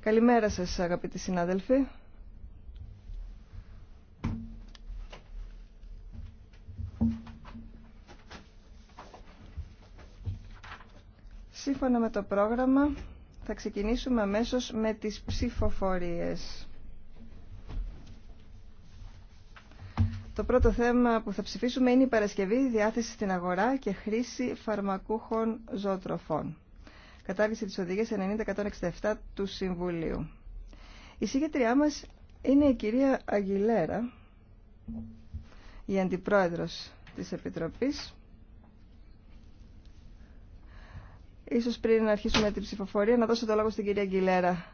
Καλημέρα σας αγαπητοί συνάδελφοι. Σύμφωνα με το πρόγραμμα θα ξεκινήσουμε αμέσως με τις ψηφοφορίες. Το πρώτο θέμα που θα ψηφίσουμε είναι η Παρασκευή, διάθεση στην αγορά και χρήση φαρμακούχων ζωοτροφών κατάργηση της οδηγίας 90-167 του Συμβουλίου. Η συγκεκριά μας είναι η κυρία Αγγιλέρα, η αντιπρόεδρος της Επιτροπής. Ίσως πριν να αρχίσουμε την ψηφοφορία να δώσω το λόγο στην κυρία Αγγιλέρα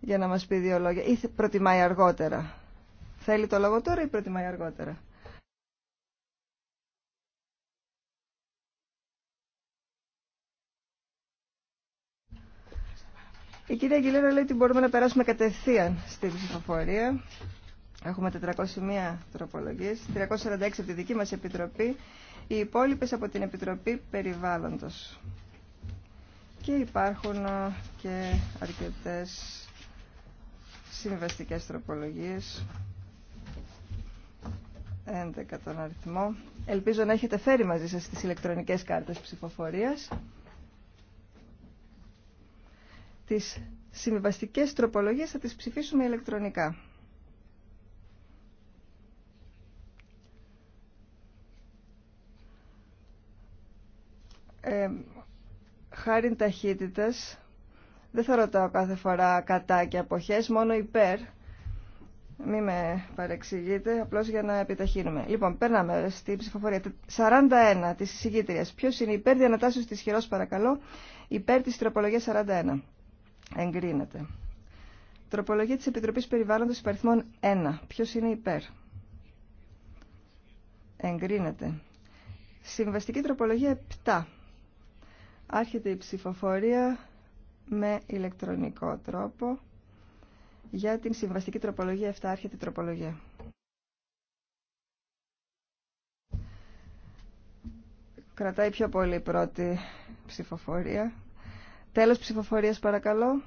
για να μας πει δύο λόγια. Ή προτιμάει αργότερα. Θέλει το λόγο τώρα ή προτιμάει αργότερα. Η κυρία Αγγιλέρα λέει ότι μπορούμε να περάσουμε κατευθείαν στην ψηφοφορία. Έχουμε 401 τροπολογίες, 346 από τη δική μας Επιτροπή, οι υπόλοιπε από την Επιτροπή Περιβάλλοντος. Και υπάρχουν και αρκετές συμβαστικές τροπολογίες, 11 τον αριθμό. Ελπίζω να έχετε φέρει μαζί σας τις ηλεκτρονικές κάρτες ψηφοφορίας. Τις συμβιβαστικές τροπολογίες θα τις ψηφίσουμε ηλεκτρονικά. Ε, χάρη δεν θα ρωτάω κάθε φορά κατά και αποχές, μόνο υπέρ. Μην με παρεξηγείτε, απλώς για να επιταχύνουμε. Λοιπόν, περνάμε στη ψηφοφορία 41 της εισηγήτριας. Ποιος είναι υπέρ διανατάσεως της χειρός, παρακαλώ, υπέρ τη τροπολογίας 41. Εγκρίνεται. Τροπολογία της Επιτροπής Περιβάλλοντος υπαριθμών 1. Ποιος είναι υπέρ. Εγκρίνεται. Συμβαστική τροπολογία 7. Άρχεται η ψηφοφορία με ηλεκτρονικό τρόπο. Για την συμβαστική τροπολογία 7 άρχεται η τροπολογία. Κρατάει πιο πολύ η πρώτη ψηφοφορία. Τέλος ψηφοφορίας παρακαλώ.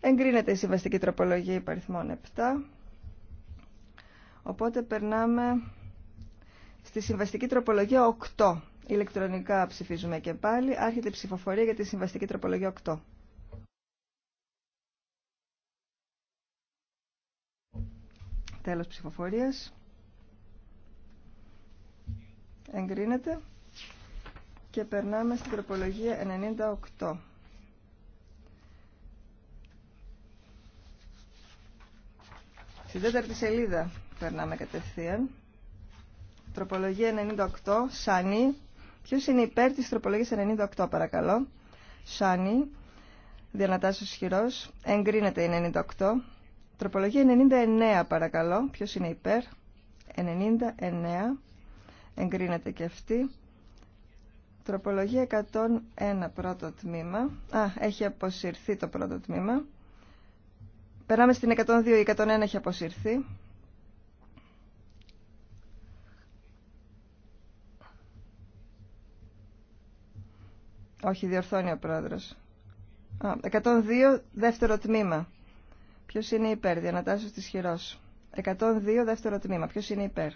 Εγκρίνεται η συμβαστική τροπολογία υπαριθμών 7. Οπότε περνάμε στη συμβαστική τροπολογία 8. Ηλεκτρονικά ψηφίζουμε και πάλι. Άρχεται η ψηφοφορία για τη συμβαστική τροπολογία 8. Τέλος ψηφοφορίας. Εγκρίνεται. Και περνάμε στην τροπολογία 98. Στην τέταρτη σελίδα περνάμε κατευθείαν. Τροπολογία 98, Σάνι. Ποιος είναι υπέρ της τροπολογίας 98 παρακαλώ. Σάνι, διανατάσσεως χειρός. Εγκρίνεται η 98. Τροπολογία 99 παρακαλώ. Ποιος είναι υπέρ. 99. Εγκρίνεται και αυτή. Τροπολογία 101 πρώτο τμήμα. Α, έχει αποσυρθεί το πρώτο τμήμα. Περάμε στην 102, η 101 έχει αποσυρθεί. Όχι, διορθώνει ο πρόεδρος. Α, 102, δεύτερο τμήμα. Ποιος είναι υπέρ, διανατάσσεως της χειρός. 102, δεύτερο τμήμα. Ποιος είναι υπέρ.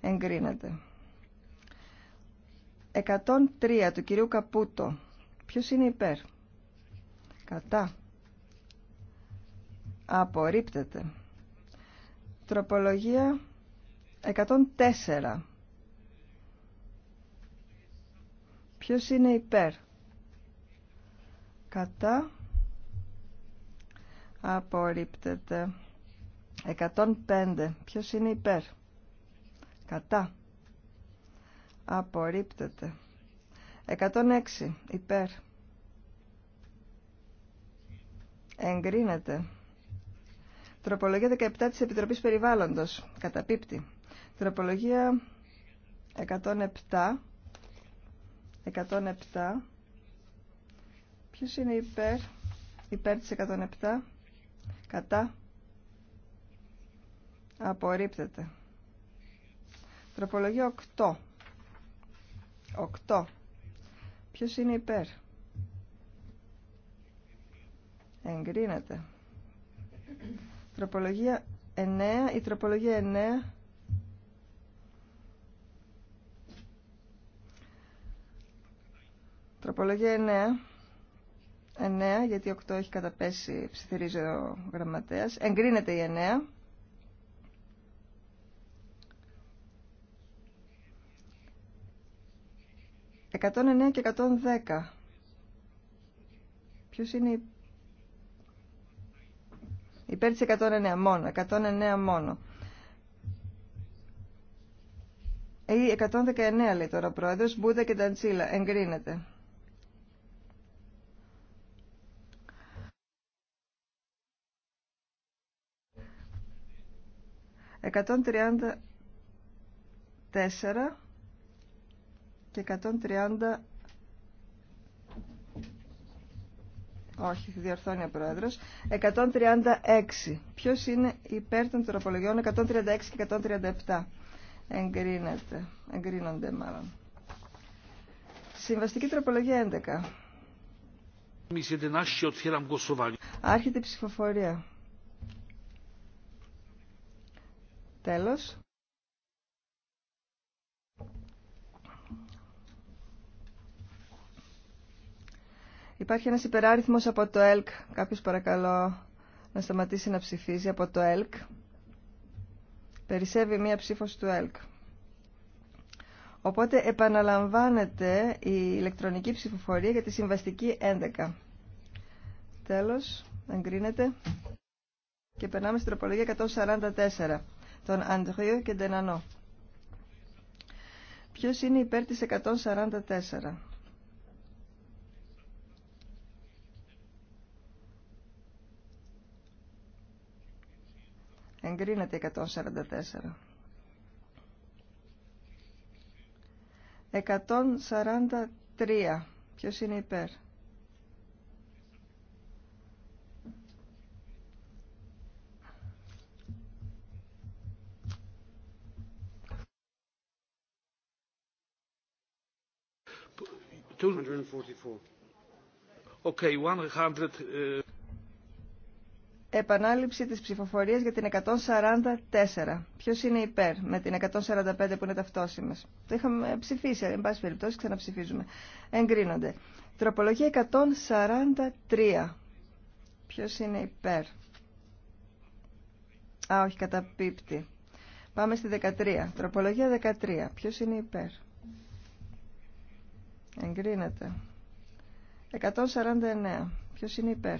Εγκρίνεται. 103 του κυρίου Καπούτο. Ποιος είναι υπέρ. Κατά. Απορρίπτεται. Τροπολογία 104. Ποιος είναι υπέρ. Κατά. Απορρίπτεται. 105. Ποιος είναι υπέρ. Κατά. Απορρίπτεται. 106. Υπέρ. Εγκρίνεται. Τροπολογία 17 της Επιτροπής Περιβάλλοντος. Καταπίπτει. Τροπολογία 107. 107. Ποιος είναι υπέρ. Υπέρ της 107. Κατά. Απορρίπτεται. Τροπολογία 8. 8. Ποιος είναι υπέρ. Εγκρίνεται. Τροπολογία 9. Η τροπολογία 9 Τροπολογία 9. 9, γιατί 8 έχει καταπέσει, ψιθυρίζει ο γραμματέα. Εγκρίνεται η 9. 109 και 110. Ποιος είναι υπέρ της 109 μόνο, 109 μόνο. Ή 119 λέει τώρα ο πρόεδρος, Μπούδα και Ταντσίλα, εγκρίνεται. Εκατόν τριάντα τέσσερα 130... Όχι, διορθώνει ο 136. Ποιος είναι υπέρ των τροπολογιών 136 και 137. Εγκρίνεται. Εγκρίνονται μάλλον. Συμβαστική τροπολογία 11. Άρχεται η ψηφοφορία. Τέλος. Υπάρχει ένας υπεράριθμος από το ΕΛΚ. Κάποιος παρακαλώ να σταματήσει να ψηφίζει από το ΕΛΚ. Περισσεύει μία ψήφος του ΕΛΚ. Οπότε επαναλαμβάνεται η ηλεκτρονική ψηφοφορία για τη συμβαστική 11. Τέλος, εγκρίνεται. Και περνάμε στην τροπολογία 144, τον Αντρίου και Ντενανό. Ποιος είναι υπέρ της 144. Εγκρίνεται 144. 143. Ποιος είναι υπέρ. Okay, 100, επανάληψη της ψηφοφορίας για την 144. Ποιος είναι υπέρ με την 145 που είναι ταυτόσιμες. Το είχαμε ψηφίσει, εν πάση περιπτώσει ξαναψηφίζουμε. Εγκρίνονται. Τροπολογία 143. Ποιος είναι υπέρ. Α, όχι, καταπίπτει. Πάμε στη 13. Τροπολογία 13. Ποιος είναι υπέρ. Εγκρίνεται. 149. Ποιος είναι υπέρ.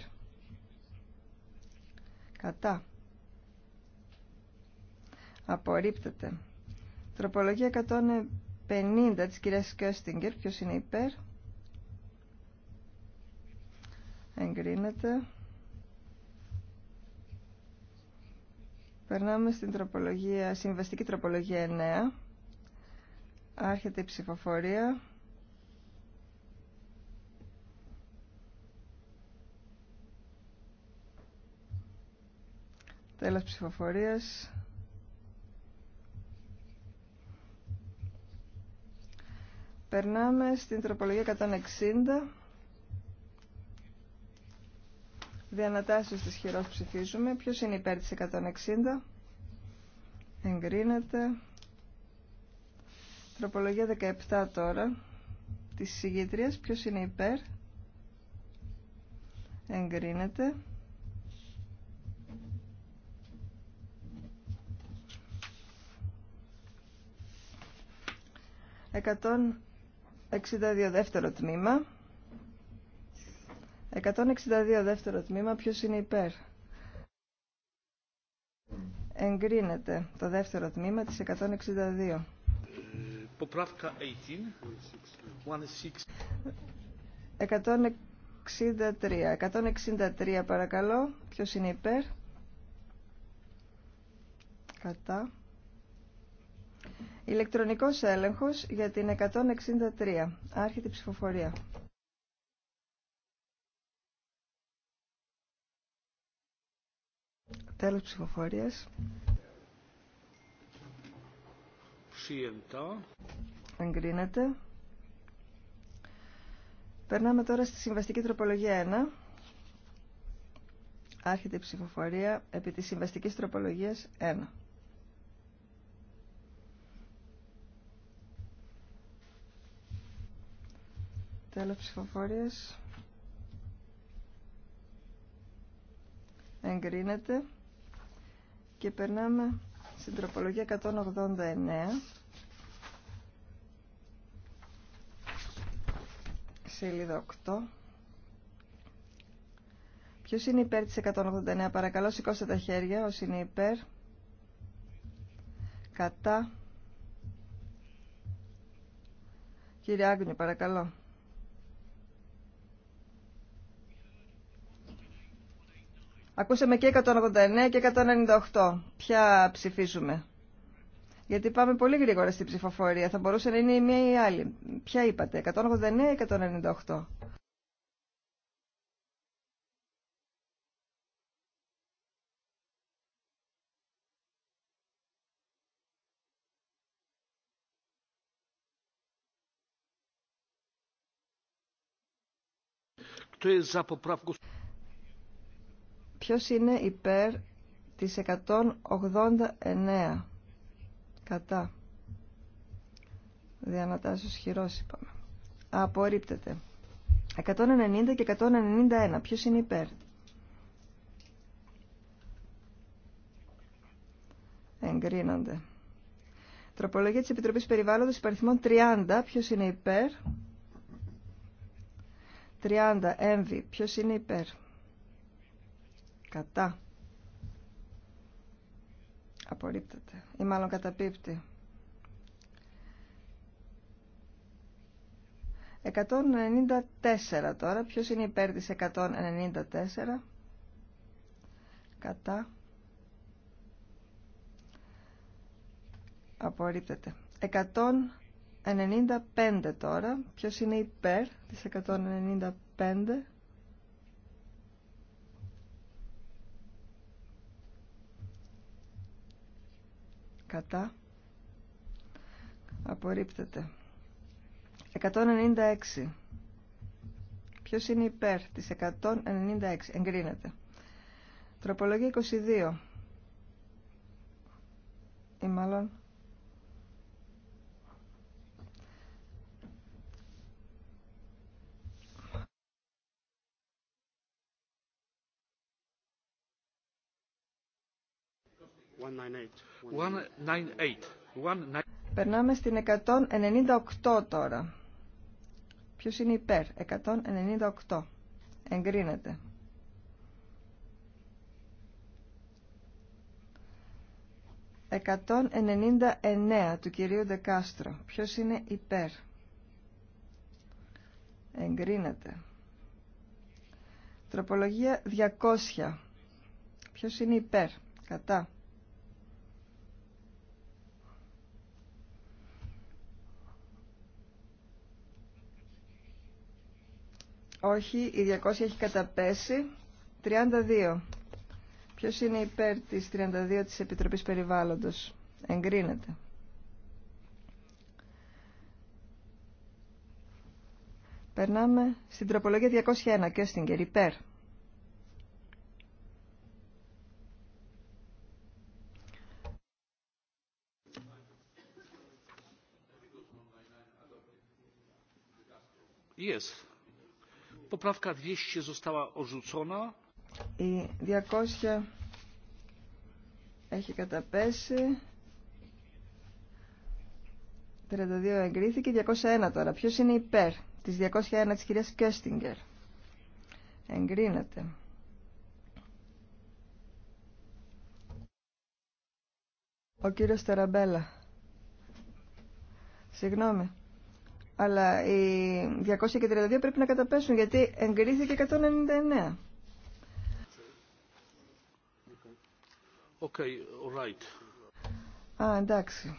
Κατά. Απορρίπτεται. Τροπολογία 150 της κυρίας Κέστιγκερ. Ποιος είναι υπέρ. Εγκρίνεται. Περνάμε στην τροπολογία, συμβαστική τροπολογία 9. Άρχεται η ψηφοφορία. Τέλος ψηφοφορίας. Περνάμε στην τροπολογία 160. Διανατάσεις της χειρός ψηφίζουμε. Ποιος είναι υπέρ της 160. Εγκρίνεται. Τροπολογία 17 τώρα. Της συγγήτριας. Ποιος είναι υπέρ. Εγκρίνεται. 162 δεύτερο τμήμα. 162 δεύτερο τμήμα, ποιος είναι υπέρ. Εγκρίνεται το δεύτερο τμήμα της 162. 18. 163. 163 παρακαλώ. Ποιος είναι υπέρ. Κατά. Ηλεκτρονικός έλεγχος για την 163. Άρχεται η ψηφοφορία. Τέλος ψηφοφορίας. Εγκρίνεται. Περνάμε τώρα στη συμβαστική τροπολογία 1. Άρχεται η ψηφοφορία επί της συμβαστικής τροπολογίας 1. Τέλος ψηφοφορίας. Εγκρίνεται. Και περνάμε στην τροπολογία 189. Σελίδα 8. Ποιος είναι υπέρ της 189, παρακαλώ σηκώστε τα χέρια όσοι είναι υπέρ. Κατά. Κύριε Άγνιο, παρακαλώ. Ακούσαμε και 189 και 198. Ποια ψηφίζουμε. Γιατί πάμε πολύ γρήγορα στην ψηφοφορία. Θα μπορούσε να είναι η μία ή η άλλη. Ποια είπατε, 189 ή 198. Ποιος είναι υπέρ της 189. Κατά. Διανατάσσεως χειρός είπαμε. Απορρίπτεται. 190 και 191. Ποιος είναι υπέρ. Εγκρίνονται. Τροπολογία της Επιτροπής Περιβάλλοντος υπαριθμών 30. Ποιος είναι υπέρ. 30. Έμβη. Ποιος είναι υπέρ. Κατά. Απορρίπτεται. Ή μάλλον καταπίπτει. 194 τώρα. Ποιος είναι υπέρ της 194. Κατά. Απορρίπτεται. 195 τώρα. Ποιος είναι υπέρ της 195. κατά απορρίπτεται 196 ποιος είναι υπέρ της 196 εγκρίνεται τροπολογία 22 ή μάλλον One nine eight. Περνάμε στην 198 τώρα. Ποιο είναι υπέρ. 198. Εγκρίνεται. Εκατόν του κυρίου Δεκάστρο. Ποιος είναι υπέρ. Εγκρίνεται. Τροπολογία 200. Ποιος είναι υπέρ. Κατά. Όχι, η 200 έχει καταπέσει. 32. Ποιος είναι υπέρ της 32 της Επιτροπής Περιβάλλοντος. Εγκρίνεται. Περνάμε στην τροπολογία 201. στην υπέρ. Yes. Poprawka Η 200 έχει καταπέσει. 32 εγκρίθηκε. 201 τώρα. Ποιο είναι υπέρ τη 201 της κυρία Κέστιγκερ. Εγκρίνεται. Ο κύριος Τεραμπέλα. Συγγνώμη. Αλλά οι 232 πρέπει να καταπέσουν γιατί εγκρίθηκε 199. Okay, all right. Α, εντάξει.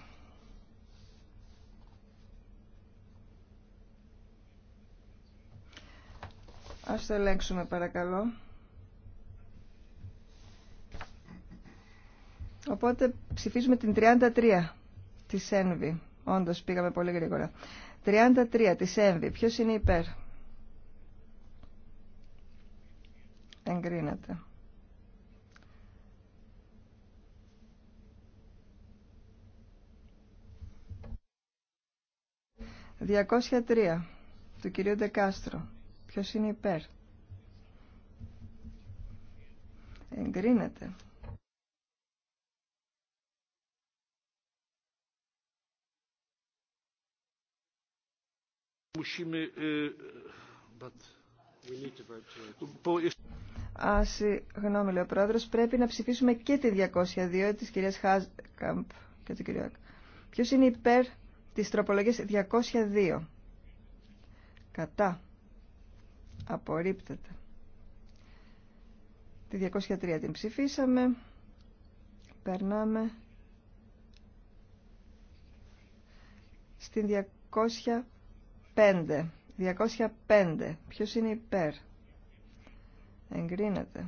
Ας το ελέγξουμε παρακαλώ. Οπότε ψηφίζουμε την 33 της ΕΝΒΗ. Όντως πήγαμε πολύ γρήγορα. 33 της ΕΜΒΗ. Ποιος είναι υπέρ. Εγκρίνεται. Διακόσια του κυρίου Ντεκάστρο. Ποιος είναι υπέρ. Εγκρίνεται. Musimy... Α, συγγνώμη, λέει ο πρόεδρο, πρέπει να ψηφίσουμε και τη 202 τη κυρία Χάζκαμπ και του κυρίου Ποιο είναι υπέρ τη τροπολογία 202. Κατά. Απορρίπτεται. Τη 203 την ψηφίσαμε. Περνάμε. Στην 200. 205. 205. Ποιος είναι υπέρ. Εγκρίνεται.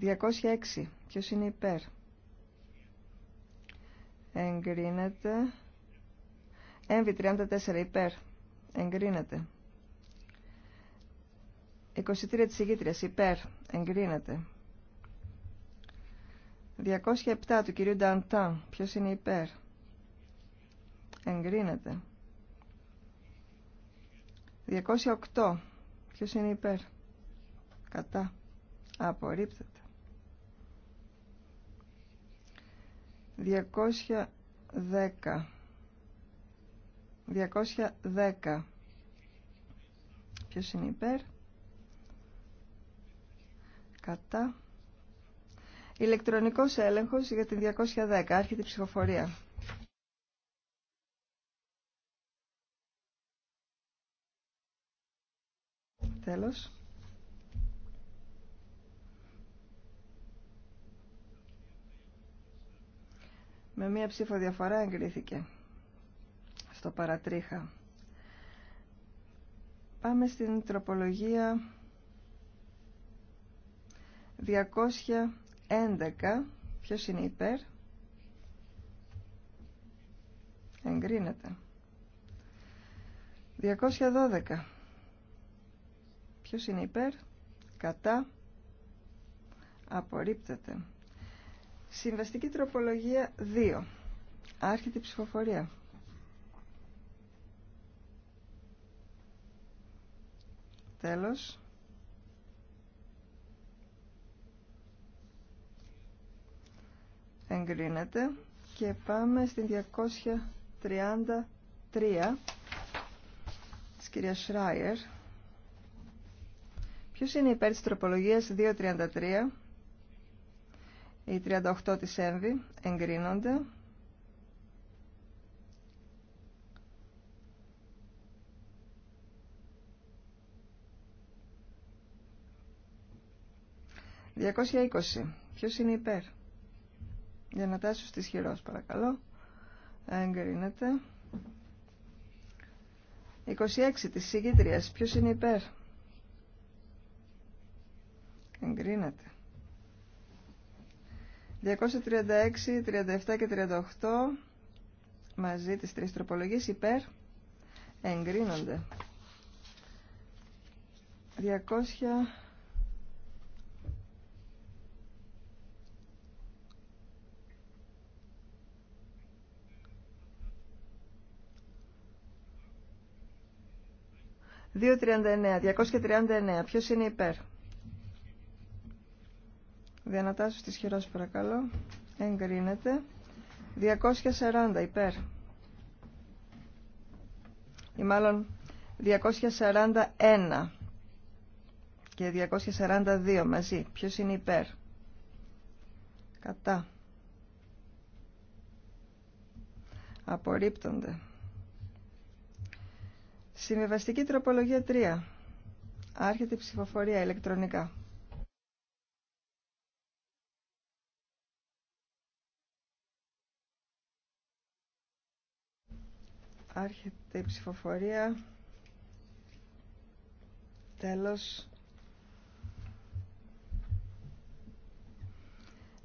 206. Ποιος είναι υπέρ. Έμβη MV34 υπέρ. Εγκρίνεται. 23 της ηγήτριας υπέρ. Εγκρίνεται. 207 του κυρίου Νταντάν. Ποιος είναι υπέρ. Εγκρίνεται. 208. Ποιος είναι υπέρ. Κατά. Απορρίπτεται. 210. 210. Ποιος είναι υπέρ. Κατά. Ηλεκτρονικός έλεγχος για την 210. Άρχεται η ψηφοφορία. Τέλος. Με μία ψήφο διαφορά εγκρίθηκε στο παρατρίχα. Πάμε στην τροπολογία 211. Ποιος είναι υπέρ? Εγκρίνεται. 212. Ποιος είναι υπέρ, κατά, απορρίπτεται. Συμβαστική τροπολογία 2. Άρχεται η ψηφοφορία. Τέλος. Εγκρίνεται. Και πάμε στην 233 της κυρία Σράιερ. Ποιο είναι υπέρ τη τροπολογια 2.33 η 38 τη ΕΜΒΗ εγκρίνονται. 220. είναι υπέρ. Για να τάσω στις χειρός παρακαλώ. Εγκρίνεται. 26 της συγκυτρίας. Ποιος είναι υπέρ. Εγκρίνεται. 236, 37 και 38 μαζί τις τρεις τροπολογίες υπέρ εγκρίνονται. 200 239, 239. Ποιος είναι υπέρ. Διανατάσσω της χειρός παρακαλώ. Εγκρίνεται. 240 υπέρ. Ή μάλλον 241 και 242 μαζί. Ποιος είναι υπέρ. Κατά. Απορρίπτονται. Συμβεβαστική τροπολογία 3. Άρχεται η ψηφοφορία ηλεκτρονικά. Άρχεται η ψηφοφορία. Τέλος.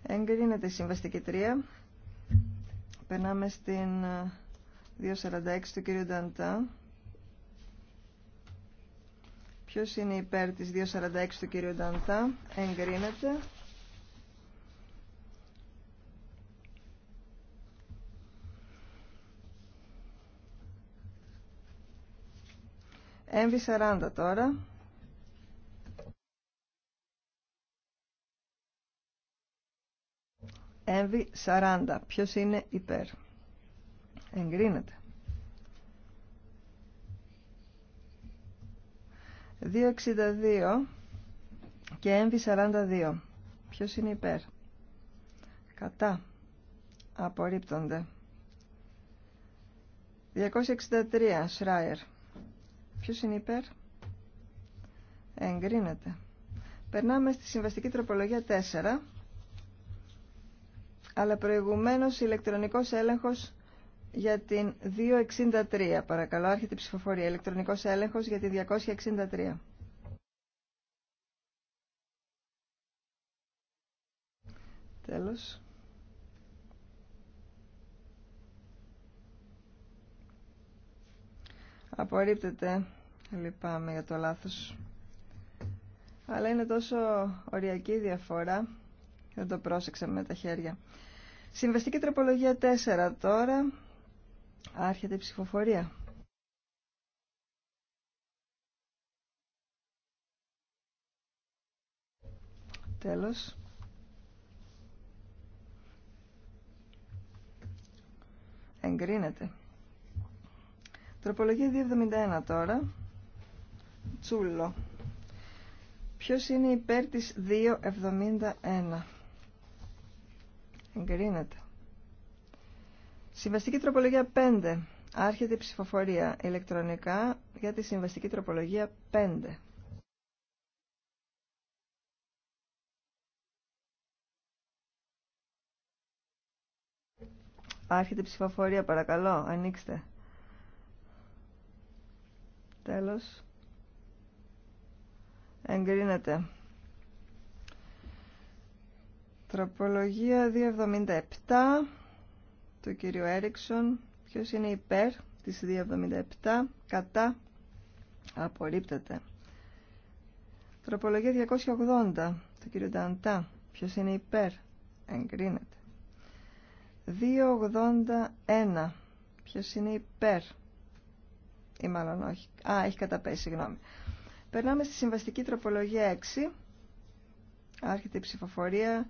Εγκρίνεται η συμβαστική 3. Περνάμε στην 246 ε, του κ. Νταντά. Ποιος είναι υπέρ της 246 του κ. Νταντά. Εγκρίνεται. MV40 τώρα. MV40. Ποιος είναι υπέρ. Εγκρίνεται. 262 και MV42. Ποιος είναι υπέρ. Κατά. Απορρίπτονται. 263. Σράιερ. Ποιος είναι υπέρ? Εγκρίνεται. Περνάμε στη συμβαστική τροπολογία 4. Αλλά προηγουμένως ηλεκτρονικός έλεγχος για την 263. Παρακαλώ, άρχεται η ψηφοφορία. Ηλεκτρονικός έλεγχος για την 263. Τέλος. Απορρίπτεται Λυπάμαι για το λάθος. Αλλά είναι τόσο οριακή η διαφορά. Δεν το πρόσεξα με τα χέρια. Συμβαστική τροπολογία 4 τώρα. Άρχεται η ψηφοφορία. Τέλος. Εγκρίνεται. Τροπολογία 271 τώρα. Τσούλο. Ποιος είναι υπέρ της 2.71. Εγκρίνεται. Συμβαστική τροπολογία 5. Άρχεται η ψηφοφορία ηλεκτρονικά για τη συμβαστική τροπολογία 5. Άρχεται ψηφοφορία παρακαλώ. Ανοίξτε. Τέλος. Εγκρίνεται. Τροπολογία 277 του κυρίου Έριξον. Ποιος είναι υπέρ της 277 κατά απορρίπτεται. Τροπολογία 280 του κύριου Νταντά. Ποιος είναι υπέρ εγκρίνεται. 281 ποιος είναι υπέρ ή μάλλον όχι. Α, έχει καταπέσει, συγγνώμη. Περνάμε στη συμβαστική τροπολογία 6. Άρχεται η ψηφοφορία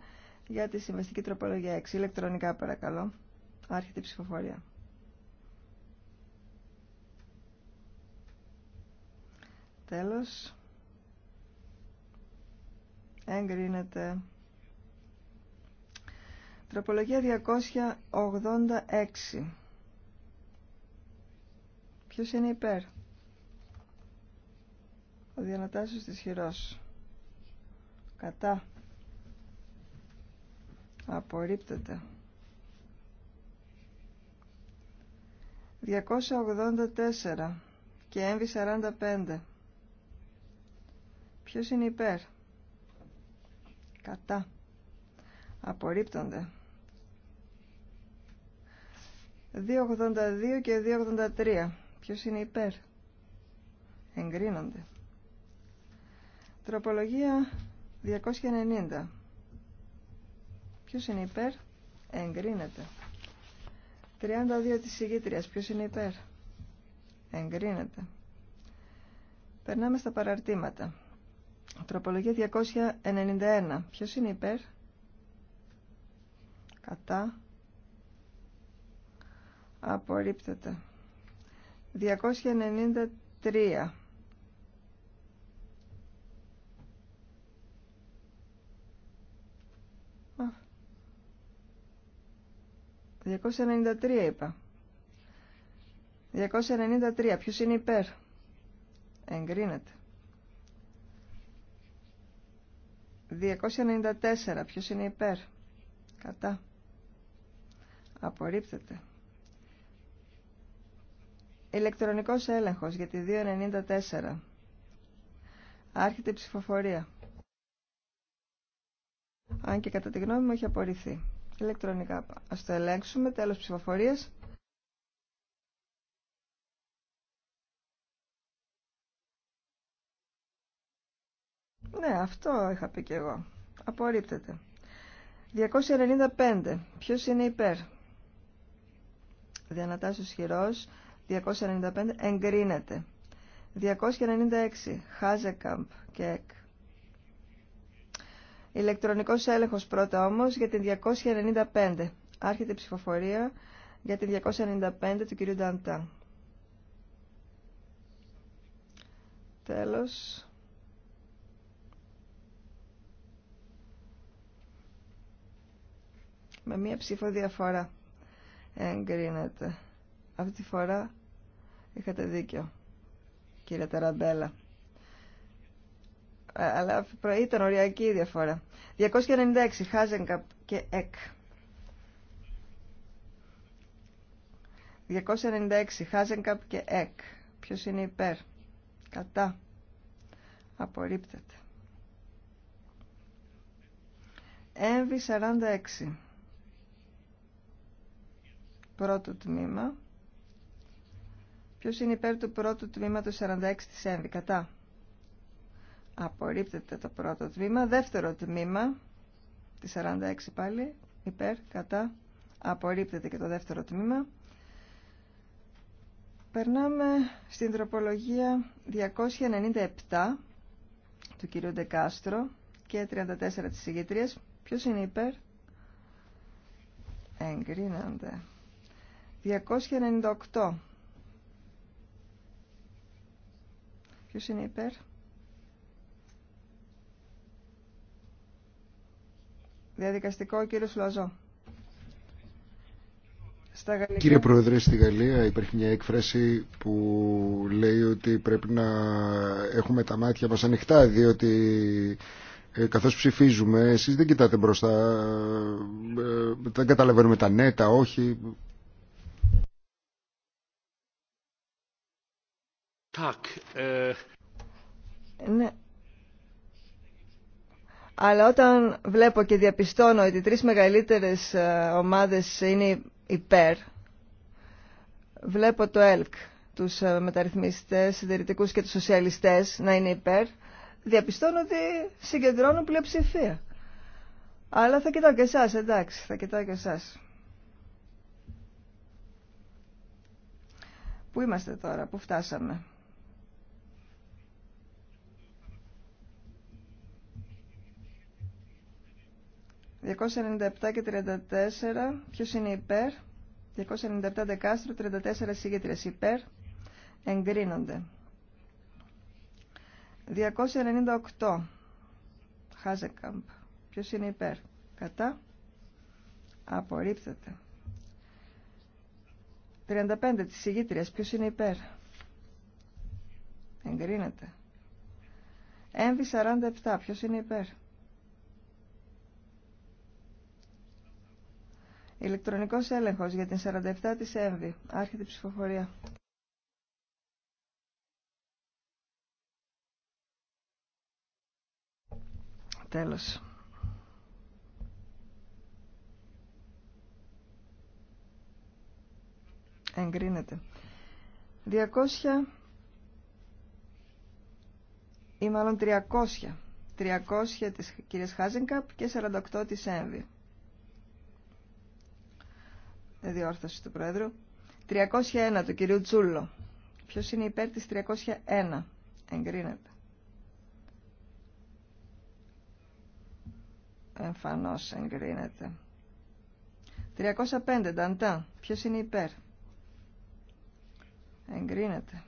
για τη συμβαστική τροπολογία 6. Ηλεκτρονικά παρακαλώ. Άρχεται η ψηφοφορία. Τέλος. Εγκρίνεται. Τροπολογία 286. Ποιος είναι υπέρ. Ο διανατάσσεως της χειρός κατά απορρίπτεται 284 και έμβη 45 ποιος είναι υπέρ κατά απορρίπτονται 282 και 283 ποιος είναι υπέρ εγκρίνονται Τροπολογία 290. Ποιος είναι υπέρ? Εγκρίνεται. 32 της ηγήτριας. Ποιος είναι υπέρ? Εγκρίνεται. Περνάμε στα παραρτήματα. Τροπολογία 291. Ποιος είναι υπέρ? Κατά. Απορρίπτεται. 293. 293 είπα. 293. Ποιος είναι υπέρ. Εγκρίνεται. 294. Ποιος είναι υπέρ. Κατά. Απορρίπτεται. Ηλεκτρονικός έλεγχος για τη 294. Άρχεται η ψηφοφορία. Αν και κατά τη γνώμη μου έχει απορριφθεί. Ηλεκτρονικά. Ας το ελέγξουμε. Τέλος ψηφοφορία. Ναι, αυτό είχα πει και εγώ. Απορρίπτεται. 295. Ποιος είναι υπέρ. Διανατάσσεω χειρός. 295. Εγκρίνεται. 296. Χάζεκαμπ και εκ. Ηλεκτρονικός έλεγχος πρώτα όμως για την 295. Άρχεται η ψηφοφορία για την 295 του κυρίου Νταντά. Τέλος. Με μία ψήφο διαφορά εγκρίνεται. Αυτή τη φορά είχατε δίκιο, κύριε Ταραμπέλα αλλά ήταν οριακή η διαφορά. 296, Χάζενκαπ και ΕΚ. 296, Χάζενκαπ και ΕΚ. Ποιος είναι υπέρ. Κατά. Απορρίπτεται. Έμβη 46. Πρώτο τμήμα. Ποιος είναι υπέρ του πρώτου τμήματος 46 της έμβη. Κατά. Απορρίπτεται το πρώτο τμήμα. Δεύτερο τμήμα, τη 46 πάλι, υπέρ, κατά. Απορρίπτεται και το δεύτερο τμήμα. Περνάμε στην τροπολογία 297 του κυρίου Ντεκάστρο και 34 της ηγετρίας. Ποιος είναι υπέρ? Εγκρίνονται. 298. Ποιος είναι υπέρ? Διαδικαστικό, κύριος Λαζό. Κύριε Πρόεδρε, στη Γαλλία υπάρχει μια έκφραση που λέει ότι πρέπει να έχουμε τα μάτια μας ανοιχτά, διότι ε, καθώς ψηφίζουμε, εσείς δεν κοιτάτε μπροστά, ε, δεν καταλαβαίνουμε τα ναι, τα όχι. Ε. Ναι, αλλά όταν βλέπω και διαπιστώνω ότι οι τρεις μεγαλύτερες ε, ομάδες είναι υπέρ, βλέπω το ΕΛΚ, τους ε, μεταρρυθμιστές, συντηρητικούς και τους σοσιαλιστές να είναι υπέρ, διαπιστώνω ότι συγκεντρώνουν πλειοψηφία. Αλλά θα κοιτάω και εσάς, εντάξει, θα κοιτάω και εσάς. Πού είμαστε τώρα, πού φτάσαμε. 297 και 34. Ποιος είναι υπέρ. 297 δεκάστρο, 34 σύγκεντρες υπέρ. Εγκρίνονται. 298. Χάζεκαμπ. Ποιος είναι υπέρ. Κατά. Απορρίπτεται. 35 της ηγήτριας. Ποιος είναι υπέρ. Εγκρίνεται. Έμβη 47. Ποιος είναι υπέρ. Ηλεκτρονικός έλεγχος για την 47 της ΕΜΒΗ. Άρχεται η ψηφοφορία. Τέλος. Εγκρίνεται. 200 ή μάλλον 300. 300 της κυρίας Χάζενκαπ και 48 της ΕΜΒΗ διόρθωση του Πρόεδρου. 301 του κυρίου Τσούλο. Ποιο είναι υπέρ τη 301. Εγκρίνεται. Εμφανώ εγκρίνεται. 305 Νταντά. Ποιο είναι υπέρ. Εγκρίνεται.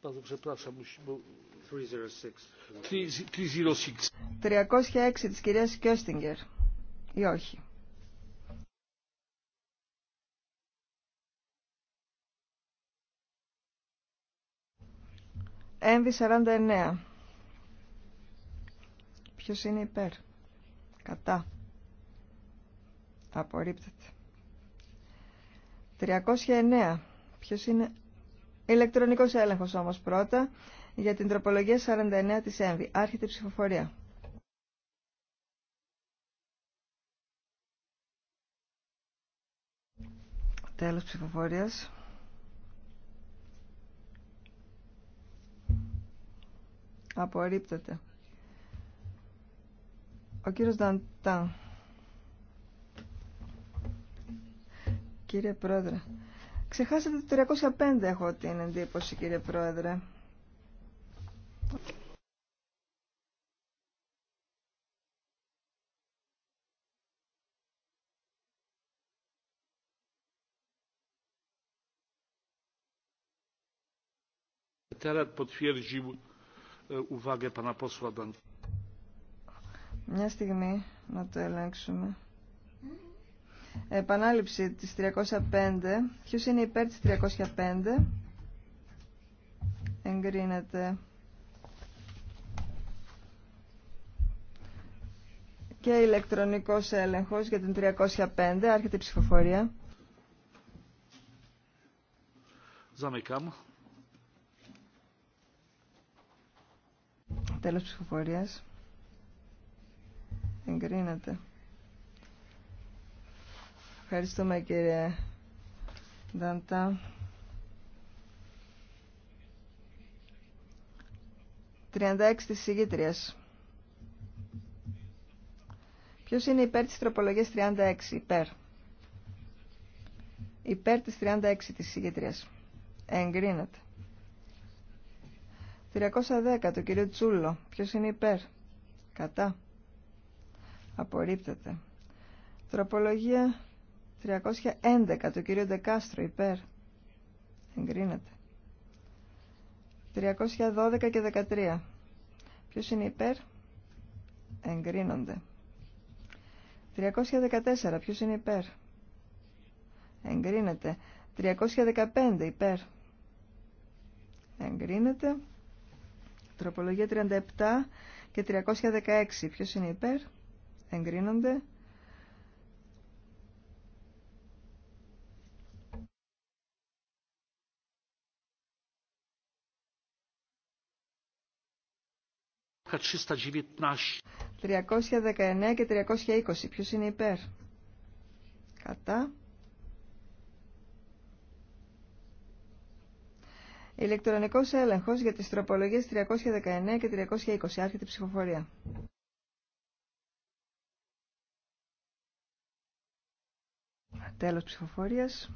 306 της κυρίας Κιώστιγκερ ή όχι. Έμβη 49. Ποιος είναι υπέρ. Κατά. Απορρίπτεται. 309. Ποιος είναι Ηλεκτρονικό έλεγχος όμως πρώτα για την τροπολογία 49 της ΕΜΒΗ. Άρχεται η ψηφοφορία. Τέλος ψηφοφορίας. Απορρίπτεται. Ο κύριος Νταντάν. Κύριε Πρόεδρε, Ξεχάσατε το 305 έχω την εντύπωση κύριε Πρόεδρε. E, Μια στιγμή να το ελέγξουμε επανάληψη της 305. Ποιος είναι υπέρ της 305. Εγκρίνεται. Και ηλεκτρονικός έλεγχος για την 305. Άρχεται η ψηφοφορία. Zamykam. Τέλος ψηφοφορίας. Εγκρίνεται. Ευχαριστούμε κύριε Δαντά. 36 της ηγήτριας. Ποιος είναι υπέρ της τροπολογίας 36, υπέρ. Υπέρ της 36 της ηγήτριας. Εγκρίνεται. 310 του κυρίου Τσούλο. Ποιος είναι υπέρ. Κατά. Απορρίπτεται. Τροπολογία 311 του κυρίου Ντεκάστρο υπέρ. Εγκρίνεται. 312 και 13. Ποιος είναι υπέρ? Εγκρίνονται. 314. Ποιος είναι υπέρ? Εγκρίνεται. 315 υπέρ. Εγκρίνεται. Τροπολογία 37 και 316. Ποιος είναι υπέρ? Εγκρίνονται. 319 και 320. Ποιος είναι υπέρ. Κατά. Ηλεκτρονικός έλεγχος για τις τροπολογίες 319 και 320. Άρχεται η ψηφοφορία. Τέλος ψηφοφορίας.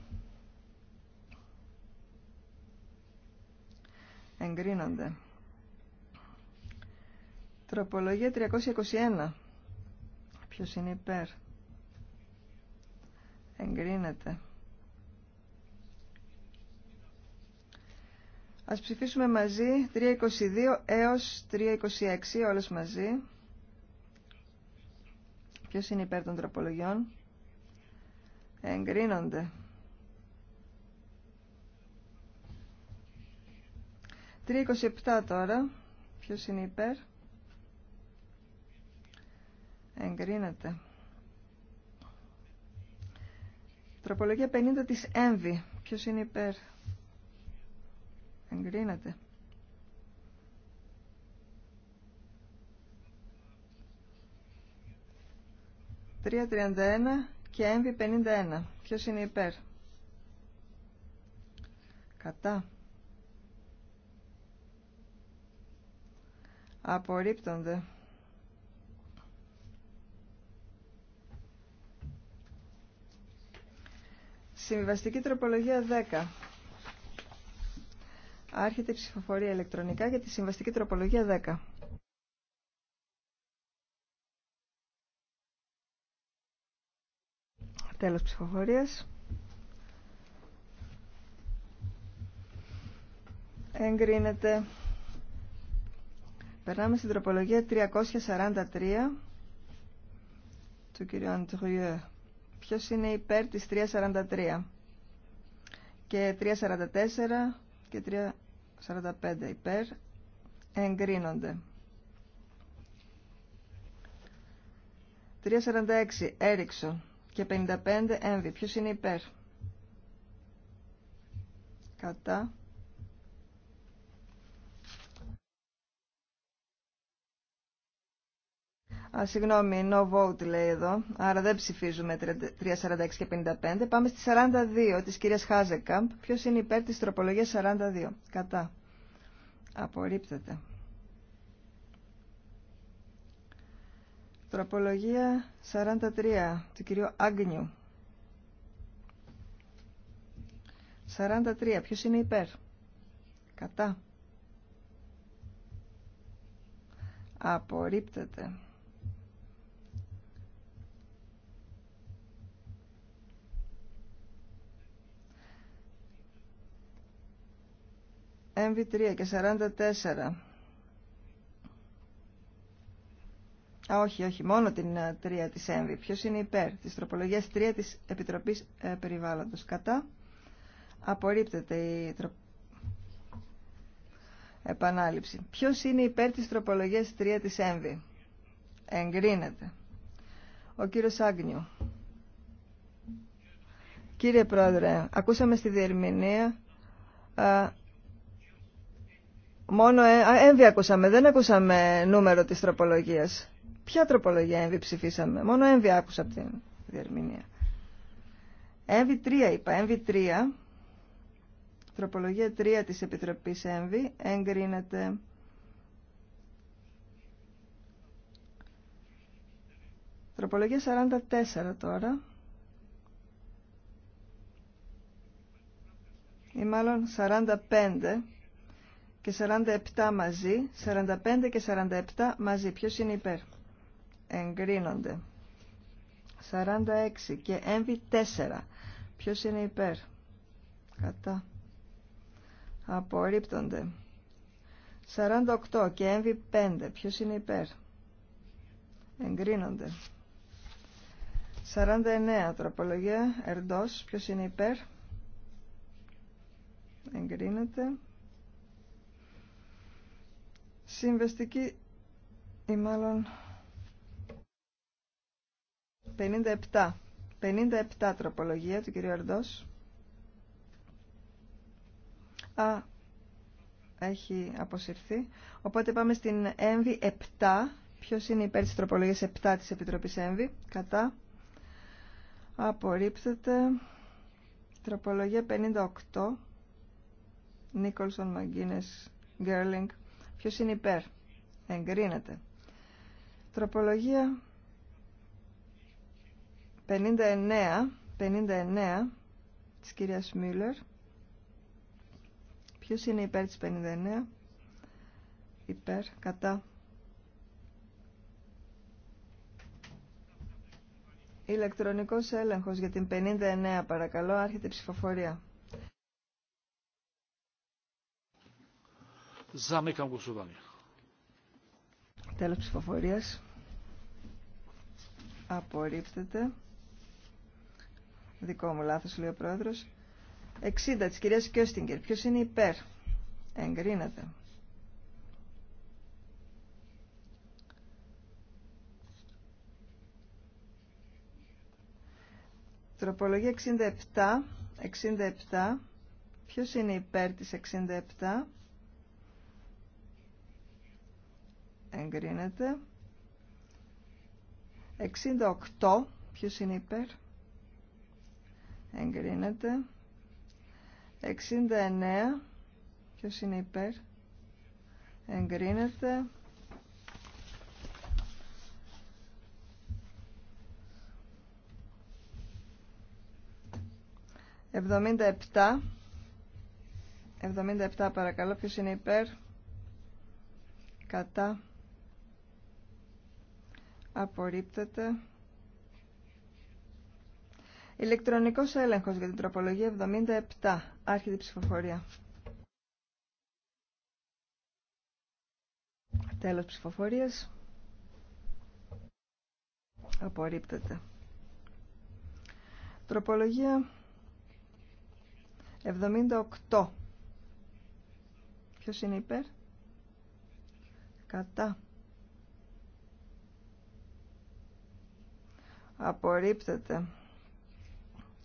Εγκρίνονται. Τροπολογία 321. Ποιος είναι υπέρ. Εγκρίνεται. Ας ψηφίσουμε μαζί 322 έως 326 όλες μαζί. Ποιος είναι υπέρ των τροπολογιών. Εγκρίνονται. 327 τώρα. Ποιος είναι υπέρ. Εγκρίνεται. Τροπολογία 50 της ΕΜΒΗ. Ποιος είναι υπέρ. Εγκρίνεται. «3.31» και «MV51». Ποιος είναι υπέρ? Κατά. Απορρίπτονται. Συμβαστική τροπολογία 10. Άρχεται η ψηφοφορία ηλεκτρονικά για τη συμβαστική τροπολογία 10. Τέλος ψηφοφορίας. Εγκρίνεται. Περνάμε στην τροπολογία 343 του κυρίου Αντριέ ποιος είναι υπέρ της 343 και 344 και 345 υπέρ εγκρίνονται. 346 έριξο και 55 Έμβη. Ποιος είναι υπέρ. Κατά. Α, συγγνώμη, no vote λέει εδώ, άρα δεν ψηφίζουμε 3.46 και 55. Πάμε στη 42 της κυρίας Χάζεκαμπ. Ποιος είναι υπέρ της τροπολογίας 42. Κατά. Απορρίπτεται. Τροπολογία 43 του κυρίου Άγνιου. 43. Ποιος είναι υπέρ. Κατά. Απορρίπτεται. MV3 και 44. όχι, όχι, μόνο την 3 ε, της MV. Ποιος είναι υπέρ της τροπολογίας 3 της Επιτροπής ε, Περιβάλλοντος. Κατά. Απορρίπτεται η επανάληψη. Ποιος είναι υπέρ της τροπολογίας 3 της ΕΜΒΗ. Εγκρίνεται. Ο κύριος Άγνιου. Κύριε Πρόεδρε, ακούσαμε στη διερμηνία ε, Μόνο έμβη ακούσαμε, δεν ακούσαμε νούμερο της τροπολογίας. Ποια τροπολογία έμβη ψηφίσαμε, μόνο έμβη άκουσα από την διερμηνία. Έμβη 3 είπα, έμβη 3, τροπολογία 3 της Επιτροπής έμβη, εγκρίνεται... Τροπολογία 44 τώρα. Ή μάλλον 45 και 47 μαζί, 45 και 47 μαζί. Ποιος είναι υπέρ. Εγκρίνονται. 46 και έμβη 4. Ποιος είναι υπέρ. Κατά. Απορρίπτονται. 48 και έμβη 5. Ποιος είναι υπέρ. Εγκρίνονται. 49 τροπολογία. Ερντός. Ποιος είναι υπέρ. Εγκρίνεται. Συμβεστική ή μάλλον 57. 57 τροπολογία του κυρίου Αρντός. Α, έχει αποσυρθεί. Οπότε πάμε στην ΕΜΒΗ 7. Ποιος είναι υπέρ της τροπολογίας 7 της Επιτροπής ΕΜΒΗ. Κατά. Απορρίπτεται. Τροπολογία 58. Νίκολσον Μαγκίνες Γκέρλινγκ Ποιος είναι υπέρ. Εγκρίνεται. Τροπολογία 59, 59 της κυρίας Μίλλερ. Ποιος είναι υπέρ της 59. Υπέρ, κατά. Ηλεκτρονικός έλεγχος για την 59 παρακαλώ, άρχεται η ψηφοφορία. Zamykam głosowanie. Τέλος ψηφοφορίας. Απορρίπτεται. Δικό μου λάθος, λέει ο πρόεδρος. 60 της κυρίας Κιώστιγκερ. Ποιος είναι υπέρ. Εγκρίνεται. Τροπολογία 67. 67. Ποιος είναι υπέρ της 67. εγκρίνεται. 68, ποιος είναι υπέρ, εγκρίνεται. 69, ποιος είναι υπέρ, εγκρίνεται. 77, 77 παρακαλώ, ποιος είναι υπέρ, κατά απορρίπτεται. Ηλεκτρονικός έλεγχος για την τροπολογία 77. Άρχεται ψηφοφορία. Τέλος ψηφοφορίας. Απορρίπτεται. Τροπολογία 78. Ποιος είναι υπέρ? Κατά. Απορρίπτεται.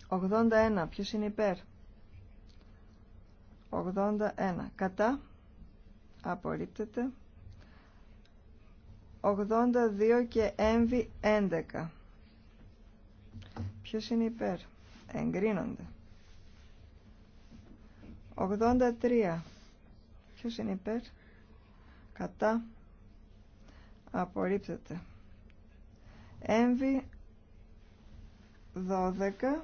81. Ποιος είναι υπέρ. 81. Κατά. Απορρίπτεται. 82 και έμβη 11. Ποιος είναι υπέρ. Εγκρίνονται. 83. Ποιος είναι υπέρ. Κατά. Απορρίπτεται. Έμβη 12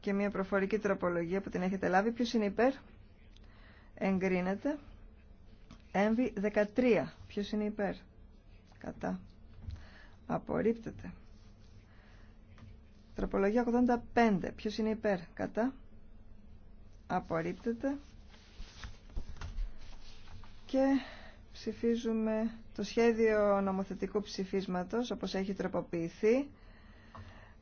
και μια προφορική τροπολογία που την έχετε λάβει. Ποιος είναι υπέρ? Εγκρίνεται. Έμβη 13. Ποιος είναι υπέρ? Κατά. Απορρίπτεται. Τροπολογία 85. Ποιος είναι υπέρ? Κατά. Απορρίπτεται. Και ψηφίζουμε το σχέδιο νομοθετικού ψηφίσματος, όπως έχει τροποποιηθεί,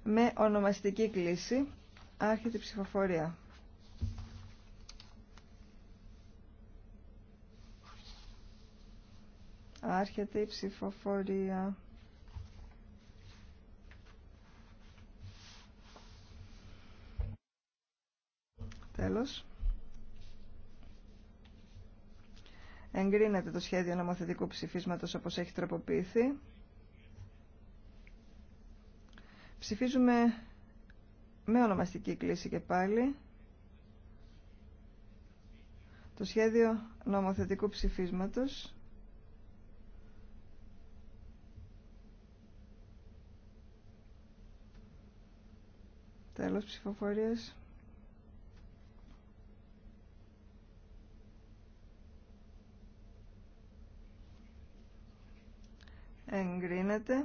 με ονομαστική κλίση. Άρχεται η ψηφοφορία. Άρχεται η ψηφοφορία. Τέλος. Εγκρίνεται το σχέδιο νομοθετικού ψηφίσματος όπως έχει τροποποιηθεί. Ψηφίζουμε με ονομαστική κλίση και πάλι το σχέδιο νομοθετικού ψηφίσματος τέλος ψηφοφορίας εγκρίνεται.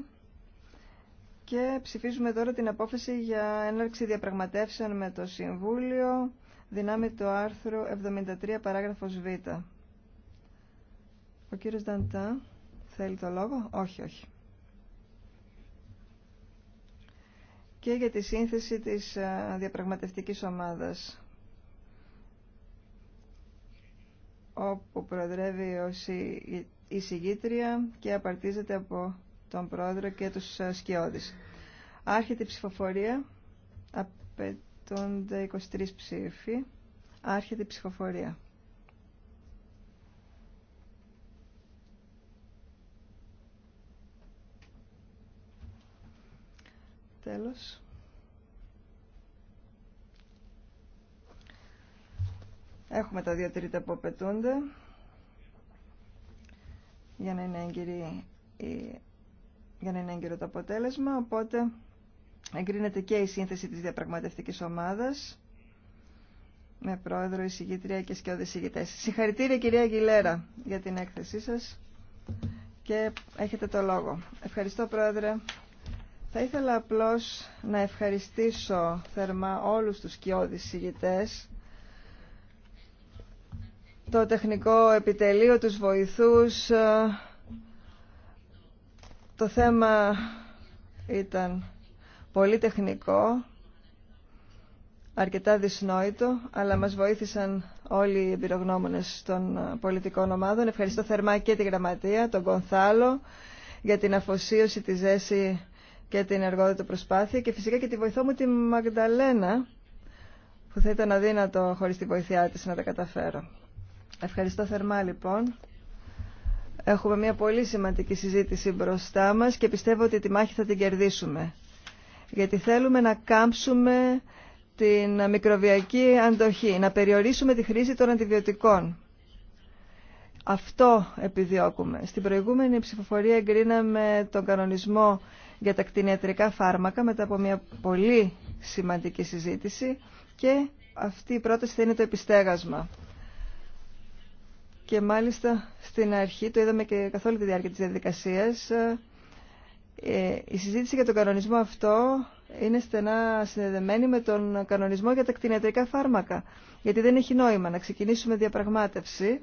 Και ψηφίζουμε τώρα την απόφαση για έναρξη διαπραγματεύσεων με το Συμβούλιο δυνάμει του άρθρου 73 παράγραφος Β. Ο κύριος Νταντά θέλει το λόγο. Όχι, όχι. Και για τη σύνθεση της διαπραγματευτικής ομάδας όπου προεδρεύει ο εισηγήτρια και απαρτίζεται από τον πρόεδρο και τους ε, σκιώδεις. Άρχεται η ψηφοφορία. Απαιτούνται 23 ψήφοι. Άρχεται η ψηφοφορία. Τέλος. Έχουμε τα δύο τρίτα που απαιτούνται για να είναι έγκυρη για να έγκυρο το αποτέλεσμα, οπότε εγκρίνεται και η σύνθεση της διαπραγματευτικής ομάδας με πρόεδρο, εισηγήτρια και σκιώδη ηγητές. Συγχαρητήρια κυρία Γιλέρα για την έκθεσή σας και έχετε το λόγο. Ευχαριστώ πρόεδρε. Θα ήθελα απλώς να ευχαριστήσω θερμά όλους τους σκιώδης ηγητές το τεχνικό επιτελείο, τους βοηθούς. Ε, το θέμα ήταν πολύ τεχνικό, αρκετά δυσνόητο, αλλά μας βοήθησαν όλοι οι εμπειρογνώμονες των ε, πολιτικών ομάδων. Ευχαριστώ θερμά και τη Γραμματεία, τον Κονθάλο, για την αφοσίωση, τη ζέση και την εργότητα προσπάθεια και φυσικά και τη βοηθό μου τη Μαγδαλένα, που θα ήταν αδύνατο χωρίς τη βοήθειά της να τα καταφέρω. Ευχαριστώ θερμά λοιπόν. Έχουμε μια πολύ σημαντική συζήτηση μπροστά μας και πιστεύω ότι τη μάχη θα την κερδίσουμε. Γιατί θέλουμε να κάμψουμε την μικροβιακή αντοχή, να περιορίσουμε τη χρήση των αντιβιωτικών. Αυτό επιδιώκουμε. Στην προηγούμενη ψηφοφορία εγκρίναμε τον κανονισμό για τα κτηνιατρικά φάρμακα μετά από μια πολύ σημαντική συζήτηση και αυτή η πρόταση θα είναι το επιστέγασμα και μάλιστα στην αρχή, το είδαμε και καθ' όλη τη διάρκεια της διαδικασίας, ε, η συζήτηση για τον κανονισμό αυτό είναι στενά συνδεδεμένη με τον κανονισμό για τα κτηνιατρικά φάρμακα. Γιατί δεν έχει νόημα να ξεκινήσουμε διαπραγμάτευση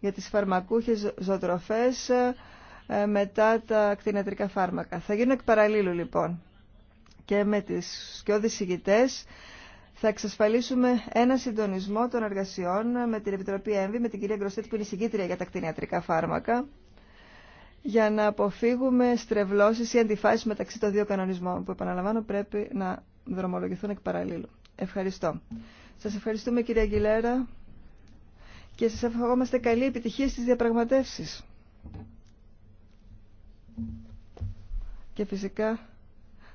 για τις φαρμακούχες ζωοτροφές ε, μετά τα κτηνιατρικά φάρμακα. Θα γίνουν εκ παραλίλου λοιπόν και με τις σκιώδεις ηγητές θα εξασφαλίσουμε ένα συντονισμό των εργασιών με την Επιτροπή ΕΜΒΗ, με την κυρία Γκροστέτ που είναι συγκήτρια για τα κτηνιατρικά φάρμακα, για να αποφύγουμε στρεβλώσεις ή αντιφάσεις μεταξύ των δύο κανονισμών, που επαναλαμβάνω πρέπει να δρομολογηθούν εκ παραλλήλου. Ευχαριστώ. Σας ευχαριστούμε κυρία Αγγιλέρα και σας ευχόμαστε καλή επιτυχία στις διαπραγματεύσεις. Και φυσικά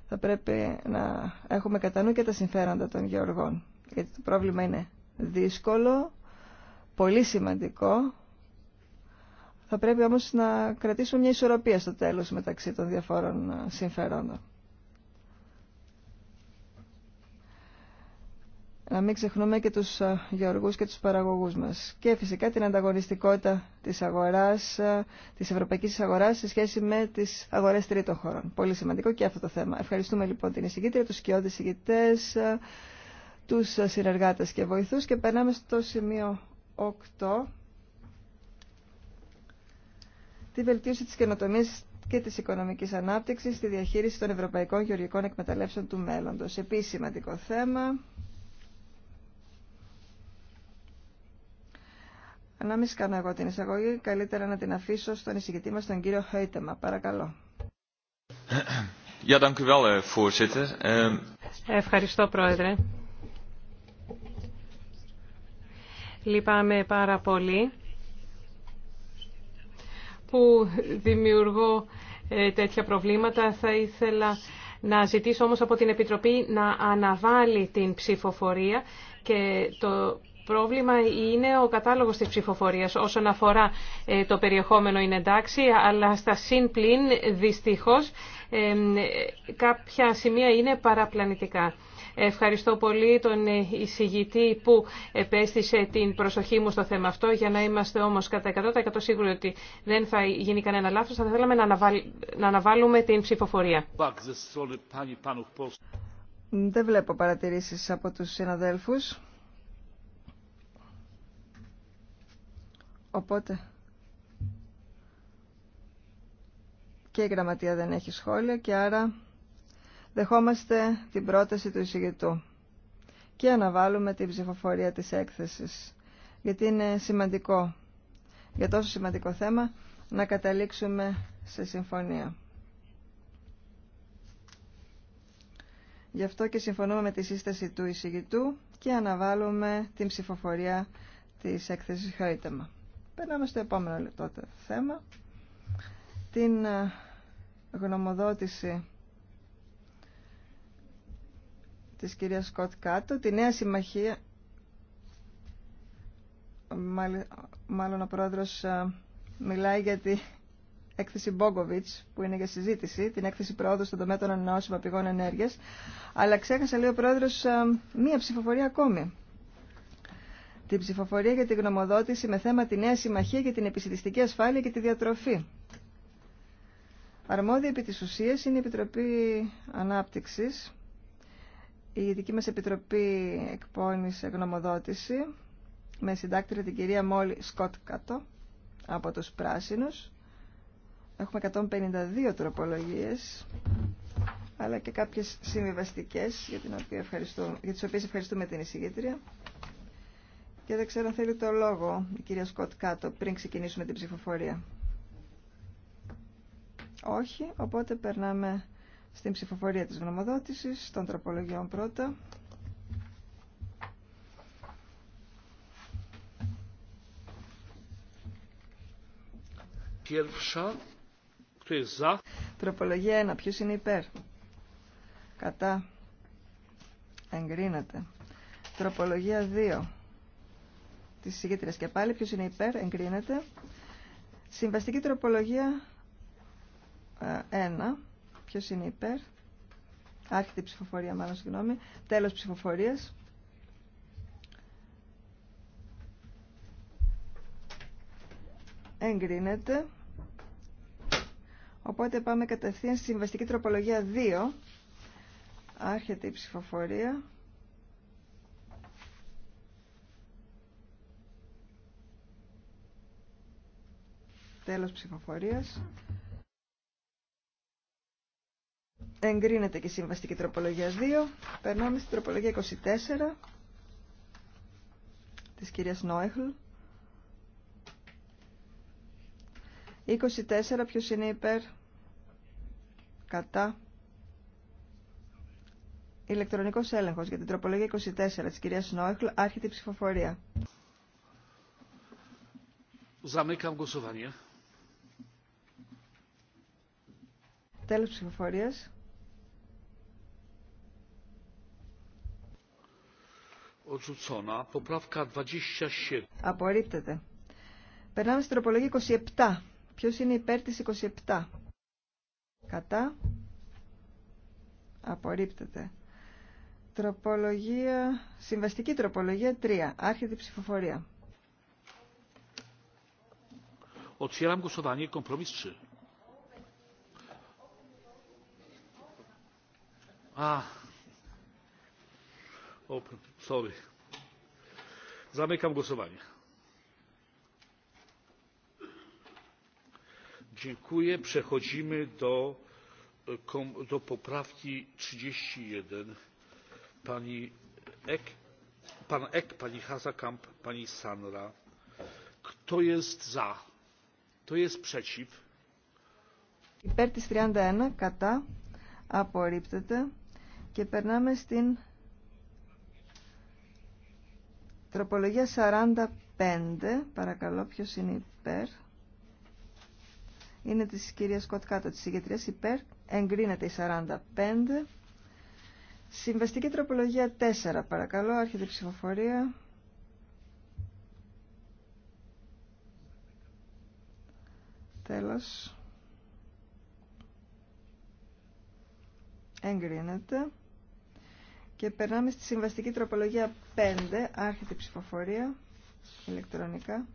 θα πρέπει να έχουμε κατά νου και τα συμφέροντα των γεωργών. Γιατί το πρόβλημα είναι δύσκολο, πολύ σημαντικό. Θα πρέπει όμως να κρατήσουμε μια ισορροπία στο τέλος μεταξύ των διαφόρων συμφερόντων. να μην ξεχνούμε και τους ε, γεωργούς και τους παραγωγούς μας. Και φυσικά την ανταγωνιστικότητα της αγοράς, ε, της ευρωπαϊκής αγοράς σε σχέση με τις αγορές τρίτων χωρών. Πολύ σημαντικό και αυτό το θέμα. Ευχαριστούμε λοιπόν την εισηγήτρια, τους σκιώδεις εισηγητές, ε, τους συνεργάτες και βοηθούς και περνάμε στο σημείο 8. Τη βελτίωση της καινοτομία και τη οικονομική ανάπτυξη στη διαχείριση των ευρωπαϊκών γεωργικών εκμεταλλεύσεων του μέλλοντο. Επίση σημαντικό θέμα. να μην κάνω εγώ την εισαγωγή, καλύτερα να την αφήσω στον εισηγητή μας, τον κύριο Χαϊτεμα. Παρακαλώ. Eh, ehm, Ευχαριστώ, Πρόεδρε. Λυπάμαι πάρα πολύ που δημιουργώ ε, τέτοια προβλήματα. Θα ήθελα να ζητήσω όμως από την Επιτροπή να αναβάλει την ψηφοφορία και το πρόβλημα είναι ο κατάλογος της ψηφοφορίας. Όσον αφορά ε, το περιεχόμενο είναι εντάξει, αλλά στα συν πλην δυστυχώς ε, κάποια σημεία είναι παραπλανητικά. Ευχαριστώ πολύ τον εισηγητή που επέστησε την προσοχή μου στο θέμα αυτό. Για να είμαστε όμως κατά 100% σίγουροι ότι δεν θα γίνει κανένα λάθος, θα θέλαμε να αναβάλουμε την ψηφοφορία. Δεν βλέπω παρατηρήσεις από τους συναδέλφους. Οπότε και η γραμματεία δεν έχει σχόλια και άρα δεχόμαστε την πρόταση του εισηγητού και αναβάλουμε την ψηφοφορία της έκθεσης γιατί είναι σημαντικό για τόσο σημαντικό θέμα να καταλήξουμε σε συμφωνία. Γι' αυτό και συμφωνούμε με τη σύσταση του εισηγητού και αναβάλουμε την ψηφοφορία της έκθεσης Χαϊτεμα. Περνάμε στο επόμενο λεπτό θέμα. Την ε, γνωμοδότηση της κυρίας Σκοτ Κάτω, τη νέα συμμαχία, μάλλον ο πρόεδρος ε, μιλάει για τη έκθεση Μπόγκοβιτς που είναι για συζήτηση, την έκθεση πρόοδου στον τομέα των ανανεώσιμων πηγών ενέργειας, αλλά ξέχασα λέει ο πρόεδρος ε, μία ψηφοφορία ακόμη την ψηφοφορία για την γνωμοδότηση με θέμα τη Νέα Συμμαχία για την Επισητιστική Ασφάλεια και τη Διατροφή. Αρμόδια επί της ουσίας είναι η Επιτροπή Ανάπτυξης. Η δική μας Επιτροπή εκπόνησης γνωμοδότηση με συντάκτρια την κυρία Μόλι Σκότ Κάτω από τους Πράσινους. Έχουμε 152 τροπολογίες αλλά και κάποιες συμβιβαστικές για, την οποία για τις οποίες ευχαριστούμε την εισηγήτρια. Και δεν ξέρω αν θέλει το λόγο η κυρία Σκοτ κάτω πριν ξεκινήσουμε την ψηφοφορία. Όχι, οπότε περνάμε στην ψηφοφορία της γνωμοδότησης, των τροπολογιών πρώτα. Τροπολογία 1. Ποιος είναι υπέρ. Κατά. Εγκρίνεται. Τροπολογία 2 της και πάλι. Ποιος είναι υπέρ, εγκρίνεται. Συμβαστική τροπολογία 1. Ε, Ποιο είναι υπέρ. Άρχεται η ψηφοφορία μάλλον, συγγνώμη. Τέλος ψηφοφορίας. Εγκρίνεται. Οπότε πάμε κατευθείαν στη συμβαστική τροπολογία 2. Άρχεται η ψηφοφορία. Τέλος ψηφοφορίας. Εγκρίνεται και η συμβαστική τροπολογία 2. Περνάμε στην τροπολογία 24 της κυρίας Νόεχλ. 24 ποιος είναι υπέρ κατά ηλεκτρονικός έλεγχος για την τροπολογία 24 της κυρίας Νόεχλ, άρχεται η ψηφοφορία. Zamykam głosowanie. Τέλος ψηφοφορίας. Απορρίπτεται. Περνάμε στην τροπολογία 27. Ποιος είναι υπέρ της 27. Κατά. Απορρίπτεται. Τροπολογία, συμβαστική τροπολογία 3. Άρχεται η ψηφοφορία. Ah. Open. Sorry. Zamykam głosowanie. Dziękuję. Przechodzimy do, do poprawki 31 pani Ek, pan Ek, pani Hazakamp, pani Sanra. Kto jest za? Kto jest przeciw? Υπέρ της 31, κατά, απορρίπτεται. Και περνάμε στην τροπολογία 45. Παρακαλώ, ποιος είναι υπέρ. Είναι της κυρίας Κάτω της ηγετρίας υπέρ. Εγκρίνεται η 45. Συμβαστική τροπολογία 4. Παρακαλώ, άρχεται η ψηφοφορία. Τέλος. Εγκρίνεται. Και περνάμε στη συμβαστική τροπολογία 5, άρχεται η ψηφοφορία ηλεκτρονικά.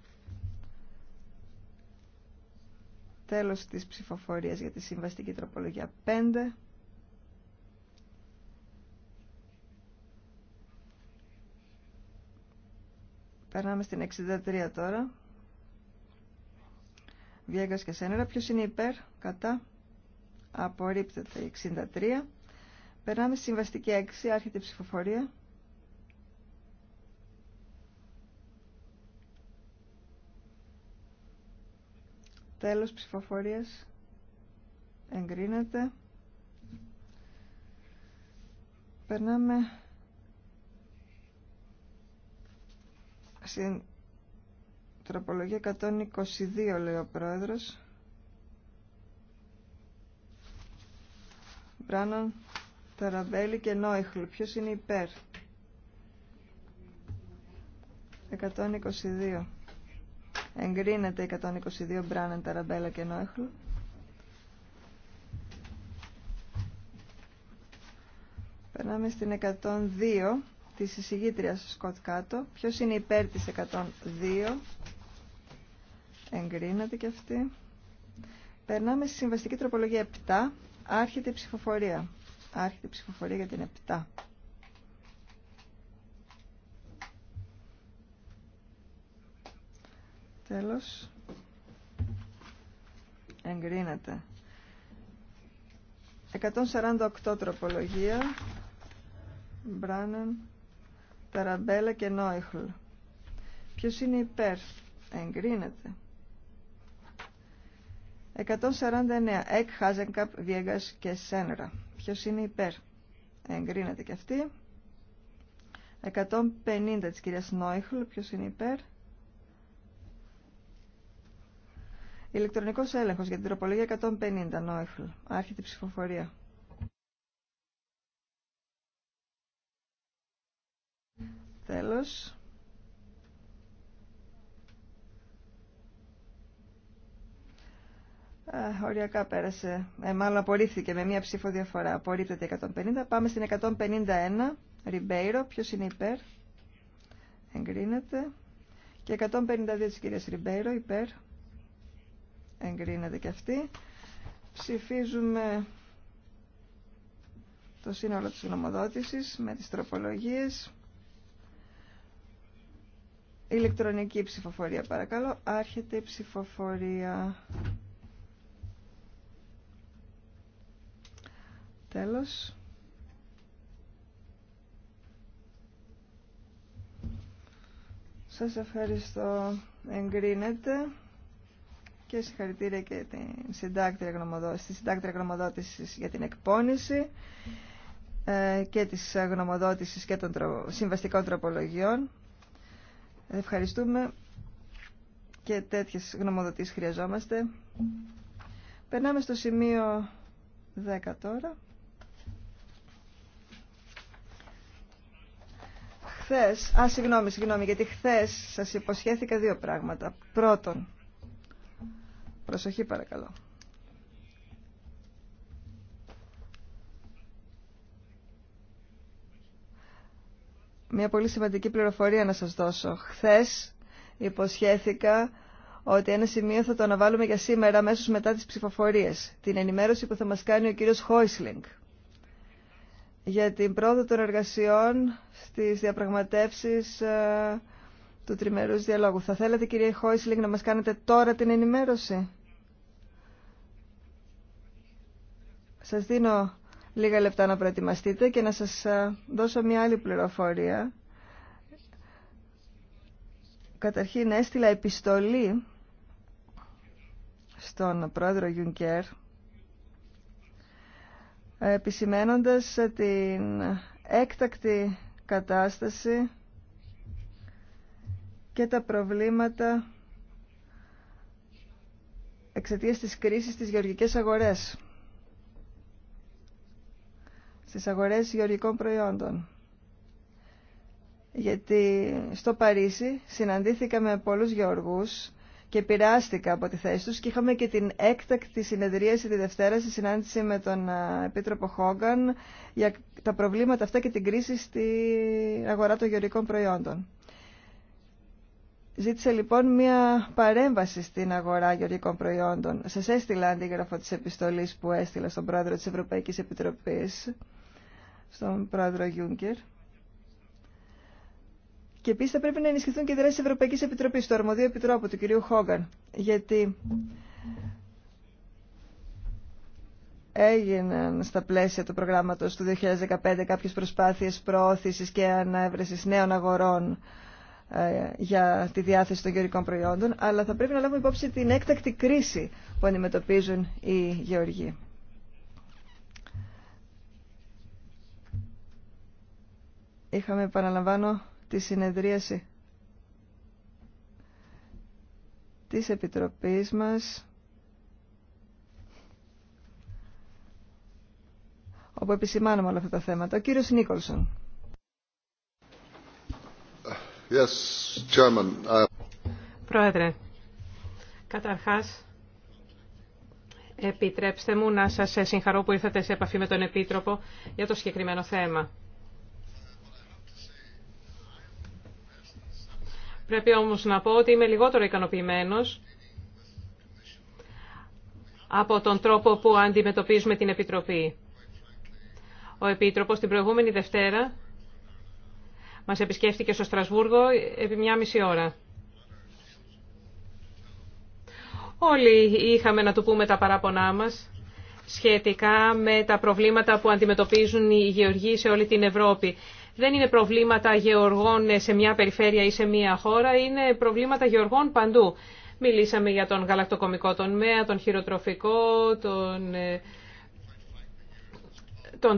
Τέλος της ψηφοφορίας για τη συμβαστική τροπολογία 5. Περνάμε στην 63 τώρα. Βιέγκας και Σένερα. Ποιος είναι υπέρ, κατά. Απορρίπτεται η 63. Περνάμε στη συμβαστική 6, άρχεται η ψηφοφορία. Τέλος ψηφοφορίας. Εγκρίνεται. Περνάμε στην τροπολογία 122 λέει ο πρόεδρος. Ταραμπέλη και Νόιχλ. Ποιο είναι υπέρ. 122. Εγκρίνεται 122 Μπράνεν, Ταραμπέλα και Νόιχλ. Περνάμε στην 102 της εισηγήτριας Σκοτ Κάτω. Ποιος είναι υπέρ της 102. Εγκρίνεται και αυτή. Περνάμε στη συμβαστική τροπολογία 7. Άρχεται η ψηφοφορία. Άρχεται η ψηφοφορία για την 7. Τέλος. Εγκρίνεται. 148 τροπολογία. Μπράνεν, Ταραμπέλα και Νόιχλ. Ποιος είναι υπέρ. Εγκρίνεται. 149. Εκ, Χάζενκαπ, Βιέγκας και Σένρα. Ποιος είναι υπέρ. Εγκρίνεται και αυτή. 150 της κυρίας Νόιχλ. Ποιος είναι υπέρ. Ηλεκτρονικός έλεγχος για την τροπολογία 150 Νόιχλ. Άρχεται η ψηφοφορία. Τέλος. Ε, οριακά πέρασε. Ε, μάλλον απορρίφθηκε με μία ψήφο διαφορά. Απορρίπτεται 150. Πάμε στην 151. Ριμπέιρο. Ποιος είναι υπέρ. Εγκρίνεται. Και 152 της κυρίας Ριμπέιρο. Υπέρ. Εγκρίνεται και αυτή. Ψηφίζουμε το σύνολο της νομοδότησης με τις τροπολογίες. Ηλεκτρονική ψηφοφορία παρακαλώ. Άρχεται η ψηφοφορία. Τέλος. Σας ευχαριστώ. Εγκρίνεται και συγχαρητήρια και την συντάκτρια γνωμοδότηση, συντάκτρια γνωμοδότησης για την εκπόνηση ε, και της γνωμοδότησης και των συμβαστικών τροπολογιών. Ευχαριστούμε και τέτοιες γνωμοδοτήσεις χρειαζόμαστε. Περνάμε στο σημείο 10 τώρα. α, συγγνώμη, συγγνώμη, γιατί χθε σας υποσχέθηκα δύο πράγματα. Πρώτον, προσοχή παρακαλώ. Μια πολύ σημαντική πληροφορία να σας δώσω. Χθες υποσχέθηκα ότι ένα σημείο θα το αναβάλουμε για σήμερα αμέσως μετά τις ψηφοφορίες. Την ενημέρωση που θα μας κάνει ο κύριος Χόισλινγκ για την πρόοδο των εργασιών στις διαπραγματεύσεις ε, του τριμερούς διαλόγου. Θα θέλατε κυρία Χόισλινγκ να μας κάνετε τώρα την ενημέρωση. Σας δίνω λίγα λεπτά να προετοιμαστείτε και να σας ε, δώσω μια άλλη πληροφορία. Καταρχήν έστειλα επιστολή στον πρόεδρο Γιουνκέρ επισημένοντας την έκτακτη κατάσταση και τα προβλήματα εξαιτίας της κρίσης στις γεωργικές αγορές, στις αγορές γεωργικών προϊόντων. Γιατί στο Παρίσι συναντήθηκα με πολλούς γεωργούς και επηρεάστηκα από τη θέση τους και είχαμε και την έκτακτη συνεδρίαση τη Δευτέρα στη συνάντηση με τον Επίτροπο Χόγκαν για τα προβλήματα αυτά και την κρίση στην αγορά των γεωρικών προϊόντων. Ζήτησε λοιπόν μια παρέμβαση στην αγορά γεωργικών προϊόντων. Σας έστειλα αντίγραφο τη επιστολή που έστειλα στον πρόεδρο τη Ευρωπαϊκή Επιτροπή, στον πρόεδρο Γιούγκερ. Και επίση θα πρέπει να ενισχυθούν και οι δράσει τη Ευρωπαϊκή Επιτροπή, του αρμοδίου επιτρόπου, του κυρίου Χόγκαν. Γιατί έγιναν στα πλαίσια του προγράμματος του 2015 κάποιες προσπάθειες προώθηση και ανέβρεση νέων αγορών ε, για τη διάθεση των γεωργικών προϊόντων, αλλά θα πρέπει να λάβουμε υπόψη την έκτακτη κρίση που αντιμετωπίζουν οι γεωργοί. Είχαμε, επαναλαμβάνω, τη συνεδρίαση της Επιτροπής μας όπου επισημάνουμε όλα αυτά τα θέματα. Ο κύριος Νίκολσον. Yes, chairman. Πρόεδρε, καταρχάς επιτρέψτε μου να σας συγχαρώ που ήρθατε σε επαφή με τον Επίτροπο για το συγκεκριμένο θέμα. Πρέπει όμως να πω ότι είμαι λιγότερο ικανοποιημένος από τον τρόπο που αντιμετωπίζουμε την Επιτροπή. Ο Επίτροπος την προηγούμενη Δευτέρα μας επισκέφθηκε στο Στρασβούργο επί μια μισή ώρα. Όλοι είχαμε να του πούμε τα παράπονά μας σχετικά με τα προβλήματα που αντιμετωπίζουν οι γεωργοί σε όλη την Ευρώπη δεν είναι προβλήματα γεωργών σε μια περιφέρεια ή σε μια χώρα, είναι προβλήματα γεωργών παντού. Μιλήσαμε για τον γαλακτοκομικό τομέα, τον χειροτροφικό, τον, ε,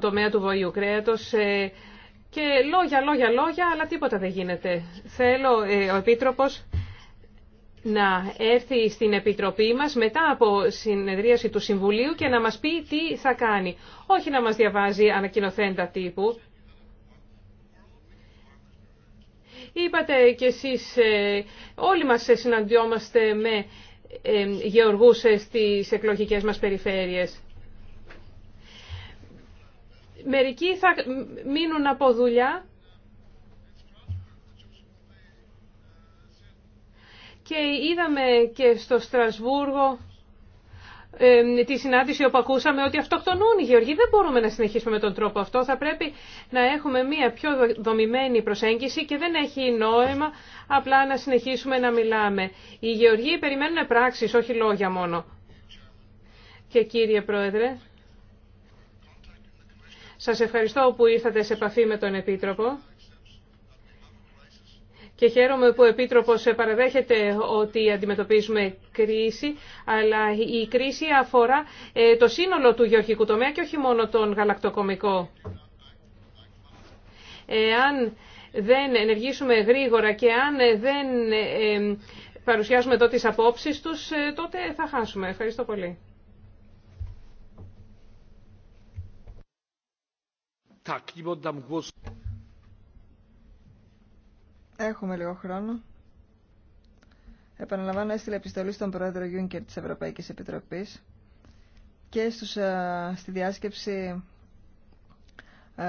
τομέα του βοηού κρέατος. Ε, και λόγια, λόγια, λόγια, αλλά τίποτα δεν γίνεται. Θέλω ε, ο Επίτροπος να έρθει στην Επιτροπή μας μετά από συνεδρίαση του Συμβουλίου και να μας πει τι θα κάνει. Όχι να μας διαβάζει ανακοινοθέντα τύπου. Είπατε και εσείς, ε, όλοι μας συναντιόμαστε με ε, γεωργούς ε, στις εκλογικές μας περιφέρειες. Μερικοί θα μείνουν από δουλειά και είδαμε και στο Στρασβούργο τη συνάντηση όπου ακούσαμε ότι αυτοκτονούν οι Γεωργοί. Δεν μπορούμε να συνεχίσουμε με τον τρόπο αυτό. Θα πρέπει να έχουμε μια πιο δομημένη προσέγγιση και δεν έχει νόημα απλά να συνεχίσουμε να μιλάμε. Οι Γεωργοί περιμένουν πράξεις, όχι λόγια μόνο. Και κύριε Πρόεδρε, σας ευχαριστώ που ήρθατε σε επαφή με τον Επίτροπο και χαίρομαι που ο Επίτροπος παραδέχεται ότι αντιμετωπίζουμε κρίση, αλλά η κρίση αφορά ε, το σύνολο του γεωργικού τομέα και όχι μόνο τον γαλακτοκομικό. Εάν δεν ενεργήσουμε γρήγορα και αν δεν ε, παρουσιάσουμε εδώ τις απόψεις τους, ε, τότε θα χάσουμε. Ευχαριστώ πολύ. Έχουμε λίγο χρόνο. Επαναλαμβάνω, έστειλε επιστολή στον πρόεδρο Γιούνκερ της Ευρωπαϊκής Επιτροπής και στους, ε, στη διάσκεψη ε,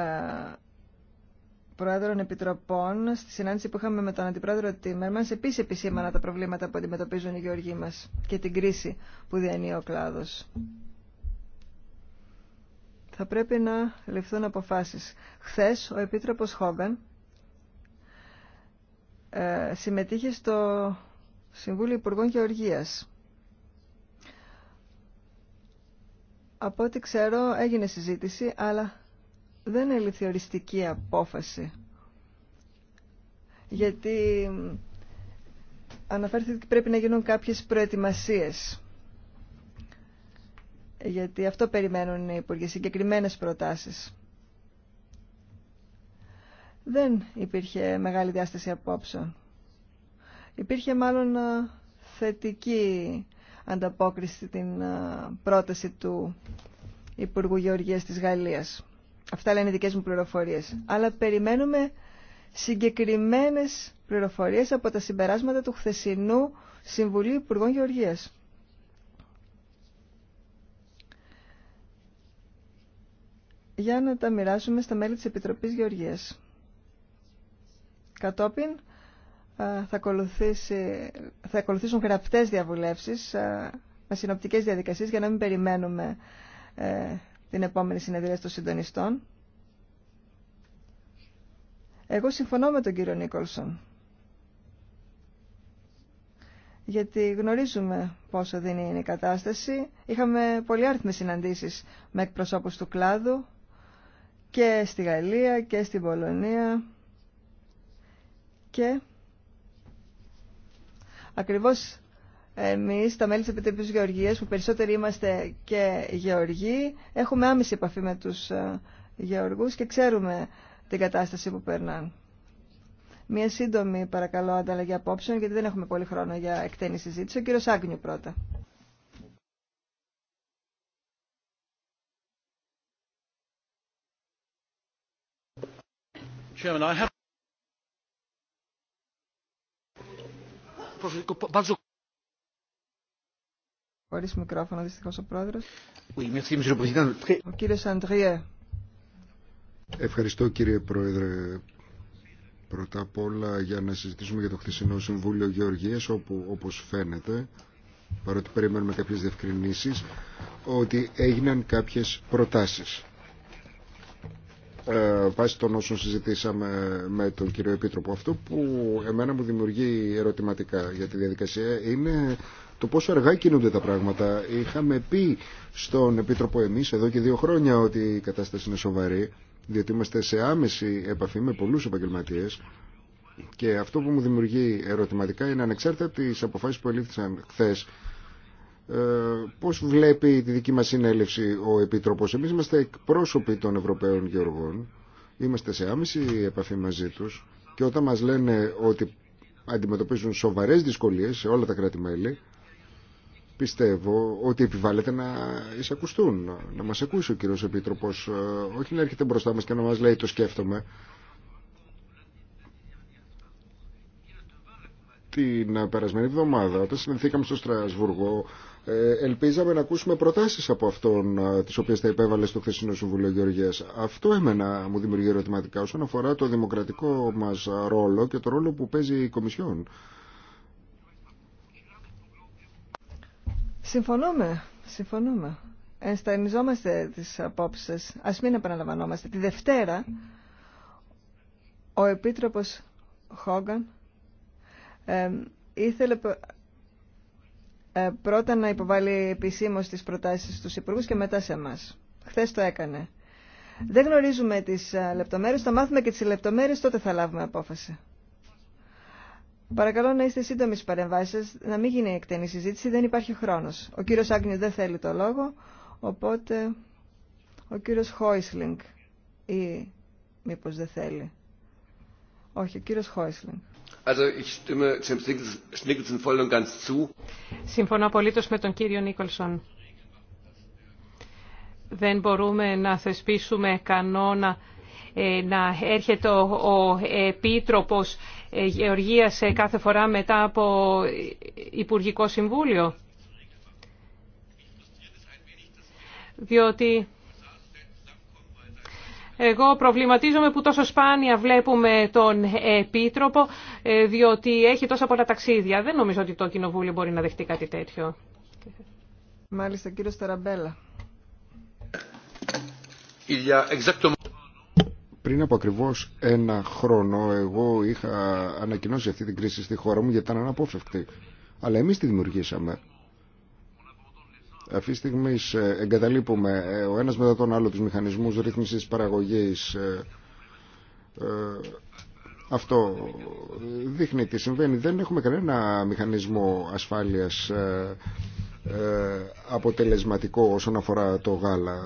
Προέδρων Επιτροπών, στη συνάντηση που είχαμε με τον Αντιπρόεδρο Τίμερμαν, επίση επισήμανα τα προβλήματα που αντιμετωπίζουν οι γεωργοί μα και την κρίση που διανύει ο κλάδο. Θα πρέπει να ληφθούν αποφάσει. Χθε ο Επίτροπο Χόμπεν, ε, συμμετείχε στο Συμβούλιο Υπουργών Οργίας. Από ό,τι ξέρω έγινε συζήτηση, αλλά δεν είναι οριστική απόφαση. Γιατί αναφέρθηκε ότι πρέπει να γίνουν κάποιες προετοιμασίες. Γιατί αυτό περιμένουν οι υπουργοί, συγκεκριμένες προτάσεις δεν υπήρχε μεγάλη διάσταση απόψεων. Υπήρχε μάλλον ε, θετική ανταπόκριση την ε, πρόταση του Υπουργού Γεωργίας της Γαλλίας. Αυτά λένε οι δικές μου πληροφορίες. Αλλά περιμένουμε συγκεκριμένες πληροφορίες από τα συμπεράσματα του χθεσινού Συμβουλίου Υπουργών Γεωργίας. Για να τα μοιράσουμε στα μέλη της Επιτροπής Γεωργίας. Κατόπιν ε, θα, θα ακολουθήσουν γραπτές διαβουλεύσεις ε, με συνοπτικές διαδικασίες για να μην περιμένουμε ε, την επόμενη συνεδρία των συντονιστών. Εγώ συμφωνώ με τον κύριο Νίκολσον. Γιατί γνωρίζουμε πόσο δεν είναι η κατάσταση. Είχαμε πολύ συναντήσεις με εκπροσώπους του κλάδου και στη Γαλλία και στην Πολωνία και ακριβώς εμείς τα μέλη της Επιτροπής Γεωργίας που περισσότεροι είμαστε και γεωργοί έχουμε άμεση επαφή με τους ε, γεωργούς και ξέρουμε την κατάσταση που περνάνε. Μία σύντομη παρακαλώ ανταλλαγή απόψεων γιατί δεν έχουμε πολύ χρόνο για εκτένη συζήτηση. Ο κύριος Άγνιου πρώτα. Ευχαριστώ κύριε πρόεδρε. Πρώτα απ' όλα για να συζητήσουμε για το χθεσινό Συμβούλιο Γεωργίας, όπου όπως φαίνεται, παρότι περιμένουμε κάποιες διευκρινήσεις, ότι έγιναν κάποιες προτάσεις ε, βάσει των όσων συζητήσαμε με τον κύριο Επίτροπο. Αυτό που εμένα μου δημιουργεί ερωτηματικά για τη διαδικασία είναι το πόσο αργά κινούνται τα πράγματα. Είχαμε πει στον Επίτροπο εμείς εδώ και δύο χρόνια ότι η κατάσταση είναι σοβαρή, διότι είμαστε σε άμεση επαφή με πολλούς επαγγελματίες και αυτό που μου δημιουργεί ερωτηματικά είναι ανεξάρτητα από τις αποφάσεις που ελήφθησαν χθε ε, πώς βλέπει τη δική μας συνέλευση ο Επίτροπος. Εμείς είμαστε εκπρόσωποι των Ευρωπαίων Γεωργών, είμαστε σε άμεση επαφή μαζί τους και όταν μας λένε ότι αντιμετωπίζουν σοβαρές δυσκολίες σε όλα τα κράτη-μέλη, πιστεύω ότι επιβάλλεται να εισακουστούν, να μας ακούσει ο κύριος Επίτροπος, ε, όχι να έρχεται μπροστά μας και να μας λέει το σκέφτομαι. Την περασμένη εβδομάδα, όταν στο Στρασβούργο, ε, ελπίζαμε να ακούσουμε προτάσεις από αυτόν ε, τις οποίες τα υπέβαλε στο χθεσινό Συμβουλίο Γεωργίας. Αυτό εμένα μου δημιουργεί ερωτηματικά όσον αφορά το δημοκρατικό μας ρόλο και το ρόλο που παίζει η Κομισιόν. Συμφωνούμε, συμφωνούμε. Ενστανιζόμαστε τις απόψεις σας. Ας μην επαναλαμβανόμαστε. Τη Δευτέρα ο Επίτροπος Χόγκαν ε, ήθελε ε, πρώτα να υποβάλει επισήμω τις προτάσεις στους υπουργού και μετά σε εμά. Χθε το έκανε. Δεν γνωρίζουμε τις ε, λεπτομέρειες, θα μάθουμε και τις λεπτομέρειες, τότε θα λάβουμε απόφαση. Παρακαλώ να είστε σύντομοι παρεμβάσει. παρεμβάσεις, να μην γίνει εκτενή συζήτηση, δεν υπάρχει χρόνος. Ο κύριος Άγνιου δεν θέλει το λόγο, οπότε ο κύριο Χόισλινγκ ή μήπω δεν θέλει. Όχι, ο κύριο Χόισλινγκ ich stimme voll Συμφωνώ απολύτως με τον κύριο Νίκολσον. Δεν μπορούμε να θεσπίσουμε κανόνα ε, να έρχεται ο Επίτροπος ε, Γεωργίας ε, κάθε φορά μετά από Υπουργικό Συμβούλιο. Διότι εγώ προβληματίζομαι που τόσο σπάνια βλέπουμε τον Επίτροπο, ε, διότι έχει τόσα πολλά ταξίδια. Δεν νομίζω ότι το Κοινοβούλιο μπορεί να δεχτεί κάτι τέτοιο. Μάλιστα, κύριο Σταραμπέλα. Πριν από ακριβώ ένα χρόνο, εγώ είχα ανακοινώσει αυτή την κρίση στη χώρα μου γιατί ήταν αναπόφευκτη. Αλλά εμεί τη δημιουργήσαμε. Αυτή τη στιγμή εγκαταλείπουμε ε, ο ένας μετά τον άλλο τους μηχανισμούς ρύθμισης παραγωγής. Ε, ε, αυτό δείχνει τι συμβαίνει. Δεν έχουμε κανένα μηχανισμό ασφάλειας αποτελεσματικό όσον αφορά το γάλα.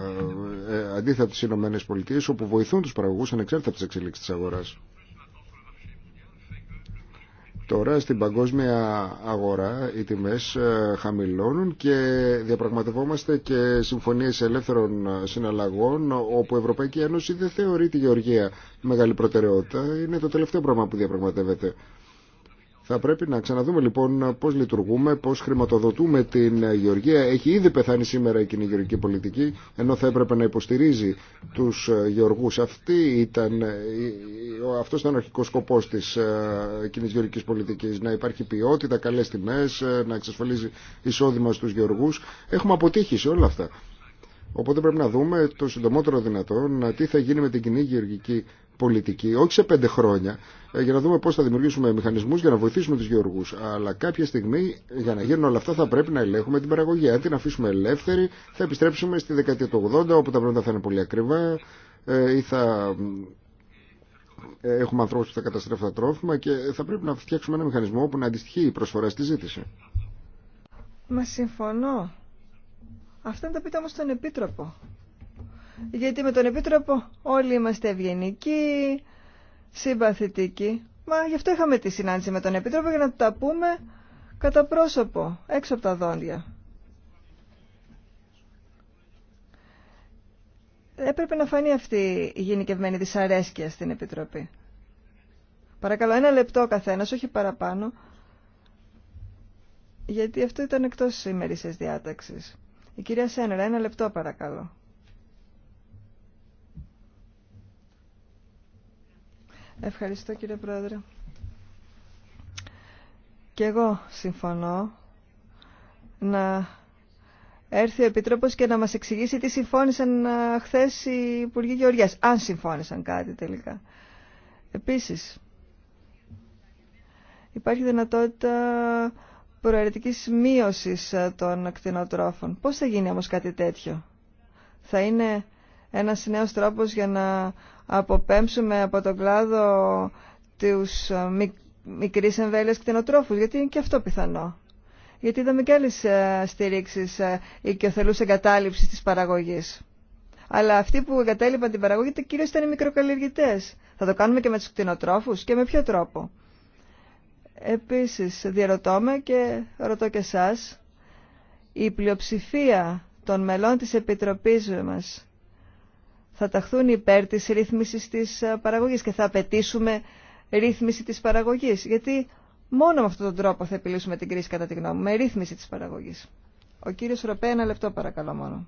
Αντίθετα από τις Ηνωμένες όπου βοηθούν τους παραγωγούς ανεξάρτητα από τις εξελίξεις της αγοράς. Τώρα στην παγκόσμια αγορά οι τιμές ε, χαμηλώνουν και διαπραγματευόμαστε και συμφωνίες ελεύθερων συναλλαγών όπου η Ευρωπαϊκή Ένωση δεν θεωρεί τη γεωργία μεγάλη προτεραιότητα. Είναι το τελευταίο πράγμα που διαπραγματεύεται. Θα πρέπει να ξαναδούμε λοιπόν πώς λειτουργούμε, πώς χρηματοδοτούμε την γεωργία. Έχει ήδη πεθάνει σήμερα η γεωργική πολιτική, ενώ θα έπρεπε να υποστηρίζει τους γεωργού. Αυτό ήταν, αυτός ήταν ο αρχικός σκοπός της πολιτική. Ε, πολιτικής, να υπάρχει ποιότητα, καλέ τιμέ, ε, να εξασφαλίζει εισόδημα στους γεωργού. Έχουμε αποτύχει σε όλα αυτά. Οπότε πρέπει να δούμε το συντομότερο δυνατόν τι θα γίνει με την κοινή γεωργική πολιτική, όχι σε πέντε χρόνια, ε, για να δούμε πώ θα δημιουργήσουμε μηχανισμού για να βοηθήσουμε του γεωργού. Αλλά κάποια στιγμή, για να γίνουν όλα αυτά, θα πρέπει να ελέγχουμε την παραγωγή. Αν την αφήσουμε ελεύθερη, θα επιστρέψουμε στη δεκαετία του 80, όπου τα πράγματα θα είναι πολύ ακριβά ε, ή θα ε, έχουμε ανθρώπου που θα καταστρέφουν τα τρόφιμα και θα πρέπει να φτιάξουμε ένα μηχανισμό που να αντιστοιχεί η προσφορά στη ζήτηση. Μα συμφωνώ Αυτά να το πείτε όμως στον Επίτροπο. Γιατί με τον Επίτροπο όλοι είμαστε ευγενικοί, συμπαθητικοί. Μα γι' αυτό είχαμε τη συνάντηση με τον Επίτροπο για να τα πούμε κατά πρόσωπο, έξω από τα δόντια. Έπρεπε να φανεί αυτή η γενικευμένη δυσαρέσκεια στην Επιτροπή. Παρακαλώ, ένα λεπτό καθένας, όχι παραπάνω, γιατί αυτό ήταν εκτός ημερήσιας διάταξης. Η κυρία Σένερα, ένα λεπτό παρακαλώ. Ευχαριστώ κύριε Πρόεδρε. Και εγώ συμφωνώ να έρθει ο Επιτρόπος και να μας εξηγήσει τι συμφώνησαν ε, χθες οι Υπουργοί Γεωργίας, αν συμφώνησαν κάτι τελικά. Επίσης, υπάρχει δυνατότητα προαιρετικής μείωσης ε, των κτηνοτρόφων. Πώς θα γίνει όμως κάτι τέτοιο. Θα είναι ένας νέος τρόπος για να αποπέμψουμε από τον κλάδο τους ε, μικρής εμβέλειας κτηνοτρόφους, γιατί είναι και αυτό πιθανό. Γιατί είδαμε και άλλες ε, στηρίξεις οικειοθελούς εγκατάλειψης της παραγωγής. Αλλά αυτοί που εγκατέλειπαν την παραγωγή κυρίω ήταν οι μικροκαλλιεργητές. Θα το κάνουμε και με τους κτηνοτρόφους και με ποιο τρόπο. Επίσης, διαρωτώ με και ρωτώ και εσάς, η πλειοψηφία των μελών της Επιτροπής μας θα ταχθούν υπέρ της ρύθμισης της ε, παραγωγής και θα απαιτήσουμε ρύθμιση της παραγωγής. Γιατί μόνο με αυτόν τον τρόπο θα επιλύσουμε την κρίση κατά τη γνώμη με ρύθμιση της παραγωγής. Ο κύριος Ροπέ, ένα λεπτό παρακαλώ μόνο.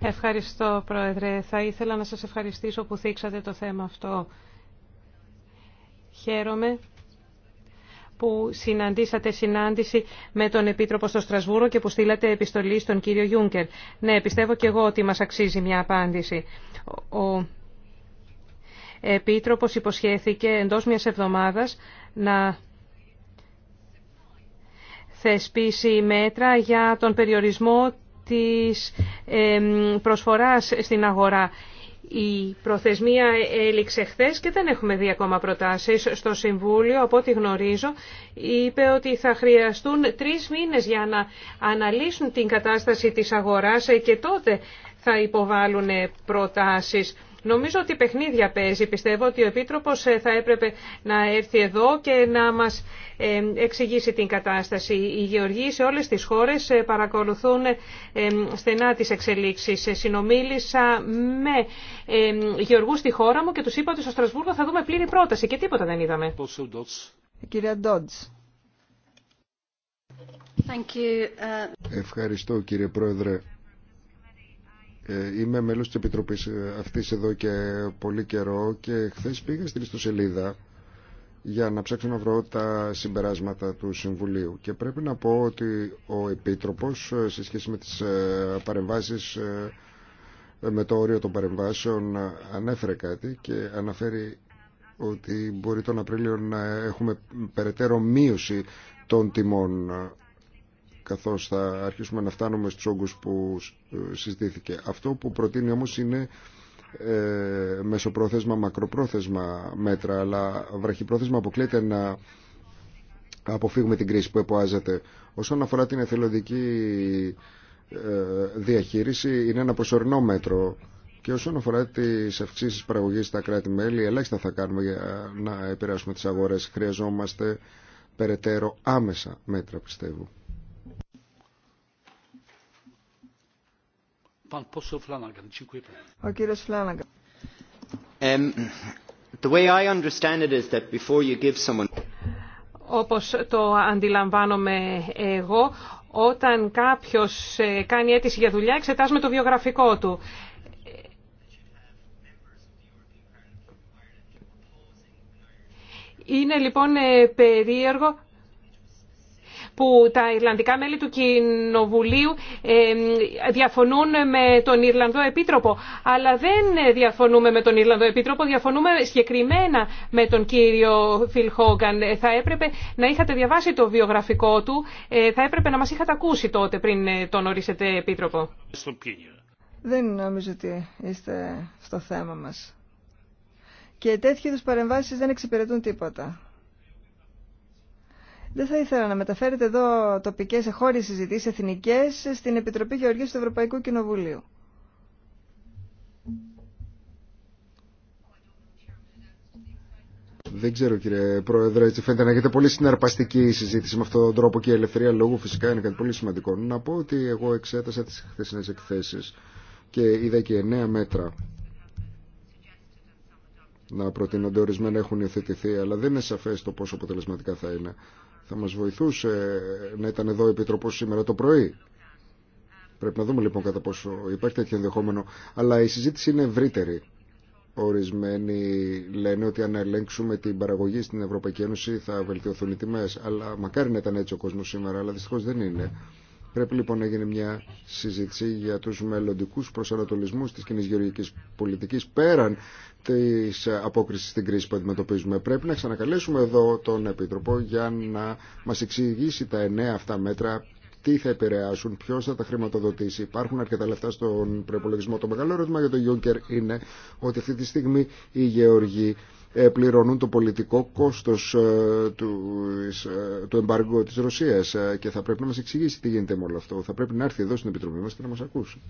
Ευχαριστώ, Πρόεδρε. Θα ήθελα να σας ευχαριστήσω που θίξατε το θέμα αυτό. Χαίρομαι που συναντήσατε συνάντηση με τον Επίτροπο στο Στρασβούρο και που στείλατε επιστολή στον κύριο Γιούνκερ. Ναι, πιστεύω και εγώ ότι μας αξίζει μια απάντηση. Ο Επίτροπος υποσχέθηκε εντός μιας εβδομάδας να θεσπίσει μέτρα για τον περιορισμό της προσφοράς στην αγορά η προθεσμία έληξε χθε και δεν έχουμε δει ακόμα προτάσεις στο Συμβούλιο. Από ό,τι γνωρίζω, είπε ότι θα χρειαστούν τρει μήνες για να αναλύσουν την κατάσταση της αγοράς και τότε θα υποβάλουν προτάσεις. Νομίζω ότι παιχνίδια παίζει. Πιστεύω ότι ο Επίτροπος ε, θα έπρεπε να έρθει εδώ και να μας ε, εξηγήσει την κατάσταση. Οι γεωργοί σε όλες τις χώρες ε, παρακολουθούν στενά τις εξελίξεις. Συνομίλησα με Γεωργού στη χώρα μου και του είπα ότι στο Στρασβούργο θα δούμε πλήρη πρόταση και τίποτα δεν είδαμε. Κυρία Ευχαριστώ κύριε Πρόεδρε. Ε, είμαι μέλος της Επιτροπής ε, αυτής εδώ και πολύ καιρό και χθες πήγα στην ιστοσελίδα για να ψάξω να βρω τα συμπεράσματα του Συμβουλίου και πρέπει να πω ότι ο Επίτροπος ε, σε σχέση με τις παρεμβάσεις με το όριο των παρεμβάσεων ανέφερε κάτι και αναφέρει ότι μπορεί τον Απρίλιο να έχουμε περαιτέρω μείωση των τιμών καθώς θα αρχίσουμε να φτάνουμε στους όγκους που ε, συζητήθηκε. Αυτό που προτείνει όμως είναι ε, μεσοπρόθεσμα, μακροπρόθεσμα μέτρα, αλλά βραχυπρόθεσμα αποκλείεται να αποφύγουμε την κρίση που εποάζεται. Όσον αφορά την εθελοντική ε, διαχείριση, είναι ένα προσωρινό μέτρο και όσον αφορά τι αυξήσει παραγωγή στα κράτη-μέλη, ελάχιστα θα κάνουμε για να επηρεάσουμε τι αγορέ. Χρειαζόμαστε περαιτέρω άμεσα μέτρα, πιστεύω. Όπως το αντιλαμβάνομαι εγώ, όταν κάποιος ε, κάνει αίτηση για δουλειά, εξετάζουμε το βιογραφικό του. Είναι λοιπόν ε, περίεργο που τα Ιρλανδικά μέλη του Κοινοβουλίου διαφωνούν με τον Ιρλανδό Επίτροπο. Αλλά δεν διαφωνούμε με τον Ιρλανδό Επίτροπο, διαφωνούμε συγκεκριμένα με τον κύριο Φιλ Χόγκαν. Ε, θα έπρεπε να είχατε διαβάσει το βιογραφικό του, ε, θα έπρεπε να μας είχατε ακούσει τότε πριν ε, τον ορίσετε Επίτροπο. Δεν νομίζω ότι είστε στο θέμα μας. Και τέτοιες παρεμβάσεις δεν εξυπηρετούν τίποτα. Δεν θα ήθελα να μεταφέρετε εδώ τοπικέ χώρε συζητήσει, εθνικέ στην Επιτροπή Γεωργίας του Ευρωπαϊκού Κοινοβουλίου. Δεν ξέρω κύριε Πρόεδρε, έτσι φαίνεται να έχετε πολύ συναρπαστική η συζήτηση με αυτόν τον τρόπο και η ελευθερία λόγου φυσικά είναι κάτι πολύ σημαντικό. Να πω ότι εγώ εξέτασα τις χθεσινές εκθέσεις και είδα και εννέα μέτρα να προτείνονται ορισμένα έχουν υιοθετηθεί, αλλά δεν είναι σαφές το πόσο αποτελεσματικά θα είναι. Θα μας βοηθούσε να ήταν εδώ ο Επιτροπός σήμερα το πρωί. Πρέπει να δούμε λοιπόν κατά πόσο υπάρχει τέτοιο ενδεχόμενο. Αλλά η συζήτηση είναι ευρύτερη. Ορισμένοι λένε ότι αν ελέγξουμε την παραγωγή στην Ευρωπαϊκή Ένωση θα βελτιωθούν οι τιμέ. Αλλά μακάρι να ήταν έτσι ο κόσμο σήμερα, αλλά δυστυχώ δεν είναι. Πρέπει λοιπόν να γίνει μια συζήτηση για του μελλοντικού προσανατολισμού τη κοινή γεωργική πολιτική πέραν της απόκρισης στην κρίση που αντιμετωπίζουμε. Πρέπει να ξανακαλέσουμε εδώ τον Επίτροπο για να μας εξηγήσει τα εννέα αυτά μέτρα τι θα επηρεάσουν, ποιο θα τα χρηματοδοτήσει. Υπάρχουν αρκετά λεφτά στον προπολογισμό. Το μεγάλο ερώτημα για τον Γιούνκερ είναι ότι αυτή τη στιγμή οι γεωργοί ε, πληρώνουν το πολιτικό κόστος ε, ε, του εμπάργου της Ρωσίας και θα πρέπει να μας εξηγήσει τι γίνεται με όλο αυτό. Θα πρέπει να έρθει εδώ στην Επιτροπή μα και να μας ακούσει.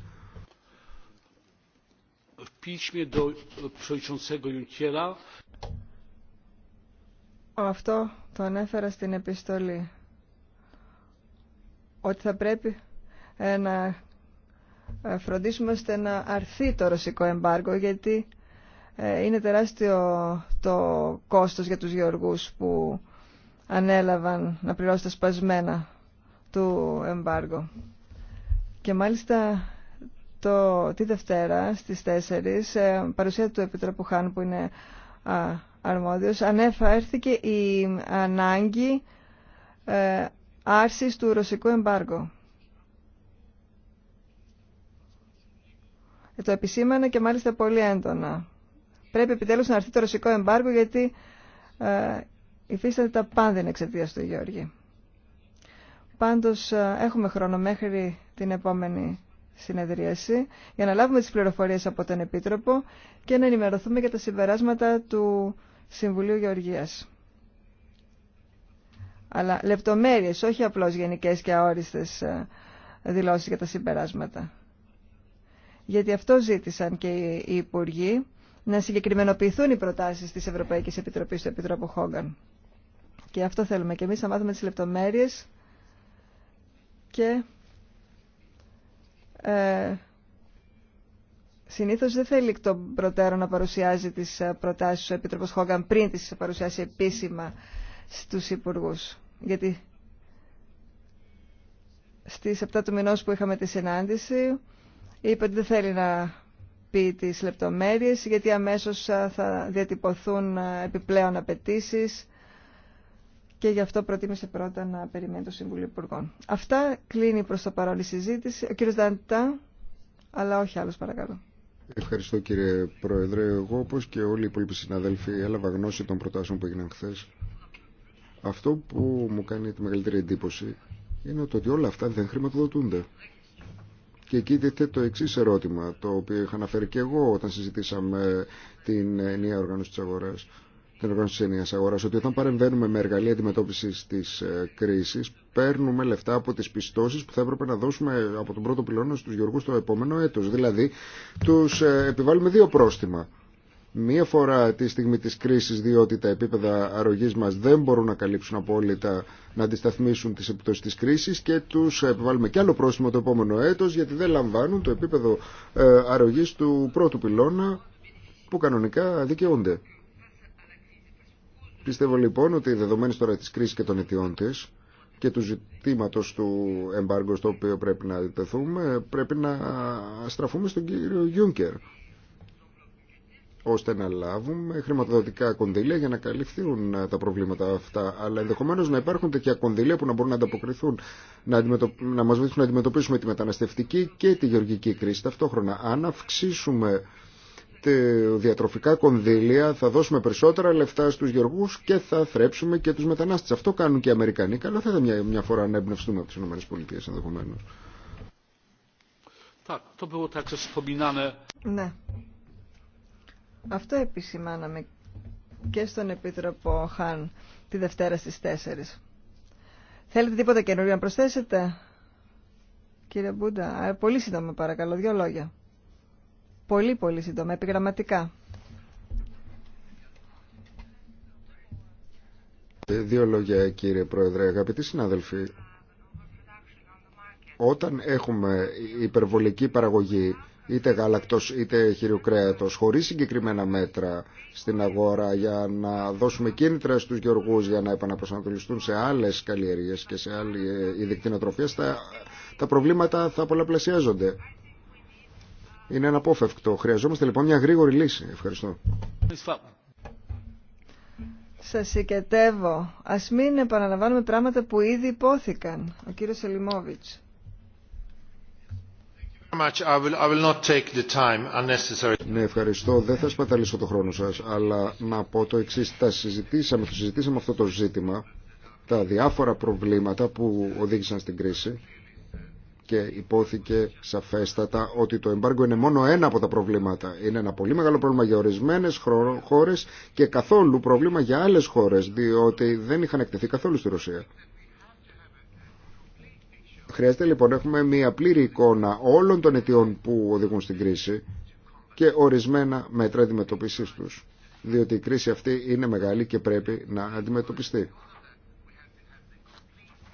Αυτό το ανέφερα στην επιστολή. Ότι θα πρέπει ε, να ε, φροντίσουμε ώστε να αρθεί το ρωσικό εμπάργο γιατί ε, είναι τεράστιο το κόστος για τους γεωργούς που ανέλαβαν να πληρώσουν τα σπασμένα του εμπάργου. Και μάλιστα το, τη Δευτέρα στις 4, ε, παρουσία του Επιτρόπου Χάν που είναι αρμόδιος, ανέφερθηκε η ανάγκη ε, άρσης του ρωσικού εμπάργου. Ε, το επισήμανε και μάλιστα πολύ έντονα. Πρέπει επιτέλους να αρθεί το ρωσικό εμπάργο γιατί ε, υφίσταται τα πάντα εξαιτία του Γιώργη. Πάντως ε, έχουμε χρόνο μέχρι την επόμενη συνεδρίαση για να λάβουμε τις πληροφορίες από τον Επίτροπο και να ενημερωθούμε για τα συμπεράσματα του Συμβουλίου Γεωργίας. Αλλά λεπτομέρειες, όχι απλώς γενικές και αόριστες ε, δηλώσεις για τα συμπεράσματα. Γιατί αυτό ζήτησαν και οι Υπουργοί, να συγκεκριμενοποιηθούν οι προτάσεις της Ευρωπαϊκής Επιτροπής του Επιτρόπου Χόγκαν. Και αυτό θέλουμε και εμείς να μάθουμε τις λεπτομέρειες και ε, συνήθως δεν θέλει εκ των προτέρων να παρουσιάζει τι ε, προτάσει ο Επίτροπο Χόγκαν πριν τις παρουσιάσει επίσημα στους υπουργούς. Γιατί στις 7 του μηνό που είχαμε τη συνάντηση είπε ότι δεν θέλει να πει τις λεπτομέρειες γιατί αμέσως ε, θα διατυπωθούν ε, επιπλέον απαιτήσει και γι' αυτό προτίμησε πρώτα να περιμένει το Συμβούλιο Υπουργών. Αυτά κλείνει προς το παρόν η συζήτηση. Ο κύριος Δαντά, αλλά όχι άλλος παρακαλώ. Ευχαριστώ κύριε Πρόεδρε. Εγώ όπως και όλοι οι υπόλοιποι συναδέλφοι έλαβα γνώση των προτάσεων που έγιναν χθε. Αυτό που μου κάνει τη μεγαλύτερη εντύπωση είναι ότι όλα αυτά δεν χρηματοδοτούνται. Και εκεί τίθεται το εξή ερώτημα, το οποίο είχα αναφέρει και εγώ όταν συζητήσαμε την ενιαία οργάνωση τη αγορά την οργάνωση τη ενιαία αγορά, ότι όταν παρεμβαίνουμε με εργαλεία αντιμετώπιση τη ε, κρίση, παίρνουμε λεφτά από τι πιστώσει που θα έπρεπε να δώσουμε από τον πρώτο πυλώνα στου γεωργού το επόμενο έτο. Δηλαδή, του ε, επιβάλλουμε δύο πρόστιμα. Μία φορά τη στιγμή της κρίσης διότι τα επίπεδα αρρωγής μας δεν μπορούν να καλύψουν απόλυτα να αντισταθμίσουν τις επιπτώσεις της κρίσης και τους ε, επιβάλλουμε και άλλο πρόστιμο το επόμενο έτος γιατί δεν λαμβάνουν το επίπεδο αρρωγής του πρώτου πυλώνα που κανονικά δικαιούνται. Πιστεύω λοιπόν ότι δεδομένη τώρα τη κρίση και των αιτιών τη και του ζητήματο του εμπάργου στο οποίο πρέπει να διτεθούμε πρέπει να στραφούμε στον κύριο Γιούνκερ ώστε να λάβουμε χρηματοδοτικά κονδύλια για να καλυφθούν ε, τα προβλήματα αυτά. Αλλά ενδεχομένω να υπάρχουν τέτοια κονδύλια που να μπορούν να ανταποκριθούν, να, να μα βοηθήσουν να αντιμετωπίσουμε τη μεταναστευτική και τη γεωργική κρίση ταυτόχρονα. Αν αυξήσουμε διατροφικά κονδύλια, θα δώσουμε περισσότερα λεφτά στους γεωργούς και θα θρέψουμε και τους μετανάστες. Αυτό κάνουν και οι Αμερικανοί. Καλό θα ήταν μια, μια φορά να εμπνευστούμε από τις ΗΠΑ ενδεχομένω. Ναι. Αυτό επισημάναμε και στον Επίτροπο Χάν τη Δευτέρα στις 4. Θέλετε τίποτα καινούριο να προσθέσετε, κύριε Μπούντα. Πολύ σύντομα παρακαλώ, δύο λόγια. Πολύ πολύ σύντομα, επιγραμματικά. Ε, δύο λόγια κύριε Πρόεδρε, αγαπητοί συνάδελφοι. Όταν έχουμε υπερβολική παραγωγή είτε γάλακτος είτε χειριοκρέατος χωρίς συγκεκριμένα μέτρα στην αγορά για να δώσουμε κίνητρα στους γεωργούς για να επαναπροσανατολιστούν σε άλλες καλλιέργειες και σε άλλη ε, ειδικτυνοτροφία, τα προβλήματα θα πολλαπλασιάζονται είναι αναπόφευκτο. Χρειαζόμαστε λοιπόν μια γρήγορη λύση. Ευχαριστώ. Σα συγκετεύω. Α μην επαναλαμβάνουμε πράγματα που ήδη υπόθηκαν. Ο κύριο Σελιμόβιτς. Ναι, ευχαριστώ. Δεν θα σπαταλήσω το χρόνο σα, αλλά να πω το εξή Τα συζητήσαμε, το συζητήσαμε αυτό το ζήτημα, τα διάφορα προβλήματα που οδήγησαν στην κρίση και υπόθηκε σαφέστατα ότι το εμπάργκο είναι μόνο ένα από τα προβλήματα. Είναι ένα πολύ μεγάλο πρόβλημα για ορισμένε χώρε και καθόλου πρόβλημα για άλλε χώρε, διότι δεν είχαν εκτεθεί καθόλου στη Ρωσία. Χρειάζεται λοιπόν να έχουμε μια πλήρη εικόνα όλων των αιτιών που οδηγούν στην κρίση και ορισμένα μέτρα αντιμετώπιση του. Διότι η κρίση αυτή είναι μεγάλη και πρέπει να αντιμετωπιστεί.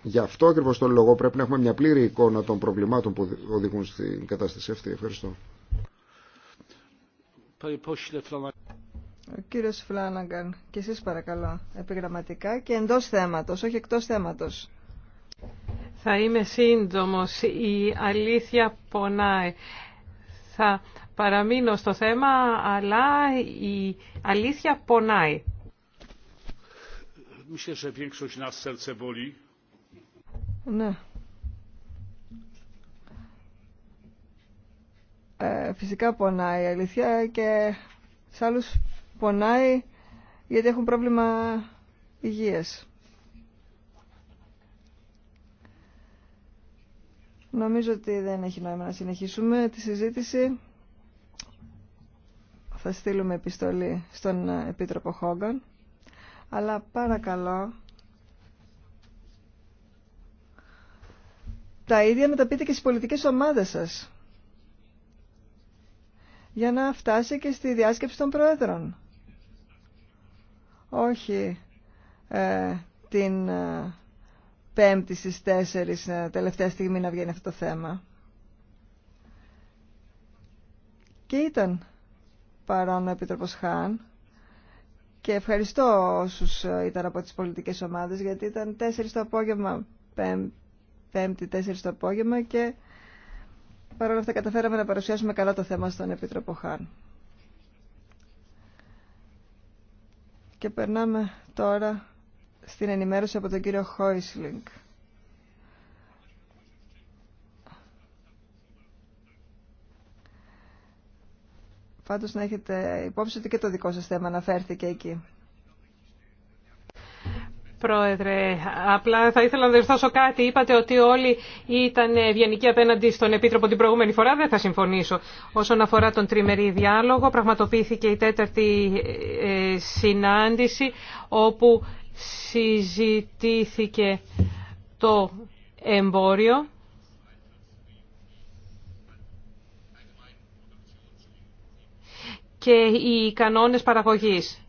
Γι' αυτό ακριβώ το λόγο πρέπει να έχουμε μια πλήρη εικόνα των προβλημάτων που οδηγούν στην κατάσταση αυτή. Ευχαριστώ. Ο κύριο Φλάναγκαν, και εσεί παρακαλώ, επιγραμματικά και εντό θέματο, όχι εκτό θέματο. Θα είμαι σύντομο. Η αλήθεια πονάει. Θα παραμείνω στο θέμα, αλλά η αλήθεια πονάει. Ναι. Ε, φυσικά πονάει η αλήθεια και σε άλλους πονάει γιατί έχουν πρόβλημα υγείας. Νομίζω ότι δεν έχει νόημα να συνεχίσουμε τη συζήτηση. Θα στείλουμε επιστολή στον Επίτροπο Χόγκαν. Αλλά παρακαλώ τα ίδια να τα πείτε και στις πολιτικές ομάδες σας. Για να φτάσει και στη διάσκεψη των Προέδρων. Όχι ε, την ε, πέμπτη στις τέσσερις ε, τελευταία στιγμή να βγαίνει αυτό το θέμα. Και ήταν παρόν ο Επίτροπος Χάν και ευχαριστώ όσους ε, ήταν από τις πολιτικές ομάδες γιατί ήταν τέσσερις το απόγευμα πέμπτη Πέμπτη, 4 το απόγευμα και παρόλα αυτά καταφέραμε να παρουσιάσουμε καλά το θέμα στον Επίτροπο Χάν. Και περνάμε τώρα στην ενημέρωση από τον κύριο Χόισλινγκ. Πάντως να έχετε υπόψη ότι και το δικό σας θέμα αναφέρθηκε εκεί. Πρόεδρε, απλά θα ήθελα να διορθώσω κάτι. Είπατε ότι όλοι ήταν ευγενικοί απέναντι στον Επίτροπο την προηγούμενη φορά. Δεν θα συμφωνήσω. Όσον αφορά τον τριμερή διάλογο, πραγματοποιήθηκε η τέταρτη ε, συνάντηση όπου συζητήθηκε το εμπόριο. και οι κανόνες παραγωγής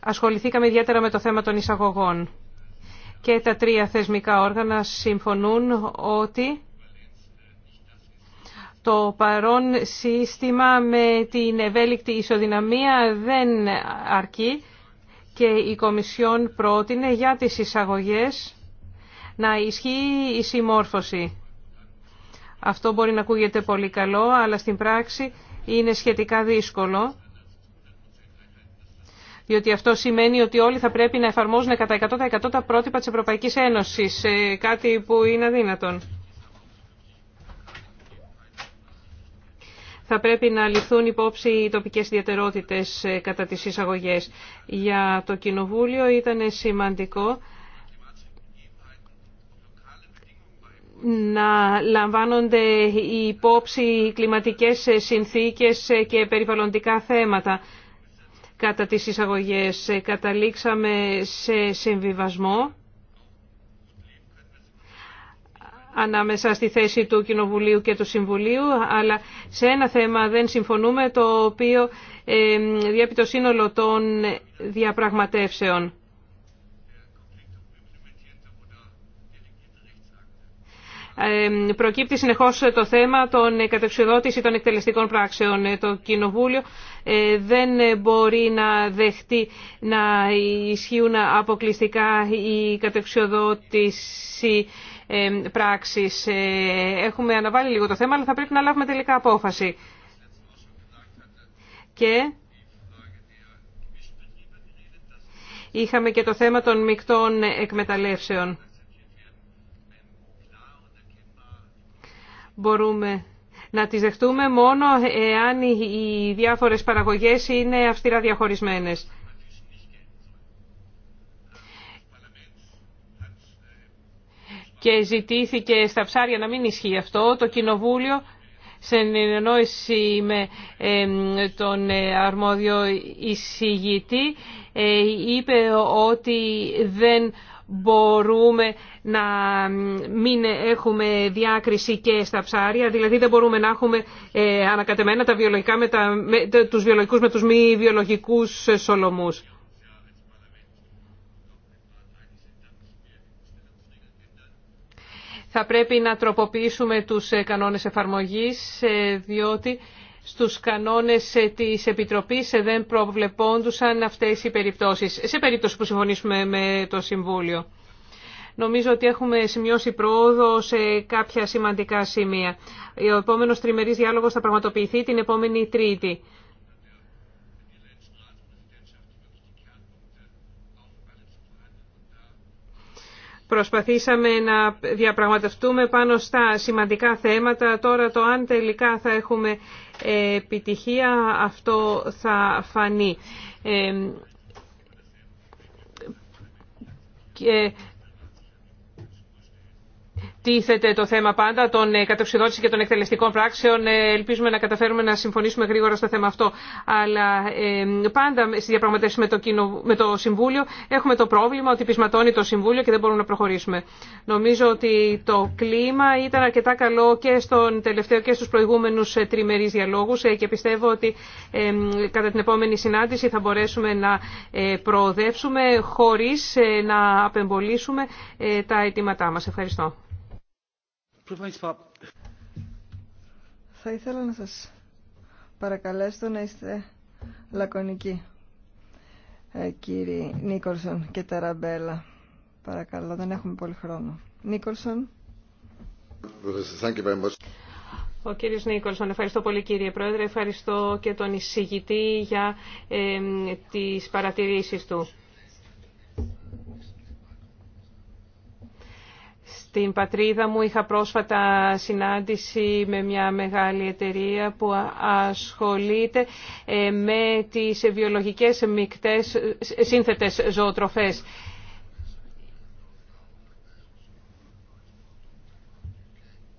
ασχοληθήκαμε ιδιαίτερα με το θέμα των εισαγωγών. Και τα τρία θεσμικά όργανα συμφωνούν ότι το παρόν σύστημα με την ευέλικτη ισοδυναμία δεν αρκεί και η Κομισιόν πρότεινε για τις εισαγωγές να ισχύει η συμμόρφωση. Αυτό μπορεί να ακούγεται πολύ καλό, αλλά στην πράξη είναι σχετικά δύσκολο διότι αυτό σημαίνει ότι όλοι θα πρέπει να εφαρμόζουν κατά 100% τα πρότυπα της Ευρωπαϊκής Ένωσης, ε, κάτι που είναι αδύνατον. θα πρέπει να ληφθούν υπόψη οι τοπικές ιδιαιτερότητες ε, κατά τις εισαγωγές. Για το Κοινοβούλιο ήταν σημαντικό να λαμβάνονται υπόψη οι κλιματικές ε, συνθήκες και περιβαλλοντικά θέματα κατά τις εισαγωγές. Ε, καταλήξαμε σε συμβιβασμό ανάμεσα στη θέση του Κοινοβουλίου και του Συμβουλίου, αλλά σε ένα θέμα δεν συμφωνούμε, το οποίο ε, διέπει το σύνολο των διαπραγματεύσεων. προκύπτει συνεχώς το θέμα των κατεξουδότηση των εκτελεστικών πράξεων. Ε, το Κοινοβούλιο ε, δεν μπορεί να δεχτεί να ισχύουν αποκλειστικά οι κατεξουδότηση πράξης. Ε, έχουμε αναβάλει λίγο το θέμα, αλλά θα πρέπει να λάβουμε τελικά απόφαση. Και είχαμε και το θέμα των μεικτών εκμεταλλεύσεων. μπορούμε να τις δεχτούμε μόνο εάν οι διάφορες παραγωγές είναι αυστηρά διαχωρισμένες. Και ζητήθηκε στα ψάρια να μην ισχύει αυτό. Το Κοινοβούλιο, σε ενόηση με τον ε, αρμόδιο εισηγητή, ε, είπε ότι δεν μπορούμε να μην έχουμε διάκριση και στα ψάρια, δηλαδή δεν μπορούμε να έχουμε ε, ανακατεμένα τα βιολογικά με τα, τους βιολογικούς με τους μη βιολογικούς σολομούς. Θα πρέπει να τροποποιήσουμε τους ε, κανόνες εφαρμογής, ε, διότι στους κανόνες ε, της Επιτροπής ε, δεν προβλεπόντουσαν αυτές οι περιπτώσεις, σε περίπτωση που συμφωνήσουμε με το Συμβούλιο. Νομίζω ότι έχουμε σημειώσει πρόοδο σε κάποια σημαντικά σημεία. Ο επόμενος τριμερής διάλογος θα πραγματοποιηθεί την επόμενη Τρίτη. Προσπαθήσαμε να διαπραγματευτούμε πάνω στα σημαντικά θέματα. Τώρα το αν τελικά θα έχουμε ε, επιτυχία αυτό θα φανεί. Ε, τίθεται το θέμα πάντα των ε, κατοξιδότηση και των εκτελεστικών πράξεων. Ε, ελπίζουμε να καταφέρουμε να συμφωνήσουμε γρήγορα στο θέμα αυτό. Αλλά ε, πάντα στη διαπραγματεύση με το, κοινο, Συμβούλιο έχουμε το πρόβλημα ότι πεισματώνει το Συμβούλιο και δεν μπορούμε να προχωρήσουμε. Νομίζω ότι το κλίμα ήταν αρκετά καλό και στον τελευταίο και στους προηγούμενους τριμερείς διαλόγους και πιστεύω ότι κατά την επόμενη συνάντηση θα μπορέσουμε να προοδεύσουμε χωρίς να απεμπολίσουμε τα αιτήματά μας. Ευχαριστώ. Θα ήθελα να σας παρακαλέσω να είστε λακωνικοί, ε, κύριοι Νίκολσον και Ταραμπέλα. Παρακαλώ, δεν έχουμε πολύ χρόνο. Νίκολσον. Ο κύριος Νίκολσον, ευχαριστώ πολύ κύριε Πρόεδρε, ευχαριστώ και τον εισηγητή για ε, τις παρατηρήσεις του. Στην πατρίδα μου είχα πρόσφατα συνάντηση με μια μεγάλη εταιρεία που ασχολείται ε, με τις βιολογικές μικτές, σύνθετες ζωοτροφές.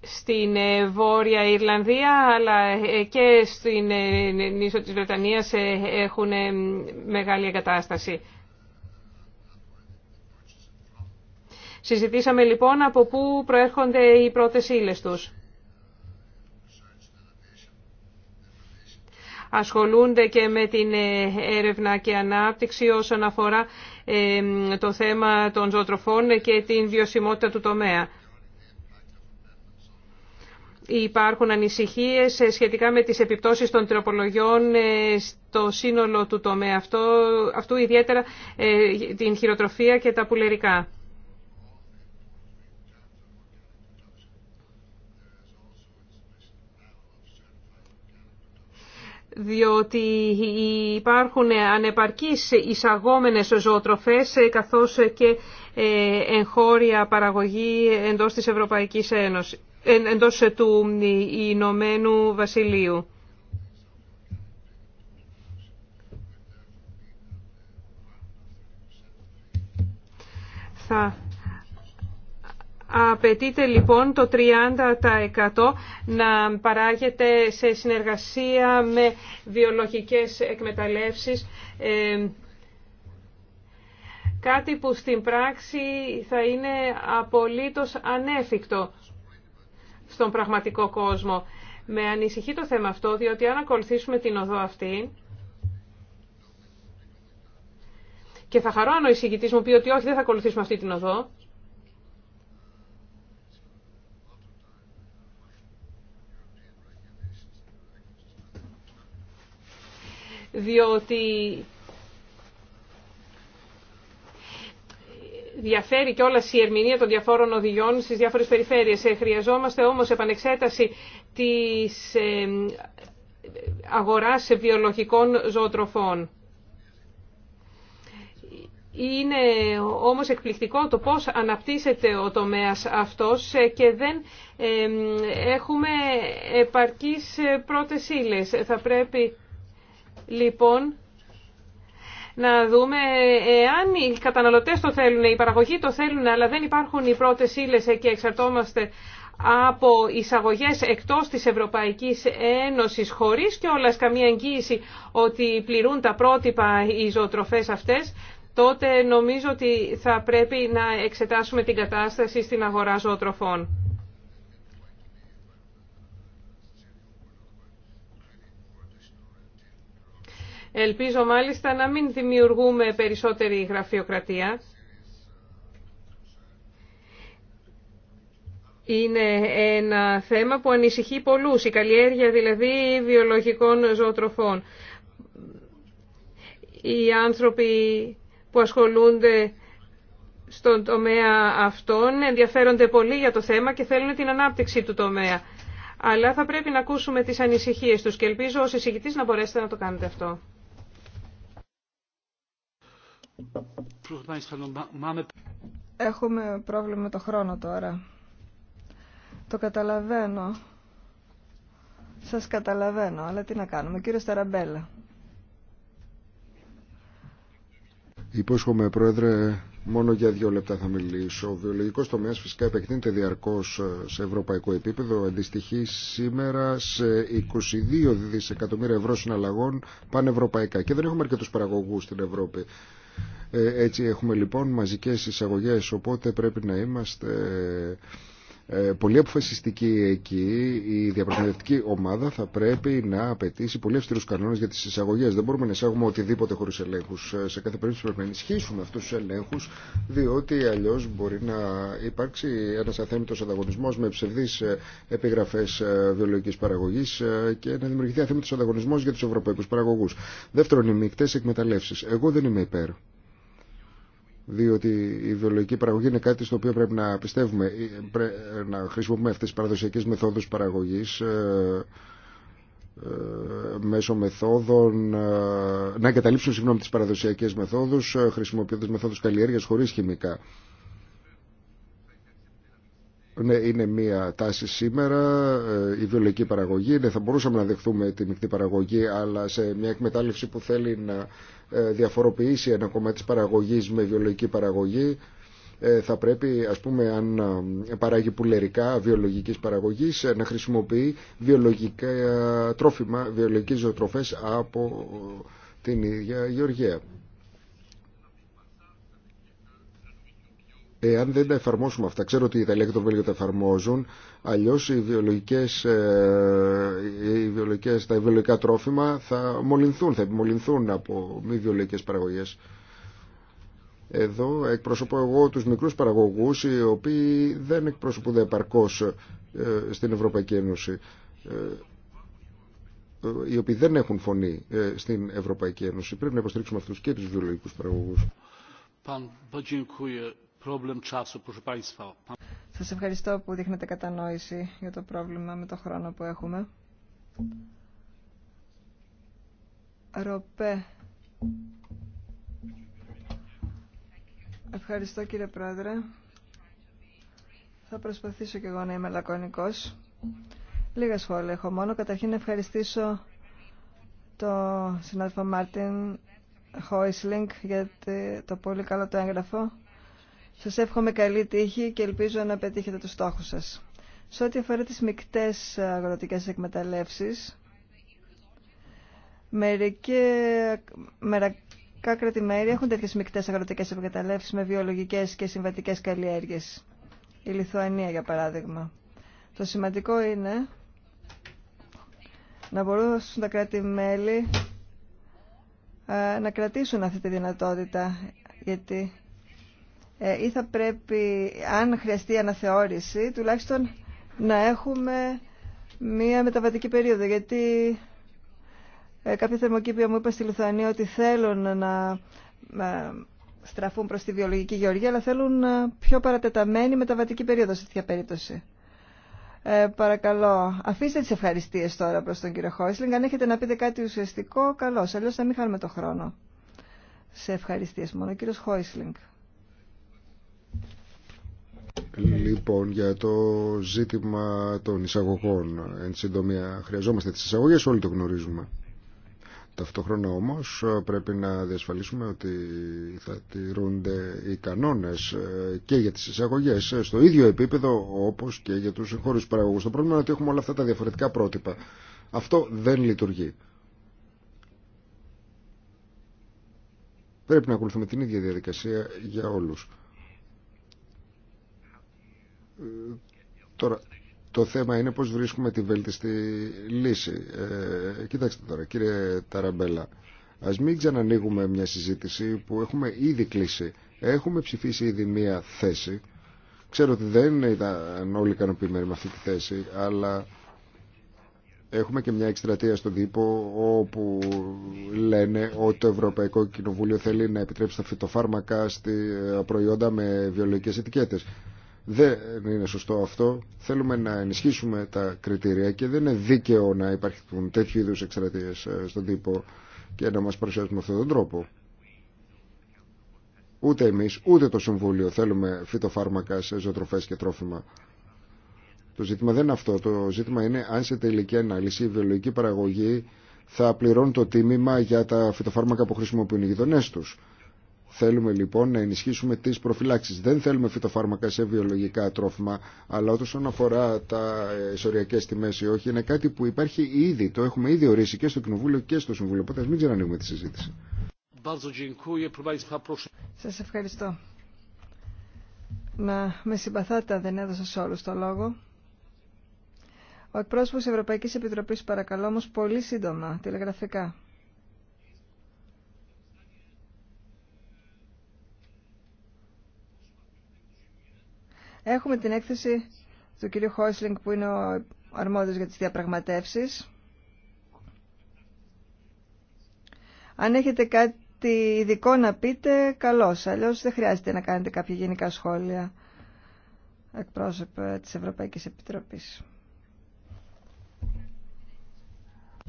στην ε, Βόρεια Ιρλανδία αλλά ε, και στην νήσο της Βρετανίας έχουν μεγάλη εγκατάσταση. Συζητήσαμε λοιπόν από πού προέρχονται οι πρώτες ύλες τους. ασχολούνται και με την ε, έρευνα και ανάπτυξη όσον αφορά ε, το θέμα των ζωοτροφών και την βιωσιμότητα του τομέα. Υπάρχουν ανησυχίες ε, σχετικά με τις επιπτώσεις των τροπολογιών στο σύνολο του τομέα αυτού, ιδιαίτερα την χειροτροφία και τα πουλερικά. διότι υπάρχουν ανεπαρκείς εισαγόμενες ζωοτροφές καθώς και ε, εγχώρια παραγωγή εντός της Ευρωπαϊκής Ένωσης, ε, εντός του Ηνωμένου Βασιλείου. Θα Απαιτείται λοιπόν το 30% να παράγεται σε συνεργασία με βιολογικές εκμεταλλεύσεις, ε, κάτι που στην πράξη θα είναι απολύτως ανέφικτο στον πραγματικό κόσμο. Με ανησυχεί το θέμα αυτό, διότι αν ακολουθήσουμε την οδό αυτή, και θα χαρώ αν ο εισηγητής μου πει ότι όχι δεν θα ακολουθήσουμε αυτή την οδό, διότι διαφέρει κιόλα η ερμηνεία των διαφόρων οδηγιών στις διάφορες περιφέρειες. Ε, χρειαζόμαστε όμως επανεξέταση της ε, αγοράς βιολογικών ζωοτροφών. Είναι όμως εκπληκτικό το πώς αναπτύσσεται ο τομέας αυτός ε, και δεν έχουμε επαρκείς πρώτες ύλες. Θα πρέπει λοιπόν να δούμε εάν οι καταναλωτές το θέλουν, οι παραγωγοί το θέλουν, αλλά δεν υπάρχουν οι πρώτες ύλες και εξαρτόμαστε από εισαγωγές εκτός της Ευρωπαϊκής Ένωσης χωρίς και όλας καμία εγγύηση ότι πληρούν τα πρότυπα οι ζωοτροφές αυτές, τότε νομίζω ότι θα πρέπει να εξετάσουμε την κατάσταση στην αγορά ζωοτροφών. Ελπίζω μάλιστα να μην δημιουργούμε περισσότερη γραφειοκρατία. Είναι ένα θέμα που ανησυχεί πολλούς, η καλλιέργεια δηλαδή βιολογικών ζωοτροφών. Οι άνθρωποι που ασχολούνται στον τομέα αυτών ενδιαφέρονται πολύ για το θέμα και θέλουν την ανάπτυξη του τομέα. Αλλά θα πρέπει να ακούσουμε τις ανησυχίες τους και ελπίζω ως εισηγητής να μπορέσετε να το κάνετε αυτό. Έχουμε πρόβλημα με το χρόνο τώρα. Το καταλαβαίνω. Σας καταλαβαίνω, αλλά τι να κάνουμε. Κύριο Σταραμπέλα. Υπόσχομαι, Πρόεδρε, μόνο για δύο λεπτά θα μιλήσω. Ο βιολογικός τομέας φυσικά επεκτείνεται διαρκώς ε, σε ευρωπαϊκό επίπεδο. Αντιστοιχεί σήμερα σε 22 δισεκατομμύρια ευρώ συναλλαγών πανευρωπαϊκά. Και δεν έχουμε αρκετούς παραγωγούς στην Ευρώπη. Ε, έτσι έχουμε λοιπόν μαζικές εισαγωγές, οπότε πρέπει να είμαστε ε, πολύ αποφασιστικοί εκεί. Η διαπραγματευτική ομάδα θα πρέπει να απαιτήσει πολύ αυστηρούς κανόνες για τις εισαγωγές. Δεν μπορούμε να εισάγουμε οτιδήποτε χωρίς ελέγχους. Ε, σε κάθε περίπτωση πρέπει να ενισχύσουμε αυτούς τους ελέγχους, διότι αλλιώς μπορεί να υπάρξει ένας αθέμητος ανταγωνισμός με ψευδείς επιγραφές βιολογικής παραγωγής και να δημιουργηθεί αθέμητος ανταγωνισμός για τους ευρωπαϊκούς παραγωγούς. Δεύτερον, οι μεικτές εκμεταλλεύσεις. Εγώ δεν είμαι υπέρ διότι η βιολογική παραγωγή είναι κάτι στο οποίο πρέπει να πιστεύουμε, ε, να χρησιμοποιούμε αυτές τις παραδοσιακές μεθόδους παραγωγής ε, ε, μέσω μεθόδων να εγκαταλείψουν συγγνώμη τις παραδοσιακές μεθόδους χρησιμοποιώντας μεθόδους καλλιέργειας χωρίς χημικά ναι, είναι μία τάση σήμερα η βιολογική παραγωγή. Ναι, θα μπορούσαμε να δεχθούμε τη μεικτή παραγωγή, αλλά σε μια εκμετάλλευση που θέλει να ε, διαφοροποιήσει ένα κομμάτι της παραγωγής με βιολογική παραγωγή ε, θα πρέπει ας πούμε αν ε, παράγει πουλερικά βιολογικής παραγωγής να χρησιμοποιεί βιολογικά τρόφιμα, βιολογικές ζωοτροφές από την ίδια γεωργία. εάν δεν τα εφαρμόσουμε αυτά, ξέρω ότι η Ιταλία και το Βέλγιο τα εφαρμόζουν, αλλιώς οι βιολογικές, ε, οι βιολογικές, τα βιολογικά τρόφιμα θα μολυνθούν, θα επιμολυνθούν από μη βιολογικές παραγωγές. Εδώ εκπροσωπώ εγώ τους μικρούς παραγωγούς οι οποίοι δεν εκπροσωπούνται επαρκώς ε, στην Ευρωπαϊκή Ένωση ε, οι οποίοι δεν έχουν φωνή στην Ευρωπαϊκή Ένωση. Πρέπει να υποστηρίξουμε αυτούς και τους βιολογικούς παραγωγούς. Σας ευχαριστώ που δείχνετε κατανόηση για το πρόβλημα με το χρόνο που έχουμε. Ροπέ. Ευχαριστώ κύριε Πρόεδρε. Θα προσπαθήσω και εγώ να είμαι λακωνικός. Λίγα σχόλια έχω μόνο. Καταρχήν ευχαριστήσω το συνάδελφο Μάρτιν Χόισλινγκ για το πολύ καλό το έγγραφο σας εύχομαι καλή τύχη και ελπίζω να πετύχετε τους στόχους σας. Σε ό,τι αφορά τις μικτές αγροτικές εκμεταλλεύσεις, μερικέ, μερικά κρατημέρια έχουν τέτοιες μικτές αγροτικές εκμεταλλεύσεις με βιολογικές και συμβατικές καλλιέργειες. Η Λιθουανία, για παράδειγμα. Το σημαντικό είναι να μπορούν τα κράτη-μέλη ε, να κρατήσουν αυτή τη δυνατότητα, γιατί ε, ή θα πρέπει, αν χρειαστεί αναθεώρηση, τουλάχιστον να έχουμε μία μεταβατική περίοδο. Γιατί ε, κάποια θερμοκήπια μου είπα στη Λουθανία ότι θέλουν να ε, στραφούν προς τη βιολογική γεωργία, αλλά θέλουν πιο παρατεταμένη μεταβατική περίοδο σε τέτοια περίπτωση. Ε, παρακαλώ, αφήστε τις ευχαριστίες τώρα προς τον κύριο Χόισλινγκ. Αν έχετε να πείτε κάτι ουσιαστικό, καλώς. Αλλιώς θα μην χάνουμε το χρόνο. Σε ευχαριστίες μόνο. Ο κύριος Χόισλινγκ. Λοιπόν, για το ζήτημα των εισαγωγών, εν συντομία, χρειαζόμαστε τις εισαγωγές, όλοι το γνωρίζουμε. Ταυτόχρονα όμως πρέπει να διασφαλίσουμε ότι θα τηρούνται οι κανόνες ε, και για τις εισαγωγές ε, στο ίδιο επίπεδο όπως και για τους χώρους παραγωγούς. Το πρόβλημα είναι ότι έχουμε όλα αυτά τα διαφορετικά πρότυπα. Αυτό δεν λειτουργεί. Πρέπει να ακολουθούμε την ίδια διαδικασία για όλους. Τώρα, το θέμα είναι πώς βρίσκουμε τη βέλτιστη λύση. Ε, κοιτάξτε τώρα, κύριε Ταραμπέλα, ας μην ξανανοίγουμε μια συζήτηση που έχουμε ήδη κλείσει. Έχουμε ψηφίσει ήδη μια θέση. Ξέρω ότι δεν ήταν όλοι ικανοποιημένοι με αυτή τη θέση, αλλά έχουμε και μια εκστρατεία στον τύπο όπου λένε ότι το Ευρωπαϊκό Κοινοβούλιο θέλει να επιτρέψει τα φυτοφάρμακα στη ε, προϊόντα με βιολογικές ετικέτες. Δεν είναι σωστό αυτό. Θέλουμε να ενισχύσουμε τα κριτήρια και δεν είναι δίκαιο να υπάρχουν τέτοιου είδου εκστρατείε ε, στον τύπο και να μα παρουσιάζουν με αυτόν τον τρόπο. Ούτε εμεί, ούτε το Συμβούλιο θέλουμε φυτοφάρμακα σε ζωοτροφέ και τρόφιμα. Το ζήτημα δεν είναι αυτό. Το ζήτημα είναι αν σε τελική ανάλυση η βιολογική παραγωγή θα πληρώνει το τίμημα για τα φυτοφάρμακα που χρησιμοποιούν οι γειτονέ του. Θέλουμε λοιπόν να ενισχύσουμε τις προφυλάξεις. Δεν θέλουμε φυτοφάρμακα σε βιολογικά τρόφιμα, αλλά όσον αφορά τα ε, ισοριακές τιμές ή όχι, είναι κάτι που υπάρχει ήδη, το έχουμε ήδη ορίσει και στο Κοινοβούλιο και στο Συμβούλιο, οπότε μην ξανανοίγουμε τη συζήτηση. Σας ευχαριστώ. Να με συμπαθάτε δεν έδωσα σε όλους το λόγο. Ο εκπρόσωπος Ευρωπαϊκής Επιτροπής παρακαλώ όμως πολύ σύντομα, τηλεγραφικά. Έχουμε την έκθεση του κυρίου Χόισλινγκ που είναι ο αρμόδιος για τις διαπραγματεύσεις. Αν έχετε κάτι ειδικό να πείτε, καλώς. Αλλιώς δεν χρειάζεται να κάνετε κάποια γενικά σχόλια εκπρόσωπε της Ευρωπαϊκής Επιτροπής.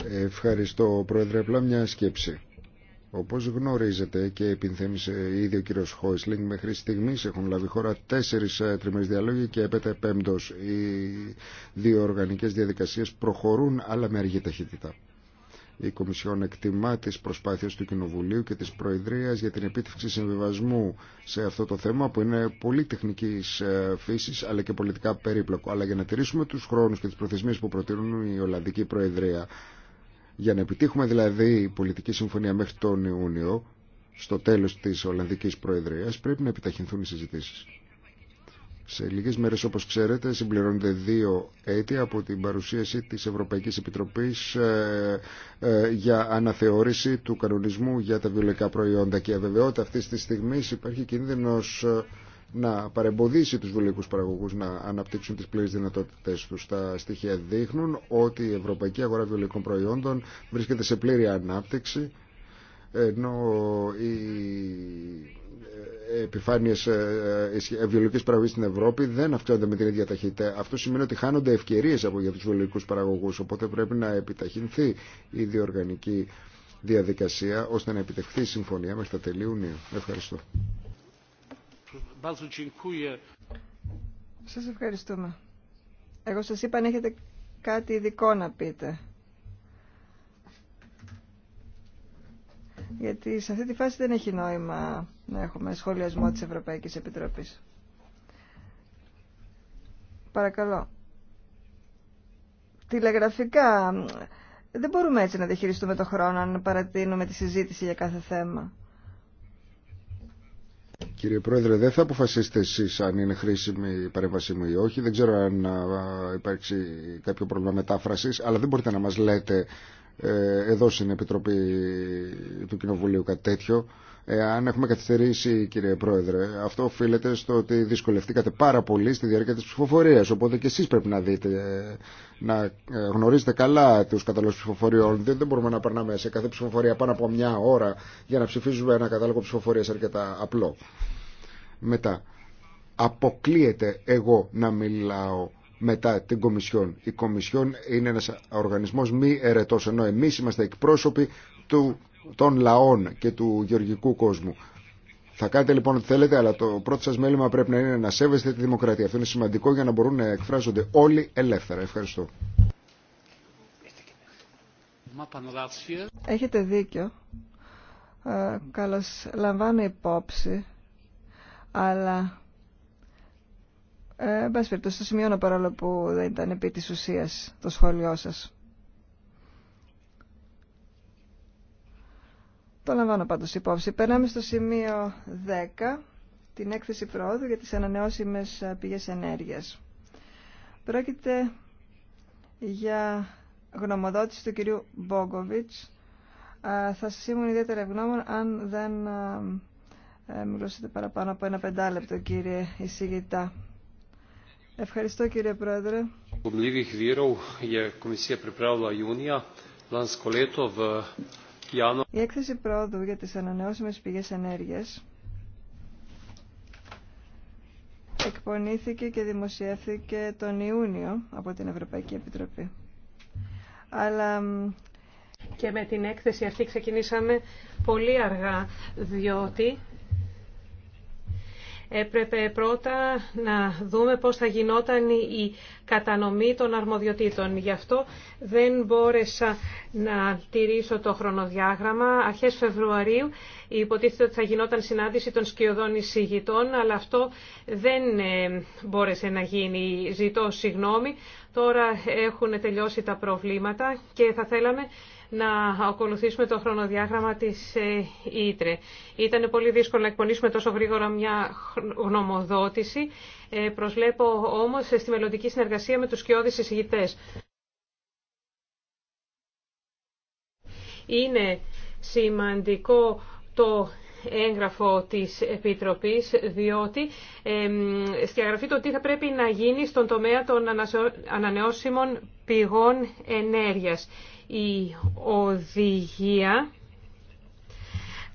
Ευχαριστώ, Πρόεδρε. Απλά μια σκέψη. Όπως γνωρίζετε και επιθέμησε ήδη ο κύριος Χόισλινγκ, μέχρι στιγμής έχουν λάβει χώρα τέσσερις ε, τριμές διαλόγοι και έπεται πέμπτος. Οι δύο οργανικές διαδικασίες προχωρούν αλλά με αργή ταχύτητα. Η Κομισιόν εκτιμά τις προσπάθειες του Κοινοβουλίου και της Προεδρίας για την επίτευξη συμβιβασμού σε αυτό το θέμα που είναι πολύ τεχνικής ε, φύσης αλλά και πολιτικά περίπλοκο. Αλλά για να τηρήσουμε τους χρόνους και τις προθεσμίες που προτείνουν η Ολλανδική Προεδρία για να επιτύχουμε δηλαδή η πολιτική συμφωνία μέχρι τον Ιούνιο, στο τέλος της Ολλανδικής Προεδρίας, πρέπει να επιταχυνθούν οι συζητήσεις. Σε λίγες μέρες, όπως ξέρετε, συμπληρώνονται δύο έτη από την παρουσίαση της Ευρωπαϊκής Επιτροπής ε, ε, για αναθεώρηση του κανονισμού για τα βιολογικά προϊόντα. Και αβεβαιότητα αυτή τη στιγμή υπάρχει κίνδυνος ε, να παρεμποδίσει τους βουλικούς παραγωγούς να αναπτύξουν τις πλήρες δυνατότητες τους. Τα στοιχεία δείχνουν ότι η ευρωπαϊκή αγορά βιολογικών προϊόντων βρίσκεται σε πλήρη ανάπτυξη ενώ οι ε, επιφάνειες ε, ε, βιολογικής παραγωγής στην Ευρώπη δεν αυξάνονται με την ίδια ταχύτητα. Αυτό σημαίνει ότι χάνονται ευκαιρίες από για τους βιολογικούς παραγωγούς, οπότε πρέπει να επιταχυνθεί η διοργανική διαδικασία ώστε να επιτευχθεί η συμφωνία μέχρι τα τελή Ευχαριστώ. Σας ευχαριστούμε. Εγώ σας είπα αν έχετε κάτι ειδικό να πείτε. Γιατί σε αυτή τη φάση δεν έχει νόημα να έχουμε σχολιασμό της Ευρωπαϊκής Επιτροπής. Παρακαλώ. Τηλεγραφικά. Δεν μπορούμε έτσι να διαχειριστούμε το χρόνο αν παρατείνουμε τη συζήτηση για κάθε θέμα. Κύριε Πρόεδρε, δεν θα αποφασίσετε εσεί αν είναι χρήσιμη η παρέμβασή μου ή όχι. Δεν ξέρω αν υπάρξει κάποιο πρόβλημα μετάφραση, αλλά δεν μπορείτε να μα λέτε ε, εδώ στην Επιτροπή του Κοινοβουλίου κάτι τέτοιο. Ε, αν έχουμε καθυστερήσει, κύριε Πρόεδρε, αυτό οφείλεται στο ότι δυσκολευτήκατε πάρα πολύ στη διάρκεια τη ψηφοφορία. Οπότε και εσεί πρέπει να δείτε, ε, να γνωρίζετε καλά του καταλόγους ψηφοφοριών. Δεν, δεν μπορούμε να περνάμε σε κάθε ψηφοφορία πάνω από μια ώρα για να ψηφίζουμε ένα κατάλογο ψηφοφορία αρκετά απλό μετά. Αποκλείεται εγώ να μιλάω μετά την Κομισιόν. Η Κομισιόν είναι ένας οργανισμός μη ερετός, ενώ εμείς είμαστε εκπρόσωποι του, των λαών και του γεωργικού κόσμου. Θα κάνετε λοιπόν ό,τι θέλετε, αλλά το πρώτο σας μέλημα πρέπει να είναι να σέβεστε τη δημοκρατία. Αυτό είναι σημαντικό για να μπορούν να εκφράζονται όλοι ελεύθερα. Ευχαριστώ. Έχετε δίκιο. Ε, καλώς λαμβάνω υπόψη αλλά ε, μπας περιπτώσει το σημειώνω παρόλο που δεν ήταν επί της ουσίας το σχόλιο σας. Το λαμβάνω πάντως υπόψη. Περνάμε στο σημείο 10, την έκθεση πρόοδου για τις ανανεώσιμες ε, πηγές ενέργειας. Πρόκειται για γνωμοδότηση του κυρίου Μπόγκοβιτς. Ε, θα σας ήμουν ιδιαίτερα ευγνώμων αν δεν ε, ε, μιλώσετε παραπάνω από ένα πεντάλεπτο κύριε εισηγητά. Ευχαριστώ κύριε Πρόεδρε. Η έκθεση πρόοδου για τις ανανεώσιμες πηγές ενέργειας εκπονήθηκε και δημοσιεύθηκε τον Ιούνιο από την Ευρωπαϊκή Επιτροπή. Αλλά... Και με την έκθεση αυτή ξεκινήσαμε πολύ αργά, διότι έπρεπε πρώτα να δούμε πώς θα γινόταν η κατανομή των αρμοδιοτήτων. Γι' αυτό δεν μπόρεσα να τηρήσω το χρονοδιάγραμμα. Αρχές Φεβρουαρίου υποτίθεται ότι θα γινόταν συνάντηση των σκιωδών εισηγητών, αλλά αυτό δεν ε, μπόρεσε να γίνει. Ζητώ συγγνώμη. Τώρα έχουν τελειώσει τα προβλήματα και θα θέλαμε να ακολουθήσουμε το χρονοδιάγραμμα της ε, Ήτρε. Ήταν πολύ δύσκολο να εκπονήσουμε τόσο γρήγορα μια γνωμοδότηση. Ε, προσλέπω όμως στη μελλοντική συνεργασία με τους σκιώδεις εισηγητές. Είναι σημαντικό το έγγραφο της Επιτροπής, διότι ε, στη το τι θα πρέπει να γίνει στον τομέα των ανανεώσιμων πηγών ενέργειας. Η οδηγία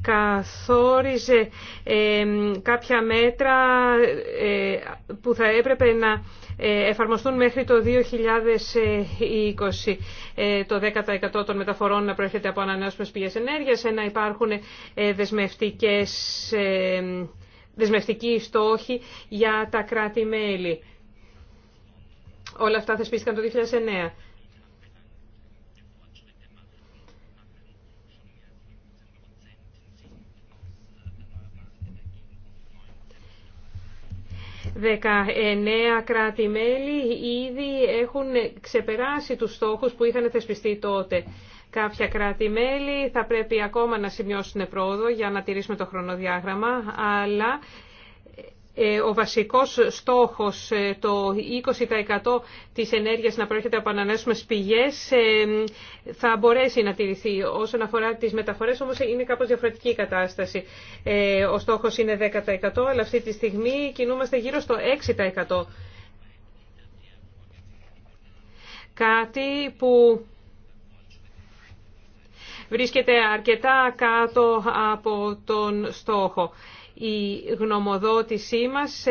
καθόριζε κάποια μέτρα ε, που θα έπρεπε να ε, εφαρμοστούν μέχρι το 2020. Ε, το 10% των μεταφορών να προέρχεται από ανανεώσιμες πηγές ενέργειας, να υπάρχουν δεσμευτικές, δεσμευτικοί στόχοι για τα κράτη-μέλη. Όλα αυτά θεσπίστηκαν το 2009. 19 κράτη-μέλη ήδη έχουν ξεπεράσει τους στόχους που είχαν θεσπιστεί τότε. Κάποια κράτη-μέλη θα πρέπει ακόμα να σημειώσουν πρόοδο για να τηρήσουμε το χρονοδιάγραμμα, αλλά ε, ο βασικός στόχος ε, το 20% της ενέργειας να προέρχεται από ανανέσιμες πηγές ε, θα μπορέσει να τηρηθεί. Όσον αφορά τις μεταφορές όμως είναι κάπως διαφορετική η κατάσταση. Ο στόχος είναι 10% αλλά αυτή τη στιγμή κινούμαστε γύρω στο 6%. Κάτι που βρίσκεται αρκετά κάτω από τον στόχο. Η γνωμοδότησή μας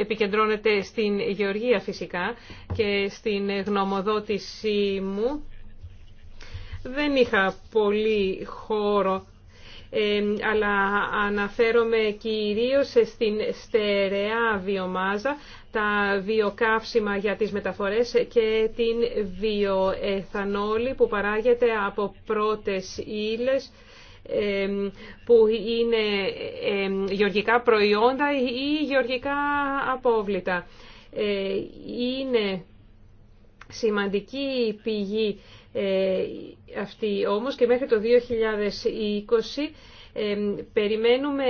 επικεντρώνεται στην γεωργία φυσικά και στην γνωμοδότησή μου δεν είχα πολύ χώρο αλλά αναφέρομαι κυρίως στην στερεά βιομάζα, τα βιοκαύσιμα για τις μεταφορές και την βιοεθανόλη που παράγεται από πρώτες ύλες που είναι γεωργικά προϊόντα ή γεωργικά απόβλητα. Ε, είναι σημαντική πηγή ε, αυτή όμως και μέχρι το 2020 περιμένουμε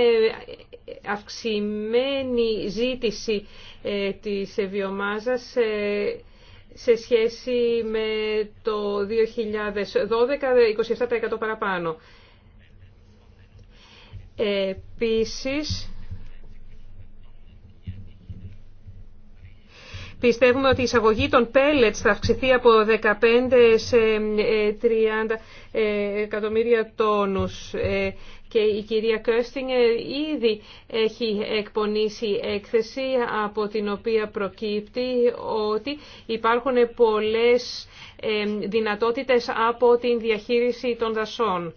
αυξημένη ζήτηση ε, της βιομάζας σε σχέση με το 2012 27% παραπάνω. Επίσης, Πιστεύουμε ότι η εισαγωγή των πέλετς θα αυξηθεί από 15 σε 30 ε, ε, εκατομμύρια τόνους. Ε, και η κυρία Κέρστιγκερ ήδη έχει εκπονήσει έκθεση από την οποία προκύπτει ότι υπάρχουν πολλές δυνατότητες από την διαχείριση των δασών.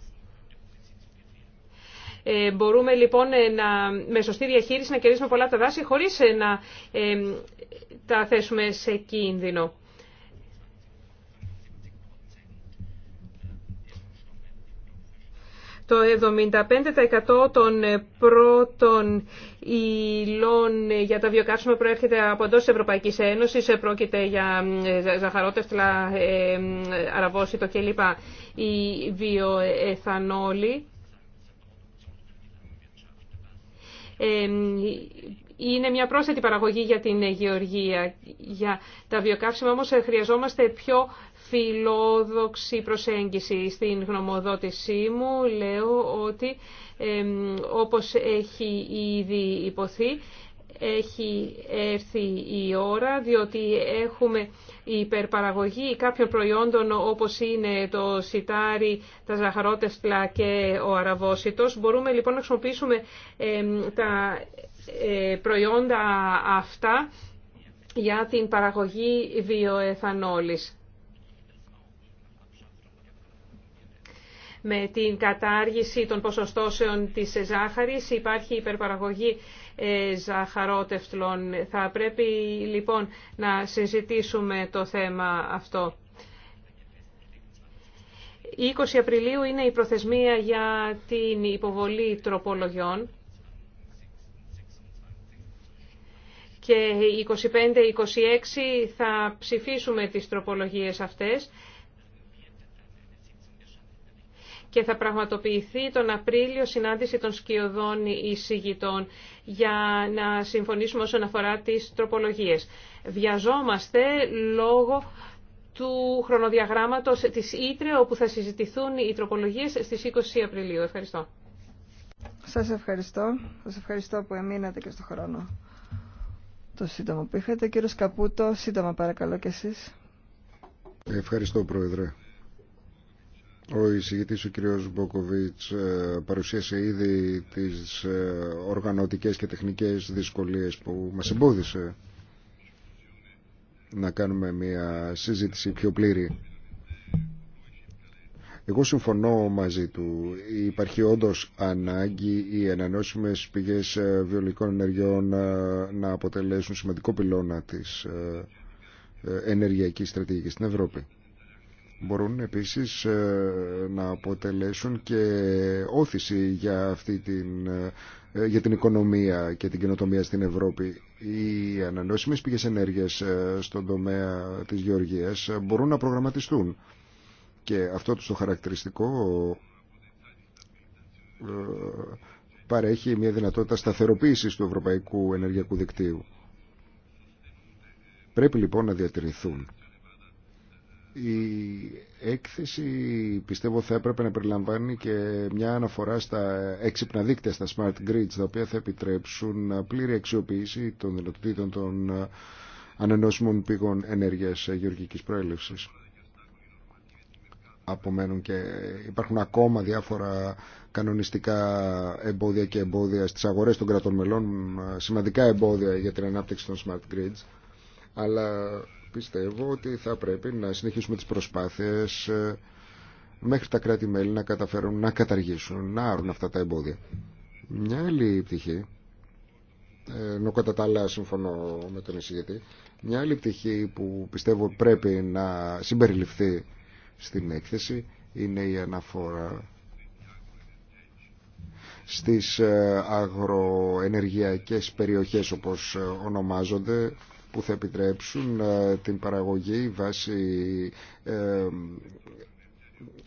Ε, μπορούμε λοιπόν ε, να, με σωστή διαχείριση να κερδίσουμε πολλά τα δάση χωρίς ε, να τα θέσουμε σε κίνδυνο. Το 75% των πρώτων υλών για τα βιοκάψιμα προέρχεται από εντό τη Ευρωπαϊκή Ένωση. Πρόκειται για ζαχαρότευτλα, αραβόσιτο κλπ. Η βιοεθανόλη είναι μια πρόσθετη παραγωγή για την γεωργία. Για τα βιοκαύσιμα όμως ε, χρειαζόμαστε πιο φιλόδοξη προσέγγιση. Στην γνωμοδότησή μου λέω ότι ε, όπως έχει ήδη υποθεί έχει έρθει η ώρα, διότι έχουμε υπερπαραγωγή κάποιων προϊόντων όπως είναι το σιτάρι, τα ζαχαρότεστλα και ο αραβόσιτος. Μπορούμε λοιπόν να χρησιμοποιήσουμε τα ε, προϊόντα αυτά για την παραγωγή βιοεθανόλης. Με την κατάργηση των ποσοστώσεων της ζάχαρης υπάρχει υπερπαραγωγή ε, ζαχαρότευτλων. Θα πρέπει λοιπόν να συζητήσουμε το θέμα αυτό. 20 Απριλίου είναι η προθεσμία για την υποβολή τροπολογιών. Και 25-26 θα ψηφίσουμε τις τροπολογίες αυτές και θα πραγματοποιηθεί τον Απρίλιο συνάντηση των σκιωδών εισηγητών για να συμφωνήσουμε όσον αφορά τις τροπολογίες. Βιαζόμαστε λόγω του χρονοδιαγράμματος της Ήτρε όπου θα συζητηθούν οι τροπολογίες στις 20 Απριλίου. Ευχαριστώ. Σας ευχαριστώ. Σας ευχαριστώ που εμείνατε και στο χρόνο το σύντομο που είχατε. Κύριο Καπούτο, σύντομα παρακαλώ κι εσείς. Ευχαριστώ Πρόεδρε. Ο εισηγητής ο κ. Μποκοβίτς ε, παρουσίασε ήδη τις ε, οργανωτικές και τεχνικές δυσκολίες που μας εμπόδισε να κάνουμε μια συζήτηση πιο πλήρη. Εγώ συμφωνώ μαζί του. Υπάρχει όντω ανάγκη οι ανανεώσιμε πηγέ ε, βιολογικών ενεργειών να αποτελέσουν σημαντικό πυλώνα τη ενεργειακή στρατηγική στην Ευρώπη μπορούν επίσης ε, να αποτελέσουν και όθηση για, αυτή την, ε, για την οικονομία και την κοινοτομία στην Ευρώπη. Οι ανανεώσιμες πηγές ενέργειας ε, στον τομέα της γεωργίας μπορούν να προγραμματιστούν και αυτό το χαρακτηριστικό παρέχει μια δυνατότητα σταθεροποίησης του ευρωπαϊκού ενεργειακού δικτύου. Πρέπει λοιπόν να διατηρηθούν η έκθεση πιστεύω θα έπρεπε να περιλαμβάνει και μια αναφορά στα έξυπνα δίκτυα, στα smart grids, τα οποία θα επιτρέψουν πλήρη αξιοποίηση των δυνατοτήτων των ανενώσιμων πηγών ενέργειας γεωργικής προέλευσης. Απομένουν και υπάρχουν ακόμα διάφορα κανονιστικά εμπόδια και εμπόδια στις αγορές των κρατών μελών, σημαντικά εμπόδια για την ανάπτυξη των smart grids, αλλά πιστεύω ότι θα πρέπει να συνεχίσουμε τις προσπάθειες ε, μέχρι τα κράτη-μέλη να καταφέρουν να καταργήσουν, να άρουν αυτά τα εμπόδια. Μια άλλη πτυχή, ε, ενώ κατά τα συμφωνώ με τον εισηγητή, μια άλλη πτυχή που πιστεύω πρέπει να συμπεριληφθεί στην έκθεση είναι η αναφορά στις ε, αγροενεργειακές περιοχές όπως ονομάζονται που θα επιτρέψουν ε, την παραγωγή βάσει ε,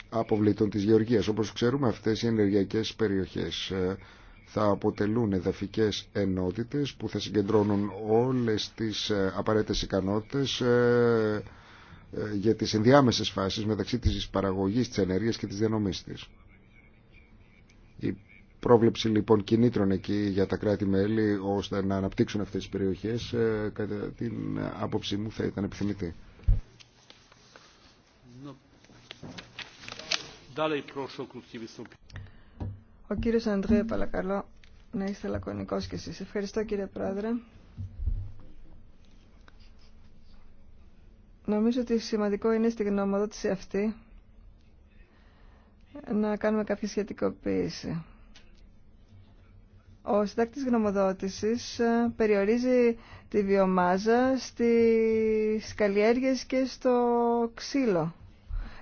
αποβλήτων της γεωργίας. Όπως ξέρουμε αυτές οι ενεργειακές περιοχές ε, θα αποτελούν εδαφικές ενότητες που θα συγκεντρώνουν όλες τις απαραίτητες ικανότητες για τις ενδιάμεσες φάσεις μεταξύ της παραγωγής της ενέργειας και της διανομής της πρόβλεψη λοιπόν κινήτρων εκεί για τα κράτη-μέλη ώστε να αναπτύξουν αυτές τις περιοχές ε, κατά την άποψή μου θα ήταν επιθυμητή. Ο κύριος Αντρέα παρακαλώ να είστε λακωνικός κι εσείς. Ευχαριστώ κύριε Πρόεδρε. Νομίζω ότι σημαντικό είναι στην γνωμοδότηση αυτή να κάνουμε κάποια σχετικοποίηση. Ο συντάκτης γνωμοδότησης ε, περιορίζει τη βιομάζα στις καλλιέργειες και στο ξύλο.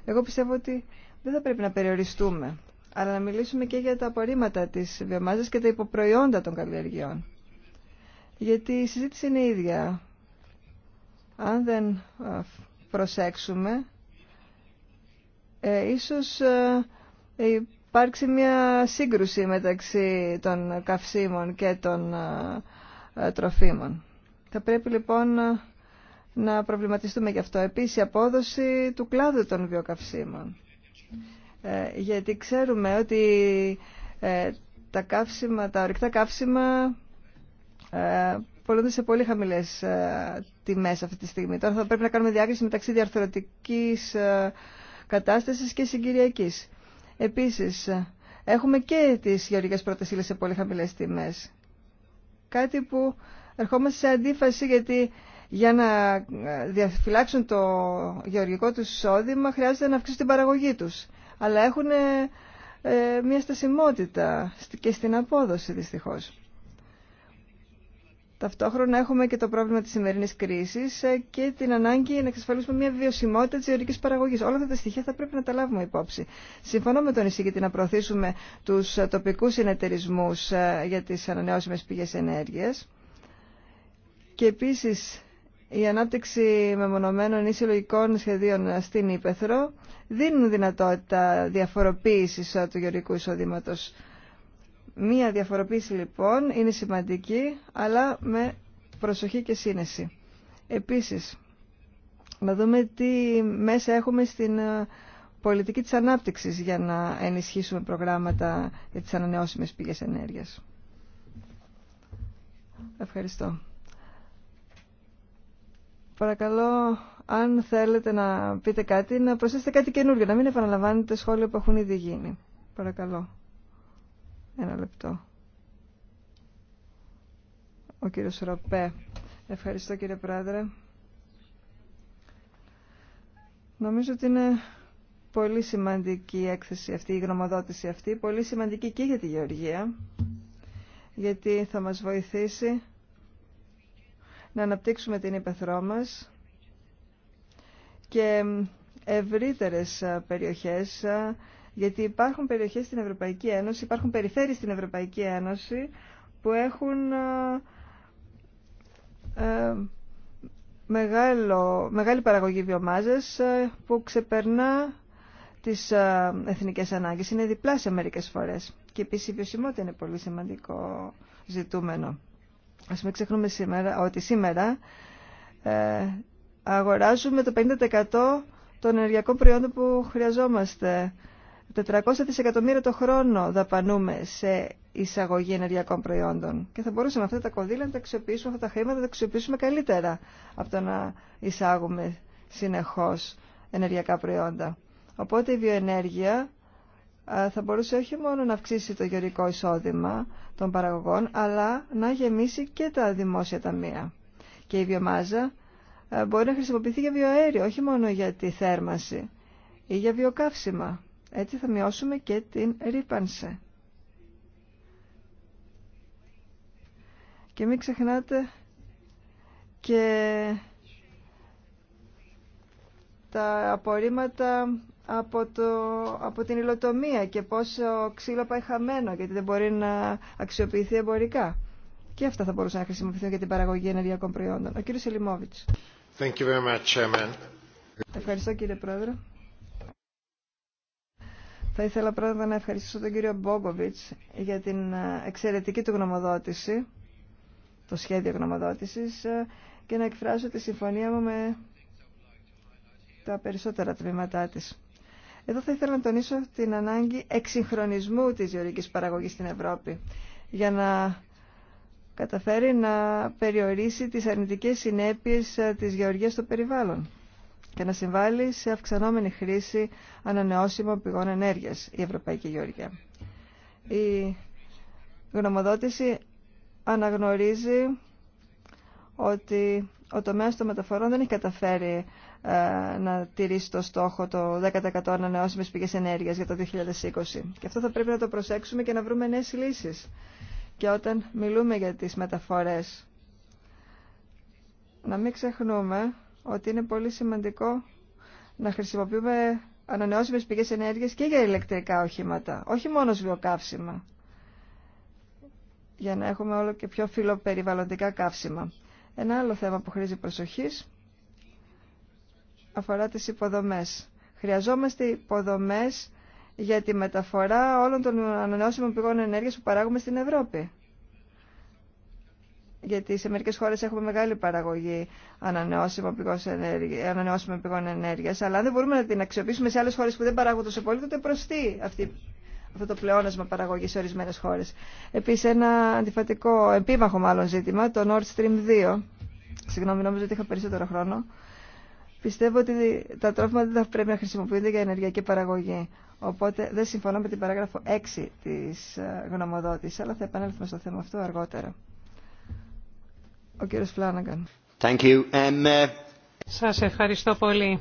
Εγώ πιστεύω ότι δεν θα πρέπει να περιοριστούμε, αλλά να μιλήσουμε και για τα απορρίμματα της βιομάζας και τα υποπροϊόντα των καλλιεργειών. Γιατί η συζήτηση είναι ίδια. Αν δεν ε, προσέξουμε, ε, ίσως ε, υπάρξει μια σύγκρουση μεταξύ των καυσίμων και των ε, ε, τροφίμων. Θα πρέπει λοιπόν ε, να προβληματιστούμε γι' αυτό. Επίσης, η απόδοση του κλάδου των βιοκαυσίμων. γιατί ξέρουμε ότι τα, καύσιμα, τα ορυκτά καύσιμα ε, πολλούνται σε πολύ χαμηλές τιμές αυτή τη στιγμή. Τώρα θα πρέπει να κάνουμε διάκριση μεταξύ διαρθρωτικής κατάστασης και συγκυριακής. Επίσης, έχουμε και τις γεωργικές πρώτες σε πολύ χαμηλές τιμές. Κάτι που ερχόμαστε σε αντίφαση γιατί για να ε, διαφυλάξουν το γεωργικό τους εισόδημα χρειάζεται να αυξήσουν την παραγωγή τους. Αλλά έχουν ε, μια στασιμότητα και στην απόδοση δυστυχώς. Ταυτόχρονα έχουμε και το πρόβλημα της σημερινής κρίσης ε, και την ανάγκη να εξασφαλίσουμε μια βιωσιμότητα της ιωρικής παραγωγής. Όλα αυτά τα στοιχεία θα πρέπει να τα λάβουμε υπόψη. Συμφωνώ με τον εισηγητή να προωθήσουμε τους ε, τοπικούς συνεταιρισμούς ε, για τις ανανεώσιμες πηγές ενέργειας και επίσης η ανάπτυξη μεμονωμένων ή συλλογικών σχεδίων στην Ήπεθρο δίνουν δυνατότητα διαφοροποίησης του γεωρικού εισόδηματο μία διαφοροποίηση λοιπόν είναι σημαντική, αλλά με προσοχή και σύνεση. Επίσης, να δούμε τι μέσα έχουμε στην ε, πολιτική της ανάπτυξης για να ενισχύσουμε προγράμματα για τις ανανεώσιμες πηγές ενέργειας. Ευχαριστώ. Παρακαλώ, αν θέλετε να πείτε κάτι, να προσθέσετε κάτι καινούργιο, να μην επαναλαμβάνετε σχόλια που έχουν ήδη γίνει. Παρακαλώ. Ένα λεπτό. Ο κύριος Ροπέ. Ευχαριστώ κύριε Πρόεδρε. Νομίζω ότι είναι πολύ σημαντική η έκθεση αυτή, η γνωμοδότηση αυτή, πολύ σημαντική και για τη Γεωργία, γιατί θα μας βοηθήσει να αναπτύξουμε την υπεθρό μας και ευρύτερες ε, περιοχές ε, γιατί υπάρχουν περιοχές στην Ευρωπαϊκή Ένωση, υπάρχουν περιφέρειες στην Ευρωπαϊκή Ένωση που έχουν ε, ε, μεγάλο, μεγάλη παραγωγή βιομάζας ε, που ξεπερνά τις εθνικές ανάγκες. Είναι σε μερικές φορές. Και επίσης η βιωσιμότητα είναι πολύ σημαντικό ζητούμενο. Ας μην ξεχνούμε σήμερα, ότι σήμερα ε, αγοράζουμε το 50% των ενεργειακών προϊόντων που χρειαζόμαστε 400 δισεκατομμύρια το χρόνο δαπανούμε σε εισαγωγή ενεργειακών προϊόντων. Και θα μπορούσαμε αυτά τα κονδύλια να τα αξιοποιήσουμε, αυτά τα χρήματα να τα αξιοποιήσουμε καλύτερα από το να εισάγουμε συνεχώ ενεργειακά προϊόντα. Οπότε η βιοενέργεια θα μπορούσε όχι μόνο να αυξήσει το γεωρικό εισόδημα των παραγωγών, αλλά να γεμίσει και τα δημόσια ταμεία. Και η βιομάζα μπορεί να χρησιμοποιηθεί για βιοαέριο, όχι μόνο για τη θέρμανση ή για βιοκαύσιμα. Έτσι θα μειώσουμε και την ρήπανση. Και μην ξεχνάτε και τα απορρίμματα από, το, από την υλοτομία και πόσο ξύλο πάει χαμένο γιατί δεν μπορεί να αξιοποιηθεί εμπορικά. Και αυτά θα μπορούσαν να χρησιμοποιηθούν για την παραγωγή ενεργειακών προϊόντων. Ο κύριος Ελιμόβιτς. Thank you very much, Chairman. Ευχαριστώ κύριε Πρόεδρε. Θα ήθελα πρώτα να ευχαριστήσω τον κύριο Μπόγκοβιτς για την ε, εξαιρετική του γνωμοδότηση, το σχέδιο γνωμοδότησης ε, και να εκφράσω τη συμφωνία μου με τα περισσότερα τμήματά της. Εδώ θα ήθελα να τονίσω την ανάγκη εξυγχρονισμού της γεωργικής παραγωγής στην Ευρώπη για να καταφέρει να περιορίσει τις αρνητικές συνέπειες ε, της γεωργίας των περιβάλλων και να συμβάλλει σε αυξανόμενη χρήση ανανεώσιμων πηγών ενέργειας η Ευρωπαϊκή Γεωργία. Η γνωμοδότηση αναγνωρίζει ότι ο τομέας των μεταφορών δεν έχει καταφέρει ε, να τηρήσει το στόχο το 10% ανανεώσιμες πηγές ενέργειας για το 2020. Και αυτό θα πρέπει να το προσέξουμε και να βρούμε νέες λύσεις. Και όταν μιλούμε για τις μεταφορές, να μην ξεχνούμε ότι είναι πολύ σημαντικό να χρησιμοποιούμε ανανεώσιμες πηγές ενέργειας και για ηλεκτρικά οχήματα, όχι μόνο βιοκαύσιμα, για να έχουμε όλο και πιο φιλοπεριβαλλοντικά καύσιμα. Ένα άλλο θέμα που χρήζει προσοχής αφορά τις υποδομές. Χρειαζόμαστε υποδομές για τη μεταφορά όλων των ανανεώσιμων πηγών ενέργειας που παράγουμε στην Ευρώπη γιατί σε μερικέ χώρε έχουμε μεγάλη παραγωγή ανανεώσιμων πηγών ενέργεια, αλλά αν δεν μπορούμε να την αξιοποιήσουμε σε άλλε χώρε που δεν παράγουν τόσο πολύ, τότε προστεί αυτή, αυτό το πλεόνασμα παραγωγής σε ορισμένες χώρες. Επίσης, ένα αντιφατικό, επίμαχο μάλλον ζήτημα, το Nord Stream 2. Συγγνώμη, νόμιζα ότι είχα περισσότερο χρόνο. Πιστεύω ότι τα τρόφιμα δεν θα πρέπει να χρησιμοποιούνται για ενεργειακή παραγωγή. Οπότε δεν συμφωνώ με την παράγραφο 6 της ε, γνωμοδότησης, αλλά θα επανέλθουμε στο θέμα αυτό αργότερα. Ε, Σας ευχαριστώ πολύ.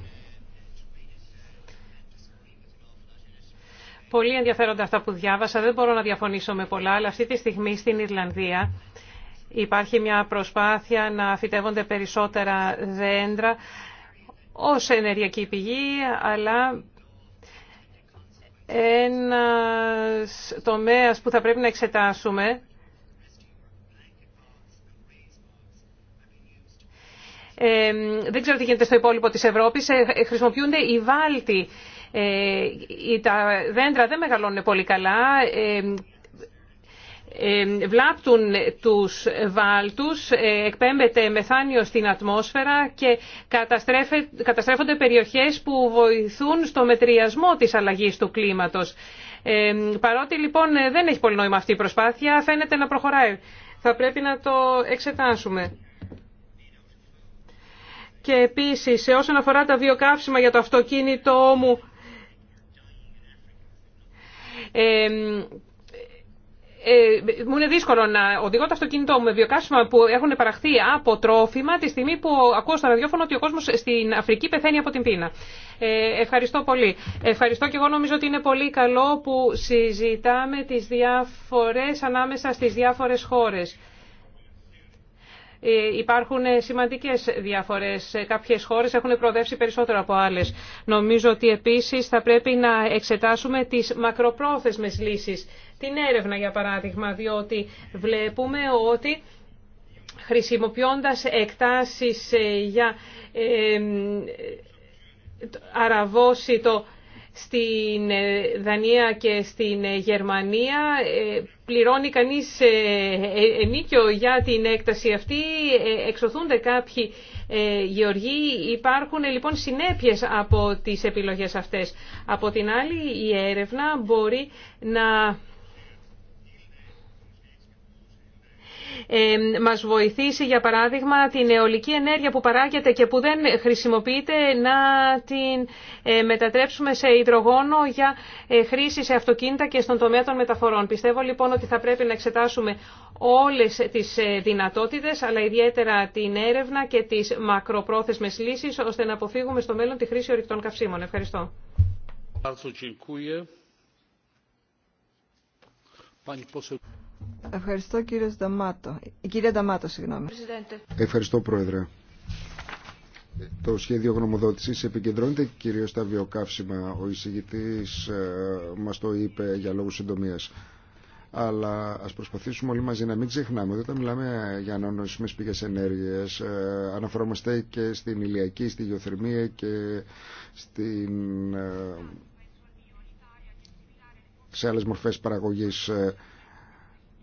Πολύ ενδιαφέροντα αυτά που διάβασα. Δεν μπορώ να διαφωνήσω με πολλά, αλλά αυτή τη στιγμή στην Ιρλανδία υπάρχει μια προσπάθεια να φυτεύονται περισσότερα δέντρα ως ενεργειακή πηγή, αλλά ένας τομέας που θα πρέπει να εξετάσουμε δεν ξέρω τι γίνεται στο υπόλοιπο της Ευρώπης, ε, ε, χρησιμοποιούνται οι βάλτοι. Ε, τα δέντρα δεν μεγαλώνουν πολύ καλά, βλάπτουν τους βάλτους, εκπέμπεται μεθάνιο στην ατμόσφαιρα και καταστρέφονται περιοχές που βοηθούν στο μετριασμό της αλλαγής του κλίματος. Παρότι λοιπόν δεν έχει πολύ νόημα αυτή η προσπάθεια, φαίνεται να προχωράει. Θα πρέπει να το εξετάσουμε. Και επίσης, όσον αφορά τα βιοκαύσιμα για το αυτοκίνητό μου, ε, ε, μου είναι δύσκολο να οδηγώ το αυτοκίνητό μου με βιοκαύσιμα που έχουν παραχθεί από τρόφιμα τη στιγμή που ακούω στο ραδιόφωνο ότι ο κόσμο στην Αφρική πεθαίνει από την πείνα. Ε, ευχαριστώ πολύ. Ευχαριστώ και εγώ νομίζω ότι είναι πολύ καλό που συζητάμε τι διάφορε ανάμεσα στι διάφορε χώρε. Ε, υπάρχουν ε, σημαντικές διαφορές. Ε, κάποιες χώρες έχουν προοδεύσει περισσότερο από άλλες. Νομίζω ότι επίσης θα πρέπει να εξετάσουμε τις μακροπρόθεσμες λύσεις. Την έρευνα για παράδειγμα, διότι βλέπουμε ότι χρησιμοποιώντας εκτάσεις για το στην ε, Δανία και στην ε, Γερμανία ε, πληρώνει κανείς ενίκιο για την έκταση αυτή, εξωθούνται κάποιοι γεωργοί, υπάρχουν λοιπόν συνέπειες από τις επιλογές αυτές. Από την άλλη η έρευνα μπορεί να Ε, μας βοηθήσει, για παράδειγμα, την αιωλική ενέργεια που παράγεται και που δεν χρησιμοποιείται να την ε, μετατρέψουμε σε υδρογόνο για ε, χρήση σε αυτοκίνητα και στον τομέα των μεταφορών. Πιστεύω λοιπόν ότι θα πρέπει να εξετάσουμε όλες τις δυνατότητες, αλλά ιδιαίτερα την έρευνα και τις μακροπρόθεσμες λύσεις, ώστε να αποφύγουμε στο μέλλον τη χρήση ορυκτών καυσίμων. Ευχαριστώ. Pani poseł Ευχαριστώ κύριε Νταμάτο. Η Νταμάτο, συγγνώμη. Ευχαριστώ πρόεδρε. Το σχέδιο γνωμοδότησης επικεντρώνεται κυρίως στα βιοκαύσιμα. Ο εισηγητής ε, μας το είπε για λόγους συντομίας. Αλλά ας προσπαθήσουμε όλοι μαζί να μην ξεχνάμε ότι όταν μιλάμε για ανανοησιμές πηγές ενέργειας ε, αναφερόμαστε και στην ηλιακή, στη γεωθερμία και στην ε, σε άλλες μορφές παραγωγής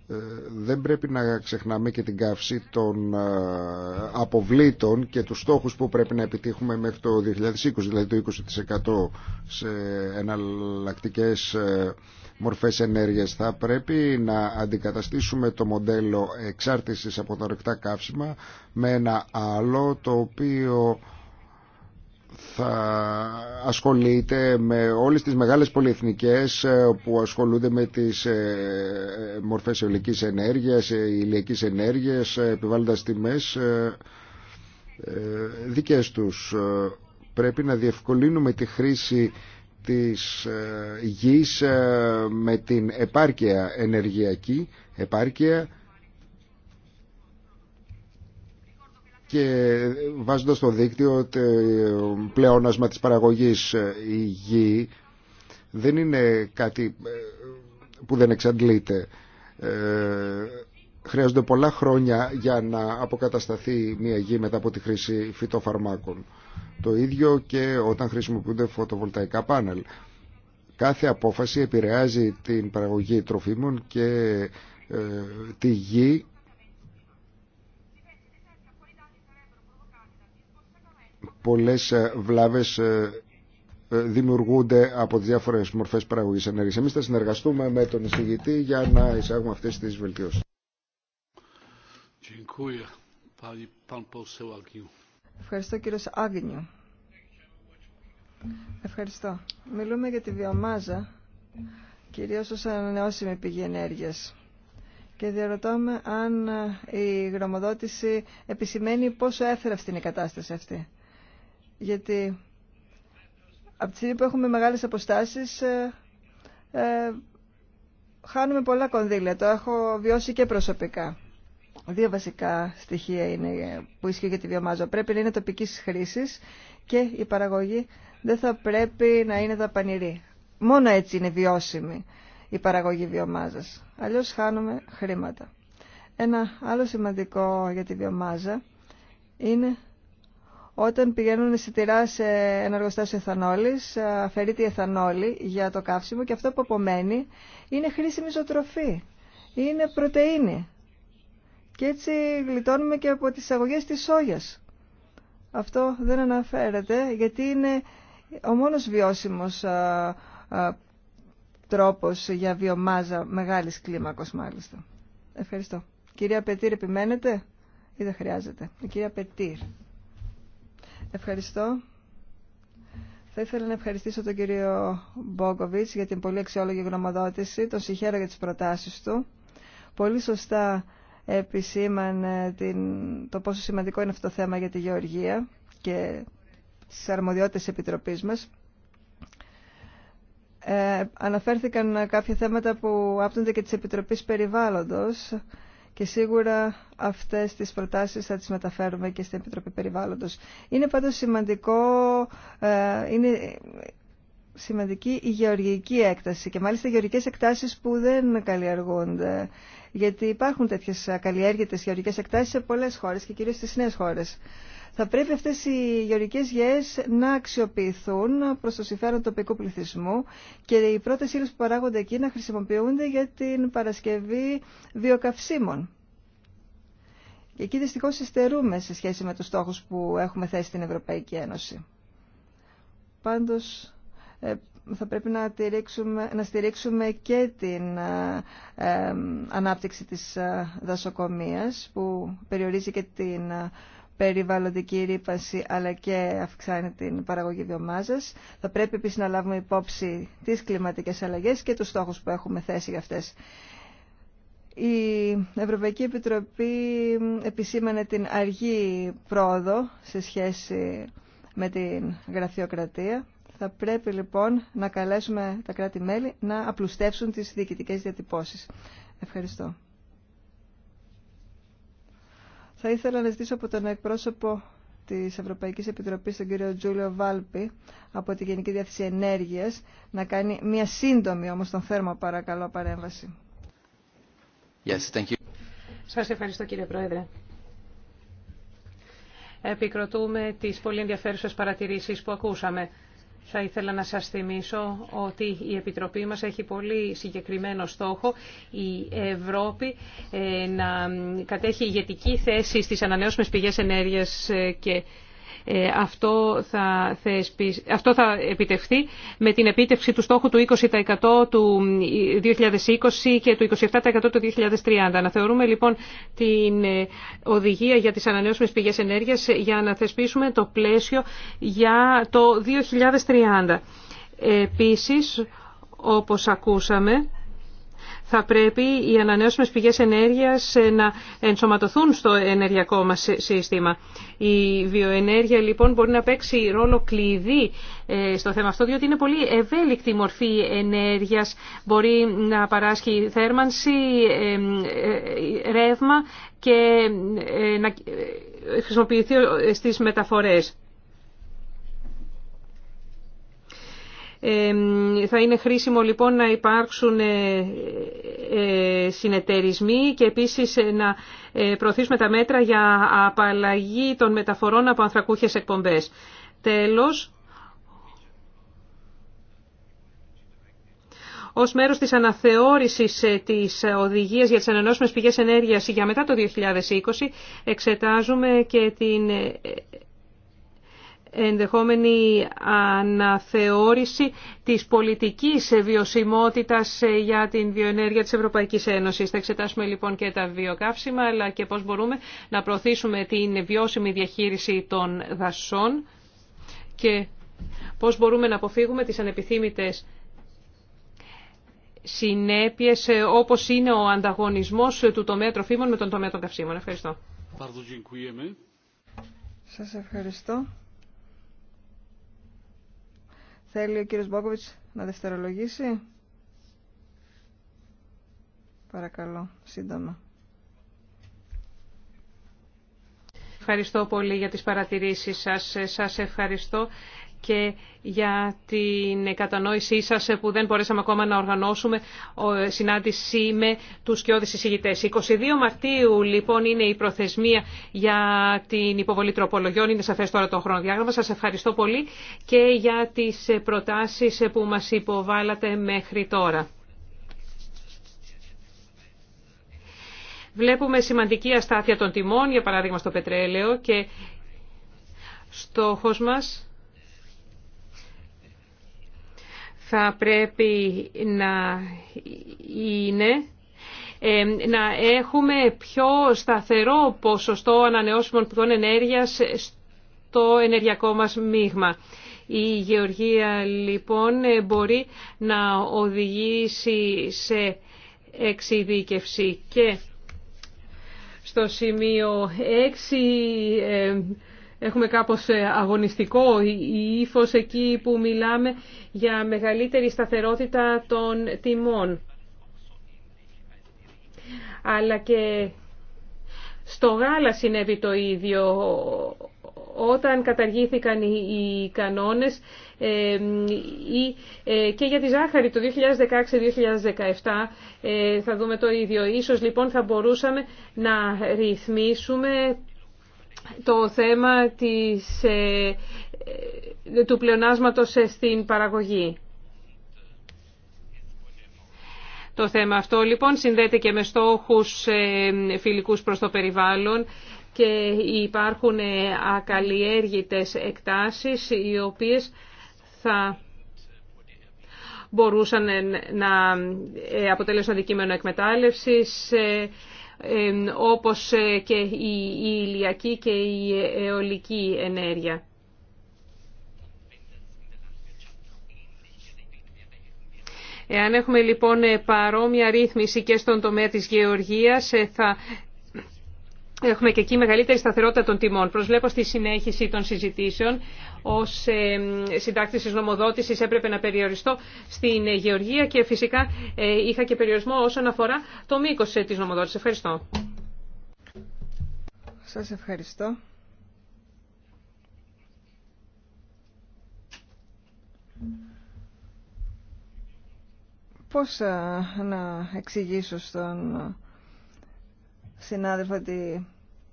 ε, δεν πρέπει να ξεχνάμε και την καύση των ε, αποβλήτων και τους στόχους που πρέπει να επιτύχουμε μέχρι το 2020, δηλαδή το 20% σε εναλλακτικέ ε, μορφές ενέργειας. Θα πρέπει να αντικαταστήσουμε το μοντέλο εξάρτησης από τα ρεκτά καύσιμα με ένα άλλο το οποίο θα ασχολείται με όλες τις μεγάλες πολυεθνικές ε, που ασχολούνται με τις ε, μορφές η ενέργειας, ε, ηλιακής ενέργειας, επιβάλλοντας τιμές δικές τους. Πρέπει να διευκολύνουμε τη χρήση της γης με την επάρκεια ενεργειακή, επάρκεια και βάζοντας στο δίκτυο το πλεόνασμα της παραγωγής ε, η γη δεν είναι κάτι ε, που δεν εξαντλείται. Ε, χρειάζονται πολλά χρόνια για να αποκατασταθεί μια γη μετά από τη χρήση φυτοφαρμάκων. Το ίδιο και όταν χρησιμοποιούνται φωτοβολταϊκά πάνελ. Κάθε απόφαση επηρεάζει την παραγωγή τροφίμων και τη γη πολλές ε, βλάβες ε, ε, δημιουργούνται από διάφορες μορφές παραγωγής ενέργειας. Εμείς θα συνεργαστούμε με τον εισηγητή για να εισάγουμε αυτές τις βελτιώσεις. Ευχαριστώ κύριο Άγνιου. Ευχαριστώ. Μιλούμε για τη βιομάζα, κυρίως ως ανανεώσιμη πηγή ενέργειας. Και διαρωτάμε αν η γραμμοδότηση επισημαίνει πόσο έφερα στην η κατάσταση αυτή. Γιατί από τη στιγμή που έχουμε μεγάλες αποστάσεις ε, ε, χάνουμε πολλά κονδύλια. Το έχω βιώσει και προσωπικά. Δύο βασικά στοιχεία είναι που ισχύει για τη βιομάζα. Πρέπει να είναι τοπική χρήση και η παραγωγή δεν θα πρέπει να είναι δαπανηρή. Μόνο έτσι είναι βιώσιμη η παραγωγή βιομάζας. Αλλιώς χάνουμε χρήματα. Ένα άλλο σημαντικό για τη βιομάζα είναι όταν πηγαίνουν σιτηρά σε ένα εργοστάσιο εθανόλης, αφαιρείται η εθανόλη για το καύσιμο και αυτό που απομένει είναι χρήσιμη ζωοτροφή, είναι πρωτενη. Και έτσι γλιτώνουμε και από τις αγωγές της σόγιας. Αυτό δεν αναφέρεται γιατί είναι ο μόνος βιώσιμος τρόπο τρόπος για βιομάζα μεγάλη κλίμακος μάλιστα. Ευχαριστώ. Κυρία Πετήρ επιμένετε ή δεν χρειάζεται. Η κυρία Πετήρ. Ευχαριστώ. Θα ήθελα να ευχαριστήσω τον κύριο Μπόγκοβιτς για την πολύ αξιόλογη γνωμοδότηση, τον συγχαίρω για τις προτάσεις του. Πολύ σωστά επισήμανε την, το πόσο σημαντικό είναι αυτό το θέμα για τη γεωργία και τις αρμοδιότητες επιτροπής μας. Ε, αναφέρθηκαν κάποια θέματα που άπτονται και της Επιτροπής Περιβάλλοντος και σίγουρα αυτές τις προτάσεις θα τις μεταφέρουμε και στην Επιτροπή Περιβάλλοντος. Είναι πάντως σημαντικό, ε, είναι σημαντική η γεωργική έκταση και μάλιστα γεωργικές εκτάσεις που δεν καλλιεργούνται. Γιατί υπάρχουν τέτοιες καλλιέργητες γεωργικές εκτάσεις σε πολλές χώρες και κυρίως στις νέες χώρες. Θα πρέπει αυτές οι γεωργικές γεές να αξιοποιηθούν προς το συμφέρον τοπικού πληθυσμού και οι πρώτες ύλες που παράγονται εκεί να χρησιμοποιούνται για την παρασκευή βιοκαυσίμων. Και εκεί δυστυχώς υστερούμε σε σχέση με τους στόχους που έχουμε θέσει στην Ευρωπαϊκή Ένωση. Πάντως ε, θα πρέπει να, στηρίξουμε, να και την ε, ε, ανάπτυξη της δασοκομείας που περιορίζει και την περιβαλλοντική ρήπαση αλλά και αυξάνει την παραγωγή βιομάζας. Θα πρέπει επίσης να λάβουμε υπόψη τις κλιματικές αλλαγές και τους στόχους που έχουμε θέσει για αυτές. Η Ευρωπαϊκή Επιτροπή επισήμανε την αργή πρόοδο σε σχέση με την γραφειοκρατία. Θα πρέπει λοιπόν να καλέσουμε τα κράτη-μέλη να απλουστεύσουν τις διοικητικές διατυπώσεις. Ευχαριστώ. Θα ήθελα να ζητήσω από τον εκπρόσωπο της Ευρωπαϊκής Επιτροπής, τον κύριο Τζούλιο Βάλπη, από τη Γενική Διεύθυνση Ενέργειας, να κάνει μια σύντομη όμως τον θέρμα παρακαλώ παρέμβαση. Yes, Σας ευχαριστώ κύριε Πρόεδρε. Επικροτούμε τις πολύ ενδιαφέρουσες παρατηρήσεις που ακούσαμε. Θα ήθελα να σας θυμίσω ότι η Επιτροπή μας έχει πολύ συγκεκριμένο στόχο η Ευρώπη ε, να κατέχει ηγετική θέση στις ανανεώσιμες πηγές ενέργειας ε, και ε, αυτό, θα θεσπι... αυτό θα επιτευχθεί με την επίτευξη του στόχου του 20% του 2020 ε, και του 27% του 2030. Να θεωρούμε λοιπόν την ε, οδηγία για τις ανανεώσιμες πηγές ενέργειας για να θεσπίσουμε το πλαίσιο για το 2030. Επίσης, όπως ακούσαμε, θα πρέπει οι ανανεώσιμες πηγές ενέργειας ε, να ενσωματωθούν στο ενεργειακό μας σύστημα. Η βιοενέργεια λοιπόν μπορεί να παίξει ρόλο κλειδί ε, στο θέμα αυτό, διότι είναι πολύ ευέλικτη μορφή ενέργειας. Μπορεί να παράσχει θέρμανση, ε, ρεύμα και να χρησιμοποιηθεί στις μεταφορές. Ε, θα είναι χρήσιμο λοιπόν να υπάρξουν ε, ε, συνεταιρισμοί και επίσης να προωθήσουμε τα μέτρα για απαλλαγή των μεταφορών από ανθρακούχες εκπομπές. Τέλος, ως μέρος της αναθεώρησης της οδηγίας για τις ανανεώσιμες πηγές ενέργειας για μετά το 2020, εξετάζουμε και την ενδεχόμενη αναθεώρηση της πολιτικής βιωσιμότητας για την βιοενέργεια της Ευρωπαϊκής Ένωσης. Θα εξετάσουμε λοιπόν και τα βιοκαύσιμα αλλά και πώς μπορούμε να προωθήσουμε την βιώσιμη διαχείριση των δασών και πώς μπορούμε να αποφύγουμε τις ανεπιθύμητες συνέπειες όπως είναι ο ανταγωνισμός του τομέα τροφίμων με τον τομέα των καυσίμων. Ευχαριστώ. Σας ευχαριστώ. Θέλει ο κύριος Μπόκοβιτς να δευτερολογήσει. Παρακαλώ, σύντομα. Ευχαριστώ πολύ για τις παρατηρήσεις σας. Σας ευχαριστώ και για την κατανόησή σας ε, που δεν μπορέσαμε ακόμα να οργανώσουμε ε, συνάντηση με τους κοιόδης εισηγητές. 22 Μαρτίου λοιπόν είναι η προθεσμία για την υποβολή τροπολογιών. Είναι σαφές τώρα το χρονοδιάγραμμα. Σας ευχαριστώ πολύ και για τις ε, προτάσεις που μας υποβάλλατε μέχρι τώρα. Βλέπουμε σημαντική αστάθεια των τιμών, για παράδειγμα στο πετρέλαιο και στόχος μας θα πρέπει να είναι ε, να έχουμε πιο σταθερό ποσοστό ανανεώσιμων πηγών ενέργειας στο ενεργειακό μας μείγμα. Η γεωργία λοιπόν ε, μπορεί να οδηγήσει σε εξειδίκευση και στο σημείο 6 έχουμε κάπως ε, αγωνιστικό ύφο εκεί που μιλάμε για μεγαλύτερη σταθερότητα των τιμών. Αλλά και στο γάλα συνέβη το ίδιο. Όταν καταργήθηκαν οι κανόνες ε, ε, και για τη ζάχαρη το 2016-2017 θα δούμε το ίδιο. Ίσως λοιπόν θα μπορούσαμε να ρυθμίσουμε το θέμα της, ε, ε, του πλεονάσματος ε, στην παραγωγή. Το θέμα αυτό λοιπόν συνδέεται και με στόχους φιλικούς προς το περιβάλλον και υπάρχουν ακαλλιέργητες εκτάσεις οι οποίες θα μπορούσαν να αποτελέσουν αντικείμενο εκμετάλλευσης, όπως ε, και η ηλιακή και η αιωλική ενέργεια. Εάν έχουμε λοιπόν ε, παρόμοια ρύθμιση και στον τομέα της γεωργίας ε, θα Έχουμε και εκεί μεγαλύτερη σταθερότητα των τιμών. Προσβλέπω στη συνέχιση των συζητήσεων. Ω συντάκτη τη νομοδότηση έπρεπε να περιοριστώ στην ε, γεωργία και φυσικά ε, είχα και περιορισμό όσον αφορά το μήκο ε, τη νομοδότηση. Ευχαριστώ. Σα ευχαριστώ. Πώς να εξηγήσω στον συνάδελφο ότι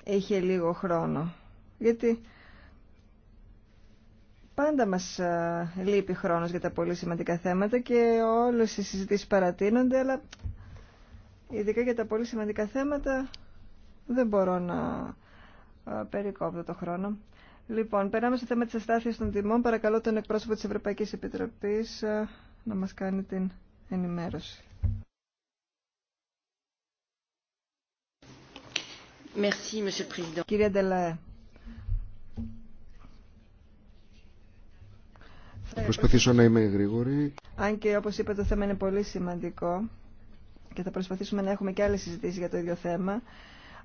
είχε λίγο χρόνο. Γιατί πάντα μας λείπει χρόνος για τα πολύ σημαντικά θέματα και όλες οι συζητήσεις παρατείνονται, αλλά ειδικά για τα πολύ σημαντικά θέματα δεν μπορώ να περικόπτω το χρόνο. Λοιπόν, περάμε στο θέμα της αστάθειας των τιμών. Παρακαλώ τον εκπρόσωπο της Ευρωπαϊκής Επιτροπής να μας κάνει την ενημέρωση. Merci, Monsieur Κύριε Ντελαέ. Θα προσπαθήσω να είμαι γρήγορη. Αν και όπως είπα το θέμα είναι πολύ σημαντικό και θα προσπαθήσουμε να έχουμε και άλλες συζητήσεις για το ίδιο θέμα.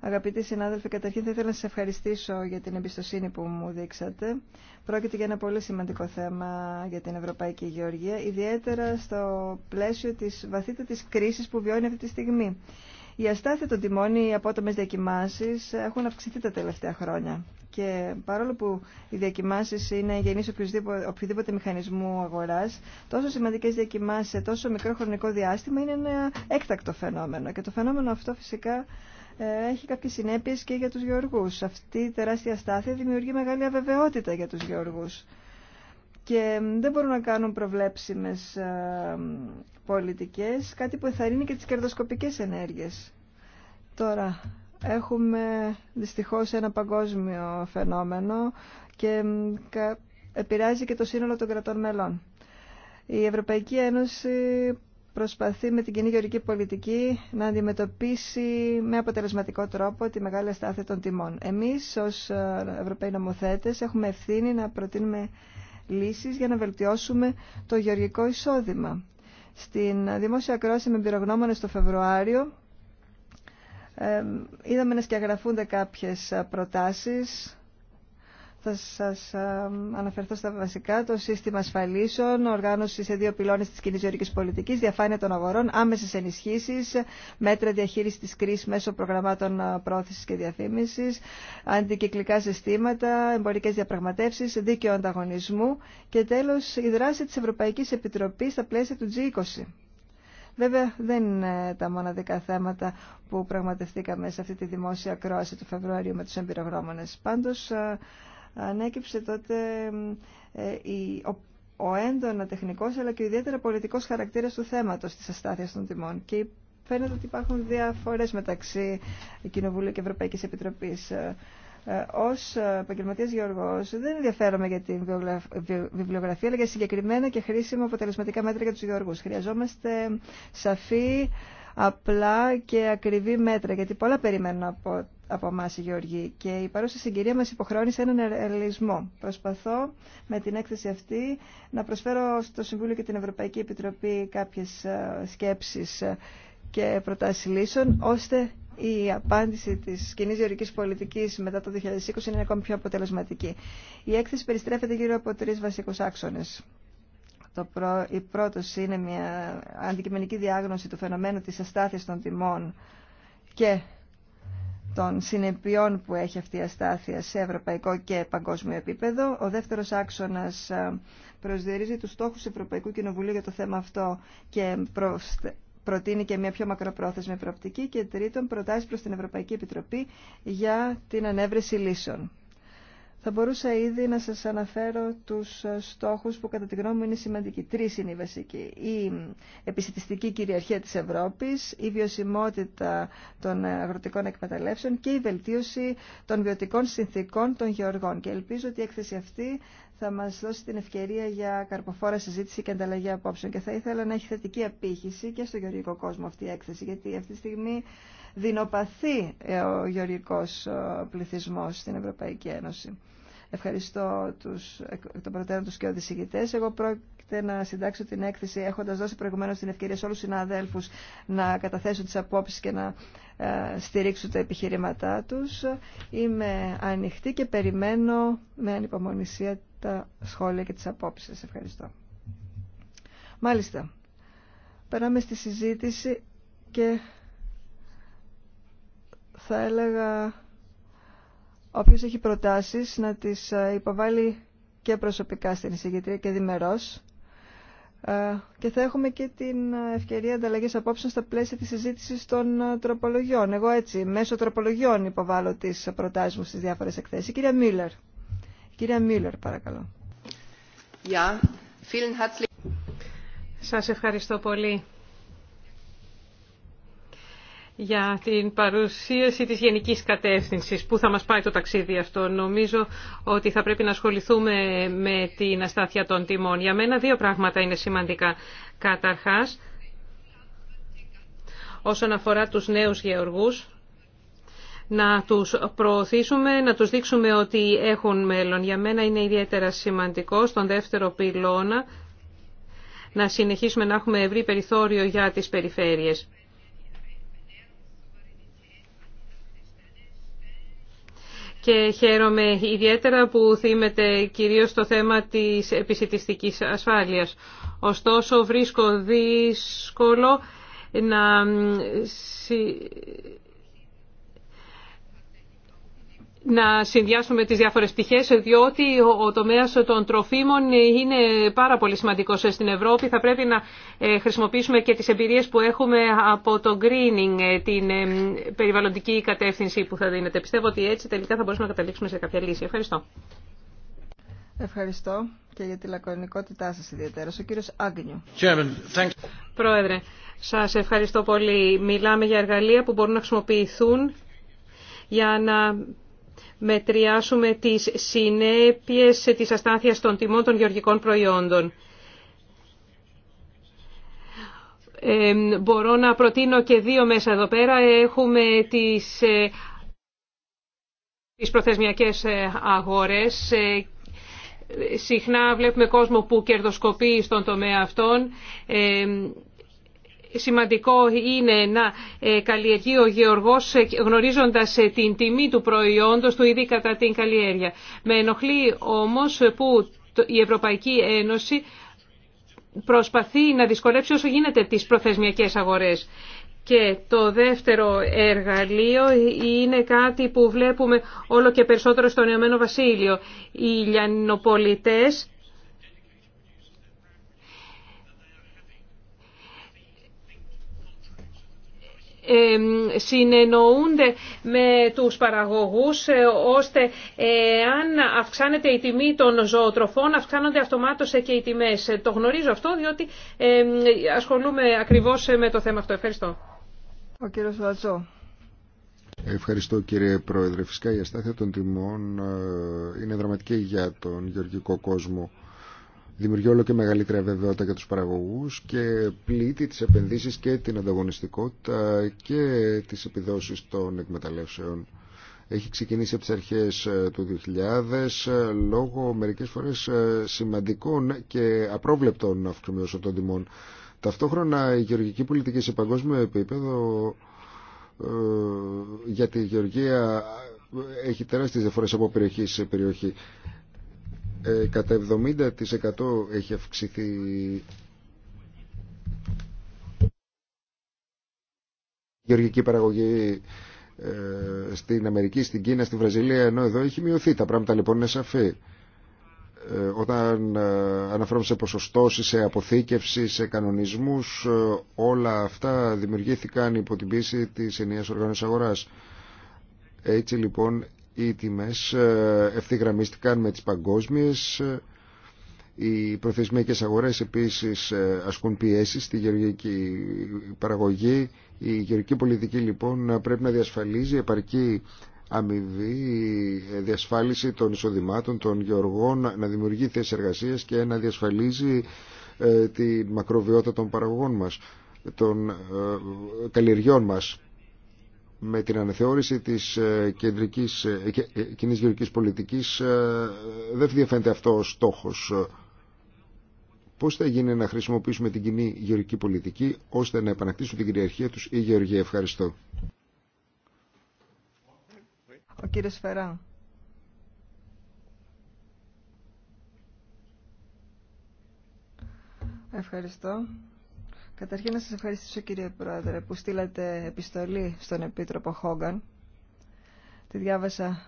Αγαπητοί συνάδελφοι, καταρχήν θα ήθελα να σας ευχαριστήσω για την εμπιστοσύνη που μου δείξατε. Πρόκειται για ένα πολύ σημαντικό θέμα για την Ευρωπαϊκή Γεωργία, ιδιαίτερα στο πλαίσιο της βαθύτατης κρίσης που βιώνει αυτή τη στιγμή. Η αστάθεια των τιμών, οι απότομε διακοιμάσει έχουν αυξηθεί τα τελευταία χρόνια. Και παρόλο που οι διακοιμάσει είναι γενεί οποιοδήποτε μηχανισμού αγορά, τόσο σημαντικέ διακοιμάσει σε τόσο μικρό χρονικό διάστημα είναι ένα έκτακτο φαινόμενο. Και το φαινόμενο αυτό φυσικά ε, έχει κάποιε συνέπειε και για του γεωργού. Αυτή η τεράστια αστάθεια δημιουργεί μεγάλη αβεβαιότητα για του γεωργού και δεν μπορούν να κάνουν προβλέψιμες ε, πολιτικές, κάτι που εθαρρύνει και τις κερδοσκοπικές ενέργειες. Τώρα, έχουμε δυστυχώς ένα παγκόσμιο φαινόμενο και επηρεάζει και το σύνολο των κρατών μελών. Η Ευρωπαϊκή Ένωση προσπαθεί με την κοινή γεωρική πολιτική να αντιμετωπίσει με αποτελεσματικό τρόπο τη μεγάλη αστάθεια των τιμών. Εμείς ως ε, Ευρωπαίοι νομοθέτες έχουμε ευθύνη να προτείνουμε λύσεις για να βελτιώσουμε το γεωργικό εισόδημα. Στην δημόσια κρόση με πυρογνώμονες το Φεβρουάριο είδαμε να σκιαγραφούνται κάποιες προτάσεις θα σας ε, αναφερθώ στα βασικά. Το σύστημα ασφαλίσεων, οργάνωση σε δύο πυλώνες της κοινή πολιτικής, διαφάνεια των αγορών, άμεσες ενισχύσεις, μέτρα διαχείρισης της κρίσης μέσω προγραμμάτων ε, πρόθεσης και διαφήμιση, αντικυκλικά συστήματα, εμπορικές διαπραγματεύσεις, δίκαιο ανταγωνισμού και τέλος η δράση της Ευρωπαϊκής Επιτροπής στα πλαίσια του G20. Βέβαια δεν είναι τα μοναδικά θέματα που πραγματευτήκαμε σε αυτή τη δημόσια κρόαση του Φεβρουαρίου με τους εμπειρογνώμονες. Πάντως ε, ανέκυψε τότε ε, ο έντονα τεχνικός αλλά και ο ιδιαίτερα πολιτικός χαρακτήρας του θέματος της αστάθειας των τιμών. Και φαίνεται ότι υπάρχουν διαφορές μεταξύ Κοινοβουλίου και Ευρωπαϊκής Επιτροπής. Ε, ε, ως επαγγελματίας γεωργός δεν ενδιαφέρομαι για την βιβλιογραφία αλλά για συγκεκριμένα και χρήσιμα αποτελεσματικά μέτρα για τους γεωργούς. Χρειαζόμαστε σαφή απλά και ακριβή μέτρα, γιατί πολλά περιμένουν από από εμά η Γεωργή και η παρούσα συγκυρία μας υποχρεώνει σε έναν ρεαλισμό. Προσπαθώ με την έκθεση αυτή να προσφέρω στο Συμβούλιο και την Ευρωπαϊκή Επιτροπή κάποιες ε, σκέψεις ε, και προτάσεις λύσεων, ώστε η απάντηση της κοινή γεωργικής πολιτικής μετά το 2020 είναι ακόμη πιο αποτελεσματική. Η έκθεση περιστρέφεται γύρω από τρεις βασικούς άξονες. Το Η πρώτο είναι μια αντικειμενική διάγνωση του φαινομένου της αστάθειας των τιμών και των συνεπειών που έχει αυτή η αστάθεια σε ευρωπαϊκό και παγκόσμιο επίπεδο. Ο δεύτερος άξονας ε, προσδιορίζει τους στόχους Ευρωπαϊκού Κοινοβουλίου για το θέμα αυτό και προτείνει και μια πιο μακροπρόθεσμη προοπτική και τρίτον προτάσει προς την Ευρωπαϊκή Επιτροπή για την ανέβρεση λύσεων. Θα μπορούσα ήδη να σας αναφέρω τους ε, στόχους που κατά τη γνώμη μου είναι σημαντικοί. Τρεις είναι οι βασικοί. Η επιστημιστική κυριαρχία της Ευρώπης, η βιωσιμότητα των ε, αγροτικών εκμεταλλεύσεων και η βελτίωση των βιωτικών συνθήκων των γεωργών. Και ελπίζω ότι η έκθεση αυτή θα μας δώσει την ευκαιρία για καρποφόρα συζήτηση και ανταλλαγή απόψεων. Και θα ήθελα να έχει θετική απήχηση και στο γεωργικό κόσμο αυτή η έκθεση, γιατί αυτή τη στιγμή δεινοπαθεί ε, ο γεωργικός πληθυσμό στην Ευρωπαϊκή Ένωση. Ευχαριστώ τους, εκ των τους και οδησηγητές. Εγώ πρόκειται να συντάξω την έκθεση έχοντας δώσει προηγουμένως την ευκαιρία σε όλους τους συναδέλφους να καταθέσουν τις απόψεις και να ε, στηρίξουν τα επιχειρήματά τους. Είμαι ανοιχτή και περιμένω με ανυπομονησία τα σχόλια και τις απόψεις. Ευχαριστώ. Μάλιστα. Περάμε στη συζήτηση και θα έλεγα Όποιος έχει προτάσεις να τις ε, υποβάλει και προσωπικά στην εισηγητρία και διμερός ε, και θα έχουμε και την ε, ευκαιρία ανταλλαγή απόψεων στα πλαίσια της συζήτηση των τροπολογιών. Εγώ έτσι, μέσω τροπολογιών υποβάλλω τις προτάσεις μου στις διάφορες εκθέσεις. κυρία Μίλλερ. κυρία Μίλλερ, παρακαλώ. Yeah. Σας ευχαριστώ πολύ για την παρουσίαση της γενικής κατεύθυνσης που θα μας πάει το ταξίδι αυτό. Νομίζω ότι θα πρέπει να ασχοληθούμε με την αστάθεια των τιμών. Για μένα δύο πράγματα είναι σημαντικά. Καταρχάς, όσον αφορά τους νέους γεωργούς, να τους προωθήσουμε, να τους δείξουμε ότι έχουν μέλλον. Για μένα είναι ιδιαίτερα σημαντικό στον δεύτερο πυλώνα να συνεχίσουμε να έχουμε ευρύ περιθώριο για τις περιφέρειες. και χαίρομαι ιδιαίτερα που θύμεται κυρίως το θέμα της επισητιστικής ασφάλειας. Ωστόσο βρίσκω δύσκολο να να συνδυάσουμε τις διάφορες πτυχές, διότι ο τομέας των τροφίμων είναι πάρα πολύ σημαντικός στην Ευρώπη. Θα πρέπει να ε, χρησιμοποιήσουμε και τις εμπειρίες που έχουμε από το greening, ε, την ε, περιβαλλοντική κατεύθυνση που θα δίνεται. Πιστεύω ότι έτσι τελικά θα μπορούσαμε να καταλήξουμε σε κάποια λύση. Ευχαριστώ. Ευχαριστώ και για τη λακωνικότητά σας ιδιαίτερα. Ο κύριος Άγνιου. Πρόεδρε, σας ευχαριστώ πολύ. Μιλάμε για εργαλεία που μπορούν να χρησιμοποιηθούν για να μετριάσουμε τις συνέπειες της αστάθειας των τιμών των γεωργικών προϊόντων. Ε, μπορώ να προτείνω και δύο μέσα εδώ πέρα. Έχουμε τις, ε, τις προθεσμιακές ε, αγορές. Ε, συχνά βλέπουμε κόσμο που κερδοσκοπεί στον τομέα αυτών σημαντικό είναι να ε, καλλιεργεί ο γεωργός ε, γνωρίζοντας ε, την τιμή του προϊόντος του ήδη κατά την καλλιέργεια. Με ενοχλεί όμως που η Ευρωπαϊκή Ένωση προσπαθεί να δυσκολέψει όσο γίνεται τις προθεσμιακές αγορές. Και το δεύτερο εργαλείο είναι κάτι που βλέπουμε όλο και περισσότερο στον Ηνωμένο Βασίλειο. Οι λιανοπολιτές συνεννοούνται με τους παραγωγούς ε, ώστε ε, αν αυξάνεται η τιμή των ζωοτροφών αυξάνονται αυτομάτως ε, και οι τιμές. Το γνωρίζω αυτό διότι ασχολούμαι ακριβώς με το θέμα αυτό. Ευχαριστώ. Ο κύριος Βατσό. Ευχαριστώ κύριε Πρόεδρε. Φυσικά η αστάθεια των τιμών είναι δραματική για τον γεωργικό κόσμο δημιουργεί όλο και μεγαλύτερη αβεβαιότητα για τους παραγωγούς και πλήττει τις επενδύσεις και την ανταγωνιστικότητα και τις επιδόσεις των εκμεταλλεύσεων. Έχει ξεκινήσει από τις αρχές ε, του 2000 ε, λόγω μερικές φορές ε, σημαντικών και απρόβλεπτων αυξομοιώσεων των τιμών. Ταυτόχρονα η γεωργική πολιτική σε παγκόσμιο επίπεδο ε, για τη γεωργία έχει τεράστιες διαφορές από περιοχή σε περιοχή ε, κατά 70% έχει αυξηθεί η γεωργική παραγωγή ε, στην Αμερική, στην Κίνα, στη Βραζιλία ενώ εδώ έχει μειωθεί. Τα πράγματα λοιπόν είναι σαφή. Ε, όταν ε, αναφέρομαι σε ποσοστώσεις, σε αποθήκευση, σε κανονισμούς ε, όλα αυτά δημιουργήθηκαν υπό την πίεση της ενιαίας οργάνωσης αγοράς. Έτσι λοιπόν οι τιμές ε, ευθυγραμμίστηκαν με τις παγκόσμιες. Οι προθεσμιακές αγορές επίσης ε, ασκούν πιέσεις στη γεωργική παραγωγή. Η γεωργική πολιτική λοιπόν πρέπει να διασφαλίζει επαρκή αμοιβή, ε, διασφάλιση των εισοδημάτων των γεωργών, να δημιουργεί θέσεις εργασίας και να διασφαλίζει τη μακροβιότητα των παραγωγών μας, των καλλιεργιών μας με την αναθεώρηση της ε, κεντρικής, ε, ε, κοινής γεωργικής πολιτικής δεν διαφαίνεται αυτό ο στόχος. Πώς θα γίνει να χρησιμοποιήσουμε την κοινή γεωργική πολιτική ώστε να επανακτήσουν την κυριαρχία τους ή γεωργοί. Ευχαριστώ. Ο Φεράν. Ευχαριστώ. Καταρχήν να σας ευχαριστήσω κύριε Πρόεδρε που στείλατε επιστολή στον Επίτροπο Χόγκαν. Τη διάβασα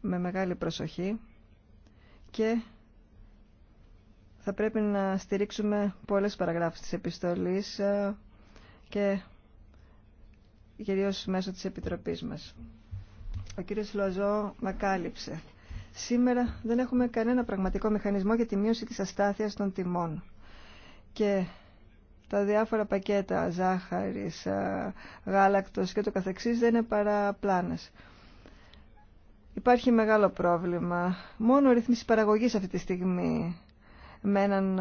με μεγάλη προσοχή και θα πρέπει να στηρίξουμε πολλές παραγράφεις της επιστολής ε, και κυρίως μέσω της Επιτροπής μας. Ο κύριος Λοζό με κάλυψε. Σήμερα δεν έχουμε κανένα πραγματικό μηχανισμό για τη μείωση της αστάθειας των τιμών. Και τα διάφορα πακέτα ζάχαρης, γάλακτος και το καθεξής δεν είναι παρά πλάνες. Υπάρχει μεγάλο πρόβλημα. Μόνο ρυθμίση παραγωγής αυτή τη στιγμή με έναν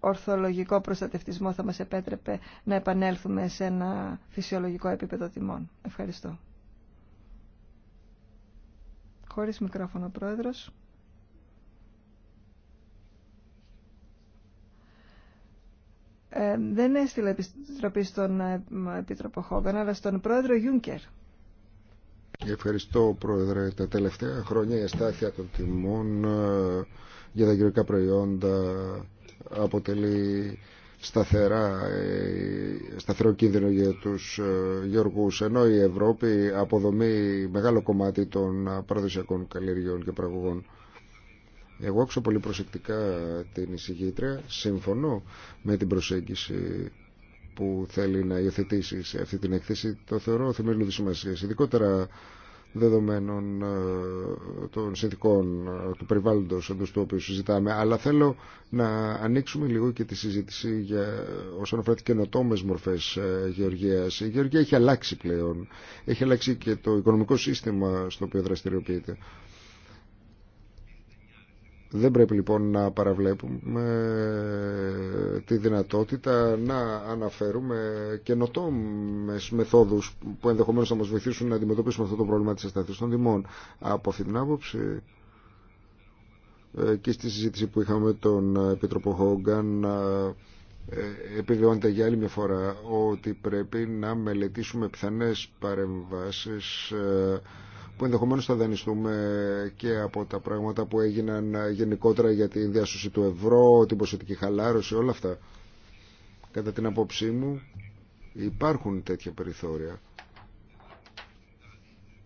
ορθολογικό προστατευτισμό θα μας επέτρεπε να επανέλθουμε σε ένα φυσιολογικό επίπεδο τιμών. Ευχαριστώ. Χωρίς μικρόφωνο, Πρόεδρος. Ε, δεν έστειλε επιστροπή στον ε, Επίτροπο Χόβεν, αλλά στον πρόεδρο Γιούνκερ. Ευχαριστώ, Πρόεδρε. Τα τελευταία χρόνια η αστάθεια των τιμών ε, για τα γεωργικά προϊόντα αποτελεί σταθερά, σταθερό κίνδυνο για τους γεωργούς ενώ η Ευρώπη αποδομεί μεγάλο κομμάτι των παραδοσιακών καλλιεργιών και πραγωγών εγώ άκουσα πολύ προσεκτικά την εισηγήτρια. Συμφωνώ με την προσέγγιση που θέλει να υιοθετήσει σε αυτή την έκθεση. Το θεωρώ θεμελιώδη σημασία, ειδικότερα δεδομένων ε, των συνθηκών ε, του περιβάλλοντος εντό του οποίου συζητάμε. Αλλά θέλω να ανοίξουμε λίγο και τη συζήτηση για, όσον αφορά τι καινοτόμε μορφέ ε, γεωργία. Η γεωργία έχει αλλάξει πλέον. Έχει αλλάξει και το οικονομικό σύστημα στο οποίο δραστηριοποιείται. Δεν πρέπει λοιπόν να παραβλέπουμε τη δυνατότητα να αναφέρουμε καινοτόμες μεθόδους που ενδεχομένως θα μας βοηθήσουν να αντιμετωπίσουμε αυτό το πρόβλημα της αστάθειας των δημών Από αυτή την άποψη ε, και στη συζήτηση που είχαμε με τον Επίτροπο Χόγκαν ε, επιβεβαιώνεται για άλλη μια φορά ότι πρέπει να μελετήσουμε πιθανές παρεμβάσεις ε, που ενδεχομένως θα δανειστούμε και από τα πράγματα που έγιναν γενικότερα για τη διάσωση του ευρώ, την ποσοτική χαλάρωση, όλα αυτά. Κατά την απόψή μου υπάρχουν τέτοια περιθώρια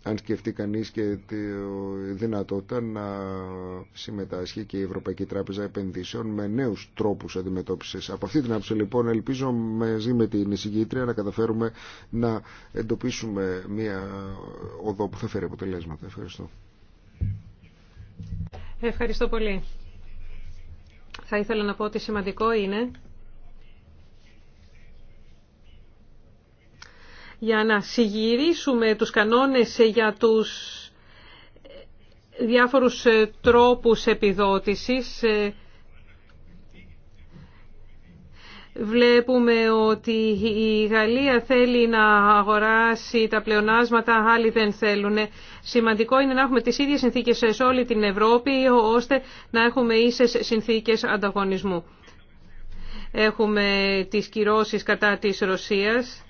αν σκεφτεί κανείς και τη δυνατότητα να συμμετάσχει και η Ευρωπαϊκή Τράπεζα Επενδύσεων με νέους τρόπους αντιμετώπισης. Από αυτή την άποψη λοιπόν ελπίζω μαζί με την εισηγήτρια να καταφέρουμε να εντοπίσουμε μια οδό που θα φέρει αποτελέσματα. Ευχαριστώ. Ευχαριστώ πολύ. Θα ήθελα να πω ότι σημαντικό είναι για να συγυρίσουμε τους κανόνες για τους διάφορους ε, τρόπους επιδότησης. Ε, βλέπουμε ότι η Γαλλία θέλει να αγοράσει τα πλεονάσματα, άλλοι δεν θέλουν. Σημαντικό είναι να έχουμε τις ίδιες συνθήκες σε όλη την Ευρώπη, ώστε να έχουμε ίσες συνθήκες ανταγωνισμού. Έχουμε τις κυρώσεις κατά της Ρωσίας.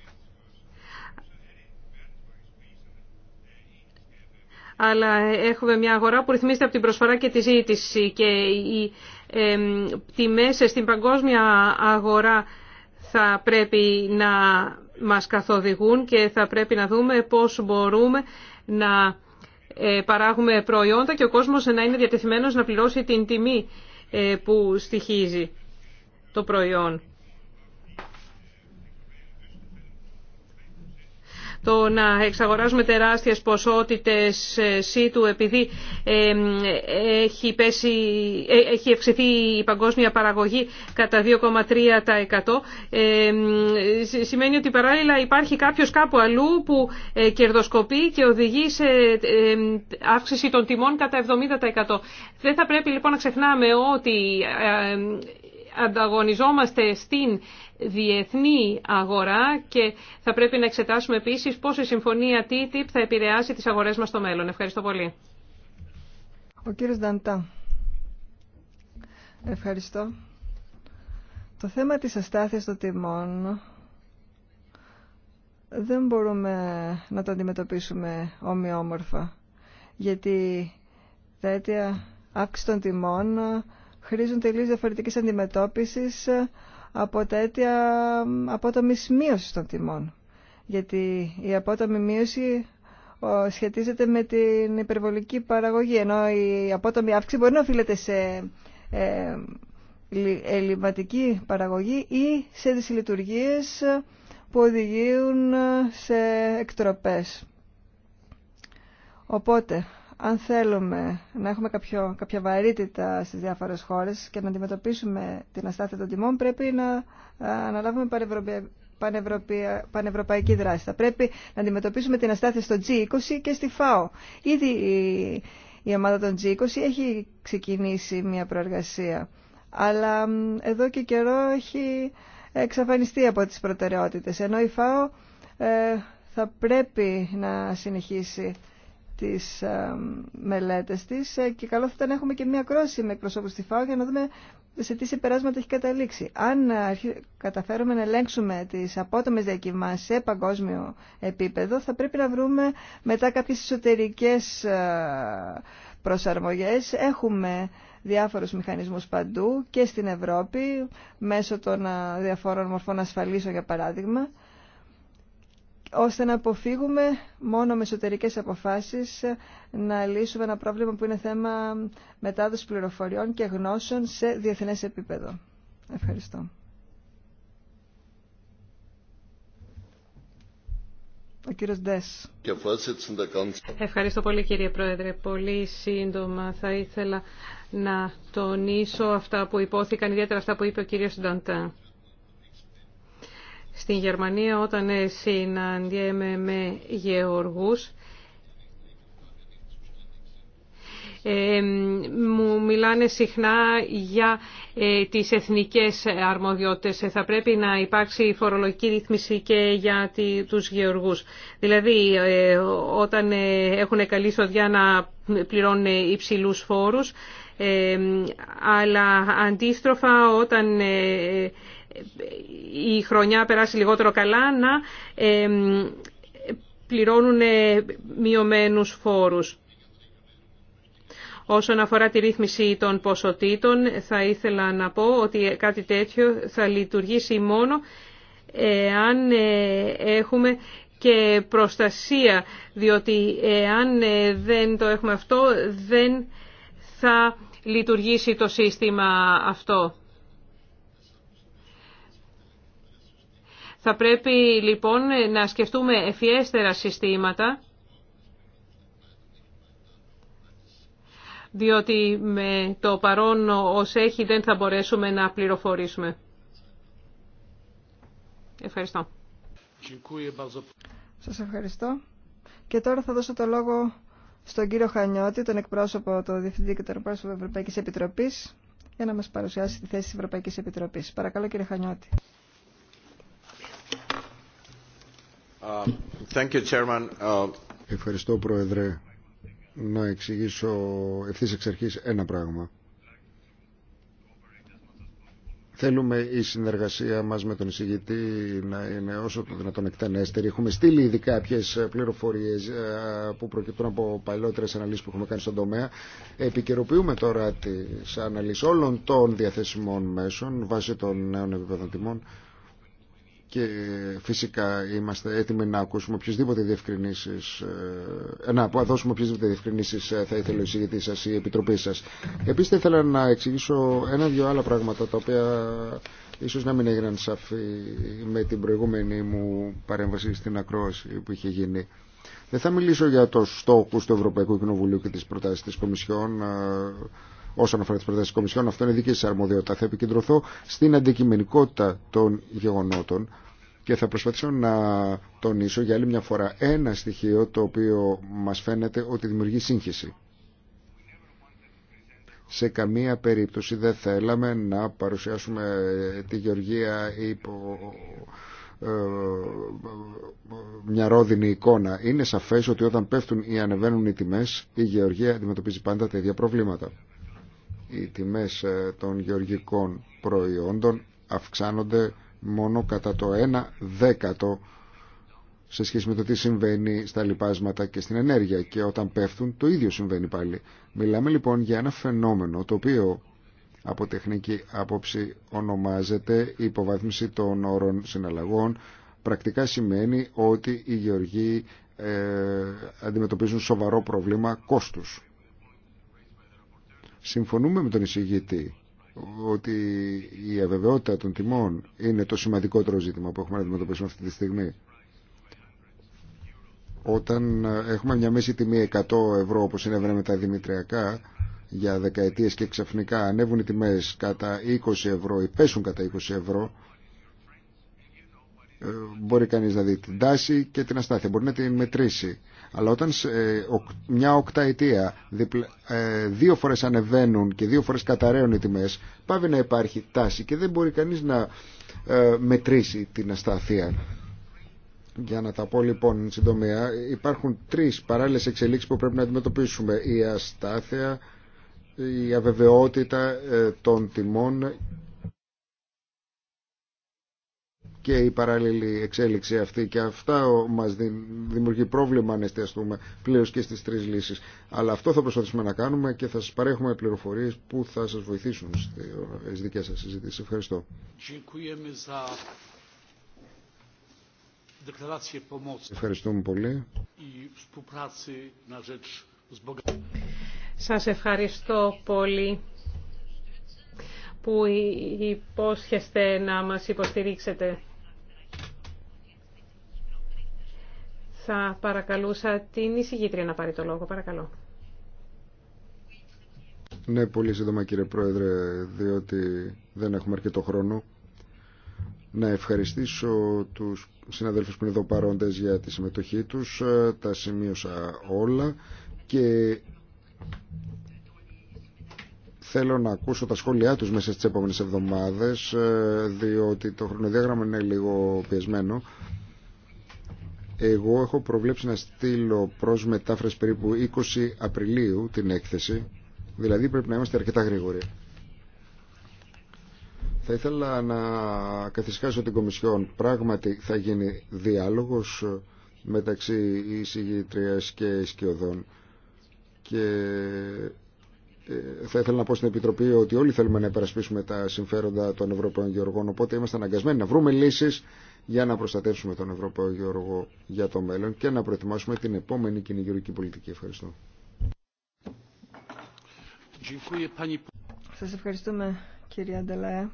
αλλά έχουμε μια αγορά που ρυθμίζεται από την προσφορά και τη ζήτηση και οι ε, τιμές στην παγκόσμια αγορά θα πρέπει να μας καθοδηγούν και θα πρέπει να δούμε πώς μπορούμε να ε, παράγουμε προϊόντα και ο κόσμος να είναι διατεθειμένος να πληρώσει την τιμή ε, που στοιχίζει το προϊόν. το να εξαγοράζουμε τεράστιες ποσότητες ε, σίτου επειδή ε, έχει, πέσει, ε, έχει ευξηθεί η παγκόσμια παραγωγή κατά 2,3% σημαίνει ότι παράλληλα υπάρχει κάποιος κάπου αλλού που κερδοσκοπεί και οδηγεί σε αύξηση των τιμών κατά 70%. Δεν θα πρέπει λοιπόν να ξεχνάμε ότι ανταγωνιζόμαστε στην διεθνή αγορά και θα πρέπει να εξετάσουμε επίσης πώς η συμφωνία TTIP θα επηρεάσει τις αγορές μας στο μέλλον. Ευχαριστώ πολύ. Ο κύριος Νταντά. Ευχαριστώ. Το θέμα της αστάθειας των τιμών δεν μπορούμε να το αντιμετωπίσουμε ομοιόμορφα, γιατί τα αίτια αύξηση των τιμών χρήζουν τελείως διαφορετικής αντιμετώπισης από τα αίτια απότομη μείωση των τιμών. Γιατί η απότομη μείωση σχετίζεται με την υπερβολική παραγωγή, ενώ η απότομη αύξηση μπορεί να οφείλεται σε ε, ε, ελληματική παραγωγή ή σε δυσλειτουργίες που οδηγούν σε εκτροπές. Οπότε, αν θέλουμε να έχουμε κάποιο, κάποια βαρύτητα στις διάφορες χώρες και να αντιμετωπίσουμε την αστάθεια των τιμών, πρέπει να ε, αναλάβουμε πανευρωπαϊκή δράση. Θα πρέπει να αντιμετωπίσουμε την αστάθεια στο G20 και στη ΦΑΟ. Ήδη η, ομάδα των G20 έχει ξεκινήσει μια προεργασία, αλλά εδώ και καιρό έχει εξαφανιστεί από τις προτεραιότητες, ενώ η ΦΑΟ ε, θα πρέπει να συνεχίσει τις ε, μελέτες της ε, και καλό θα ήταν να έχουμε και μία κρόση με εκπροσώπους στη ΦΑΟ για να δούμε σε τι συμπεράσματα έχει καταλήξει. Αν ε, καταφέρουμε να ελέγξουμε τις απότομες διακοιμάνσεις σε παγκόσμιο επίπεδο θα πρέπει να βρούμε μετά κάποιες εσωτερικές προσαρμογές. Έχουμε διάφορους μηχανισμούς παντού και στην Ευρώπη μέσω των διαφόρων μορφών ασφαλίσεων για παράδειγμα ώστε να αποφύγουμε μόνο με εσωτερικέ αποφάσεις να λύσουμε ένα πρόβλημα που είναι θέμα μετάδοση πληροφοριών και γνώσεων σε διεθνές επίπεδο. Ευχαριστώ. Ο κύριος Ντες. Ευχαριστώ πολύ κύριε Πρόεδρε. Πολύ σύντομα θα ήθελα να τονίσω αυτά που υπόθηκαν, ιδιαίτερα αυτά που είπε ο κύριος Νταντάν. Στην Γερμανία όταν ε, συναντιέμαι με γεωργούς, Ε, μου μιλάνε συχνά για ε, τις εθνικές αρμοδιότητες. Ε, θα πρέπει να υπάρξει φορολογική ρύθμιση και για τη, τους γεωργούς. Δηλαδή, ε, όταν έχουν καλή σοδιά να πληρώνουν υψηλούς φόρους, αλλά αντίστροφα όταν η χρονιά περάσει λιγότερο καλά να πληρώνουν μειωμένους φόρους. Όσον αφορά τη ρύθμιση των ποσοτήτων, θα ήθελα να πω ότι κάτι τέτοιο θα λειτουργήσει μόνο αν ε, έχουμε και προστασία, διότι αν ε, δεν το έχουμε αυτό, δεν θα λειτουργήσει το σύστημα αυτό. Θα πρέπει λοιπόν να σκεφτούμε ευφιέστερα συστήματα, διότι με το παρόν ως έχει δεν θα μπορέσουμε να πληροφορήσουμε. Ευχαριστώ. Σας ευχαριστώ. Και τώρα θα δώσω το λόγο στον κύριο Χανιώτη, τον εκπρόσωπο, το Διευθυντή και τον εκπρόσωπο Ευρωπαϊκής Επιτροπής, για να μας παρουσιάσει τη θέση της Ευρωπαϊκής Επιτροπής. Παρακαλώ κύριε Χανιώτη. Ευχαριστώ, Πρόεδρε. Να εξηγήσω ευθύ εξ αρχή ένα πράγμα. Θέλουμε η συνεργασία μας με τον εισηγητή να είναι όσο το δυνατόν εκτενέστερη. Έχουμε στείλει ήδη κάποιε πληροφορίε ε, που προκύπτουν από παλαιότερε αναλύσει που έχουμε κάνει στον τομέα. Επικαιροποιούμε τώρα τι αναλύσει όλων των διαθέσιμων μέσων βάσει των νέων επιπεδοτημών και φυσικά είμαστε έτοιμοι να ακούσουμε οποιασδήποτε διευκρινήσεις ε, να δώσουμε οποιασδήποτε διευκρινήσεις ε, θα ήθελε ο εισηγητή σας η επιτροπή σας επίσης θα ήθελα να εξηγήσω ένα-δυο άλλα πράγματα τα οποία ίσως να μην έγιναν σαφή με την προηγούμενη μου παρέμβαση στην ακρόαση που είχε γίνει δεν θα μιλήσω για το στόχο του Ευρωπαϊκού Κοινοβουλίου και τις προτάσεις της Κομισιόν ε, όσον αφορά τι προτάσει τη Κομισιόν. Αυτό είναι δική σα αρμοδιότητα. Θα επικεντρωθώ στην αντικειμενικότητα των γεγονότων και θα προσπαθήσω να τονίσω για άλλη μια φορά ένα στοιχείο το οποίο μας φαίνεται ότι δημιουργεί σύγχυση. Σε καμία περίπτωση δεν θέλαμε να παρουσιάσουμε τη Γεωργία υπό ε, μια ρόδινη εικόνα. Είναι σαφές ότι όταν πέφτουν ή ανεβαίνουν οι τιμές η Γεωργία αντιμετωπίζει πάντα τα ίδια προβλήματα οι τιμές ε, των γεωργικών προϊόντων αυξάνονται μόνο κατά το 1 δέκατο σε σχέση με το τι συμβαίνει στα λοιπάσματα και στην ενέργεια και όταν πέφτουν το ίδιο συμβαίνει πάλι. Μιλάμε λοιπόν για ένα φαινόμενο το οποίο από τεχνική άποψη ονομάζεται υποβάθμιση των όρων συναλλαγών πρακτικά σημαίνει ότι οι γεωργοί ε, αντιμετωπίζουν σοβαρό πρόβλημα κόστους. Συμφωνούμε με τον εισηγητή ότι η αβεβαιότητα των τιμών είναι το σημαντικότερο ζήτημα που έχουμε να αντιμετωπίσουμε αυτή τη στιγμή. Όταν έχουμε μια μέση τιμή 100 ευρώ όπως συνέβαινε με τα δημητριακά για δεκαετίες και ξαφνικά ανέβουν οι τιμές κατά 20 ευρώ ή πέσουν κατά 20 ευρώ ε, μπορεί κανείς να δει την τάση και την αστάθεια, μπορεί να την μετρήσει. Αλλά όταν σε ε, μια οκταετία ε, δύο φορές ανεβαίνουν και δύο φορές καταραίουν οι τιμές, πάβει να υπάρχει τάση και δεν μπορεί κανείς να ε, μετρήσει την αστάθεια. Για να τα πω λοιπόν συντομία, υπάρχουν τρεις παράλληλες εξελίξεις που πρέπει να αντιμετωπίσουμε. Η αστάθεια, η αβεβαιότητα των τιμών και η παράλληλη εξέλιξη αυτή και αυτά μας δημιουργεί πρόβλημα αν εστιαστούμε πλέον και στις τρεις λύσεις. Αλλά αυτό θα προσπαθήσουμε να κάνουμε και θα σας παρέχουμε πληροφορίες που θα σας βοηθήσουν στις δικές σας συζητήσεις. Ευχαριστώ. Ευχαριστούμε πολύ. Σας ευχαριστώ πολύ που υπόσχεστε να μας υποστηρίξετε. Θα παρακαλούσα την εισηγήτρια να πάρει το λόγο. Παρακαλώ. Ναι, πολύ σύντομα κύριε Πρόεδρε, διότι δεν έχουμε αρκετό χρόνο. Να ευχαριστήσω τους συναδέλφους που είναι εδώ παρόντες για τη συμμετοχή τους. Ε, τα σημείωσα όλα και θέλω να ακούσω τα σχόλιά τους μέσα στις επόμενες εβδομάδες, ε, διότι το χρονοδιάγραμμα είναι λίγο πιεσμένο. Εγώ έχω προβλέψει να στείλω προς μετάφραση περίπου 20 Απριλίου την έκθεση, δηλαδή πρέπει να είμαστε αρκετά γρήγοροι. Θα ήθελα να καθισκάσω την Κομισιόν. Πράγματι θα γίνει διάλογος μεταξύ εισηγητρίας και σκιωδών και ε, θα ήθελα να πω στην Επιτροπή ότι όλοι θέλουμε να υπερασπίσουμε τα συμφέροντα των Ευρωπαίων Γεωργών οπότε είμαστε αναγκασμένοι να βρούμε λύσεις για να προστατεύσουμε τον Ευρωπαίο Γεωργό για το μέλλον και να προετοιμάσουμε την επόμενη κοινή πολιτική. Ευχαριστώ. Σας ευχαριστούμε κύριε Αντελαέ.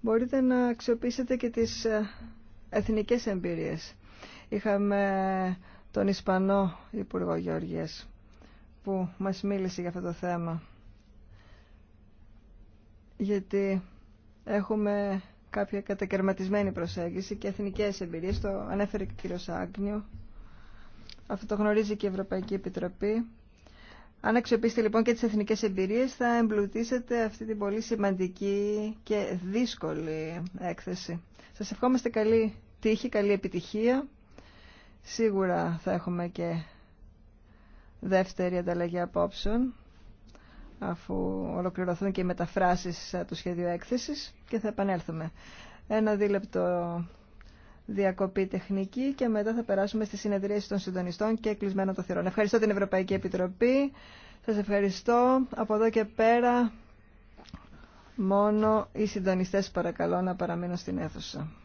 Μπορείτε να αξιοποιήσετε και τις ε, εθνικές εμπειρίες. Είχαμε τον Ισπανό Υπουργό Γεωργίας που μας μίλησε για αυτό το θέμα. Γιατί έχουμε κάποια κατακαιρματισμένη προσέγγιση και εθνικές εμπειρίες, το ανέφερε και ο κύριο Άγνιου. Αυτό το γνωρίζει και η Ευρωπαϊκή Επιτροπή. Αν αξιοποιήσετε λοιπόν και τις εθνικές εμπειρίες θα εμπλουτίσετε αυτή την πολύ σημαντική και δύσκολη έκθεση. Σας ευχόμαστε καλή τύχη, καλή επιτυχία. Σίγουρα θα έχουμε και δεύτερη ανταλλαγή απόψεων αφού ολοκληρωθούν και οι μεταφράσεις ε, του σχέδιου έκθεσης και θα επανέλθουμε. Ένα δίλεπτο διακοπή τεχνική και μετά θα περάσουμε στη συνεδρίαση των συντονιστών και κλεισμένων το θυρών. Ευχαριστώ την Ευρωπαϊκή Επιτροπή. Σας ευχαριστώ. Από εδώ και πέρα μόνο οι συντονιστές παρακαλώ να παραμείνουν στην αίθουσα.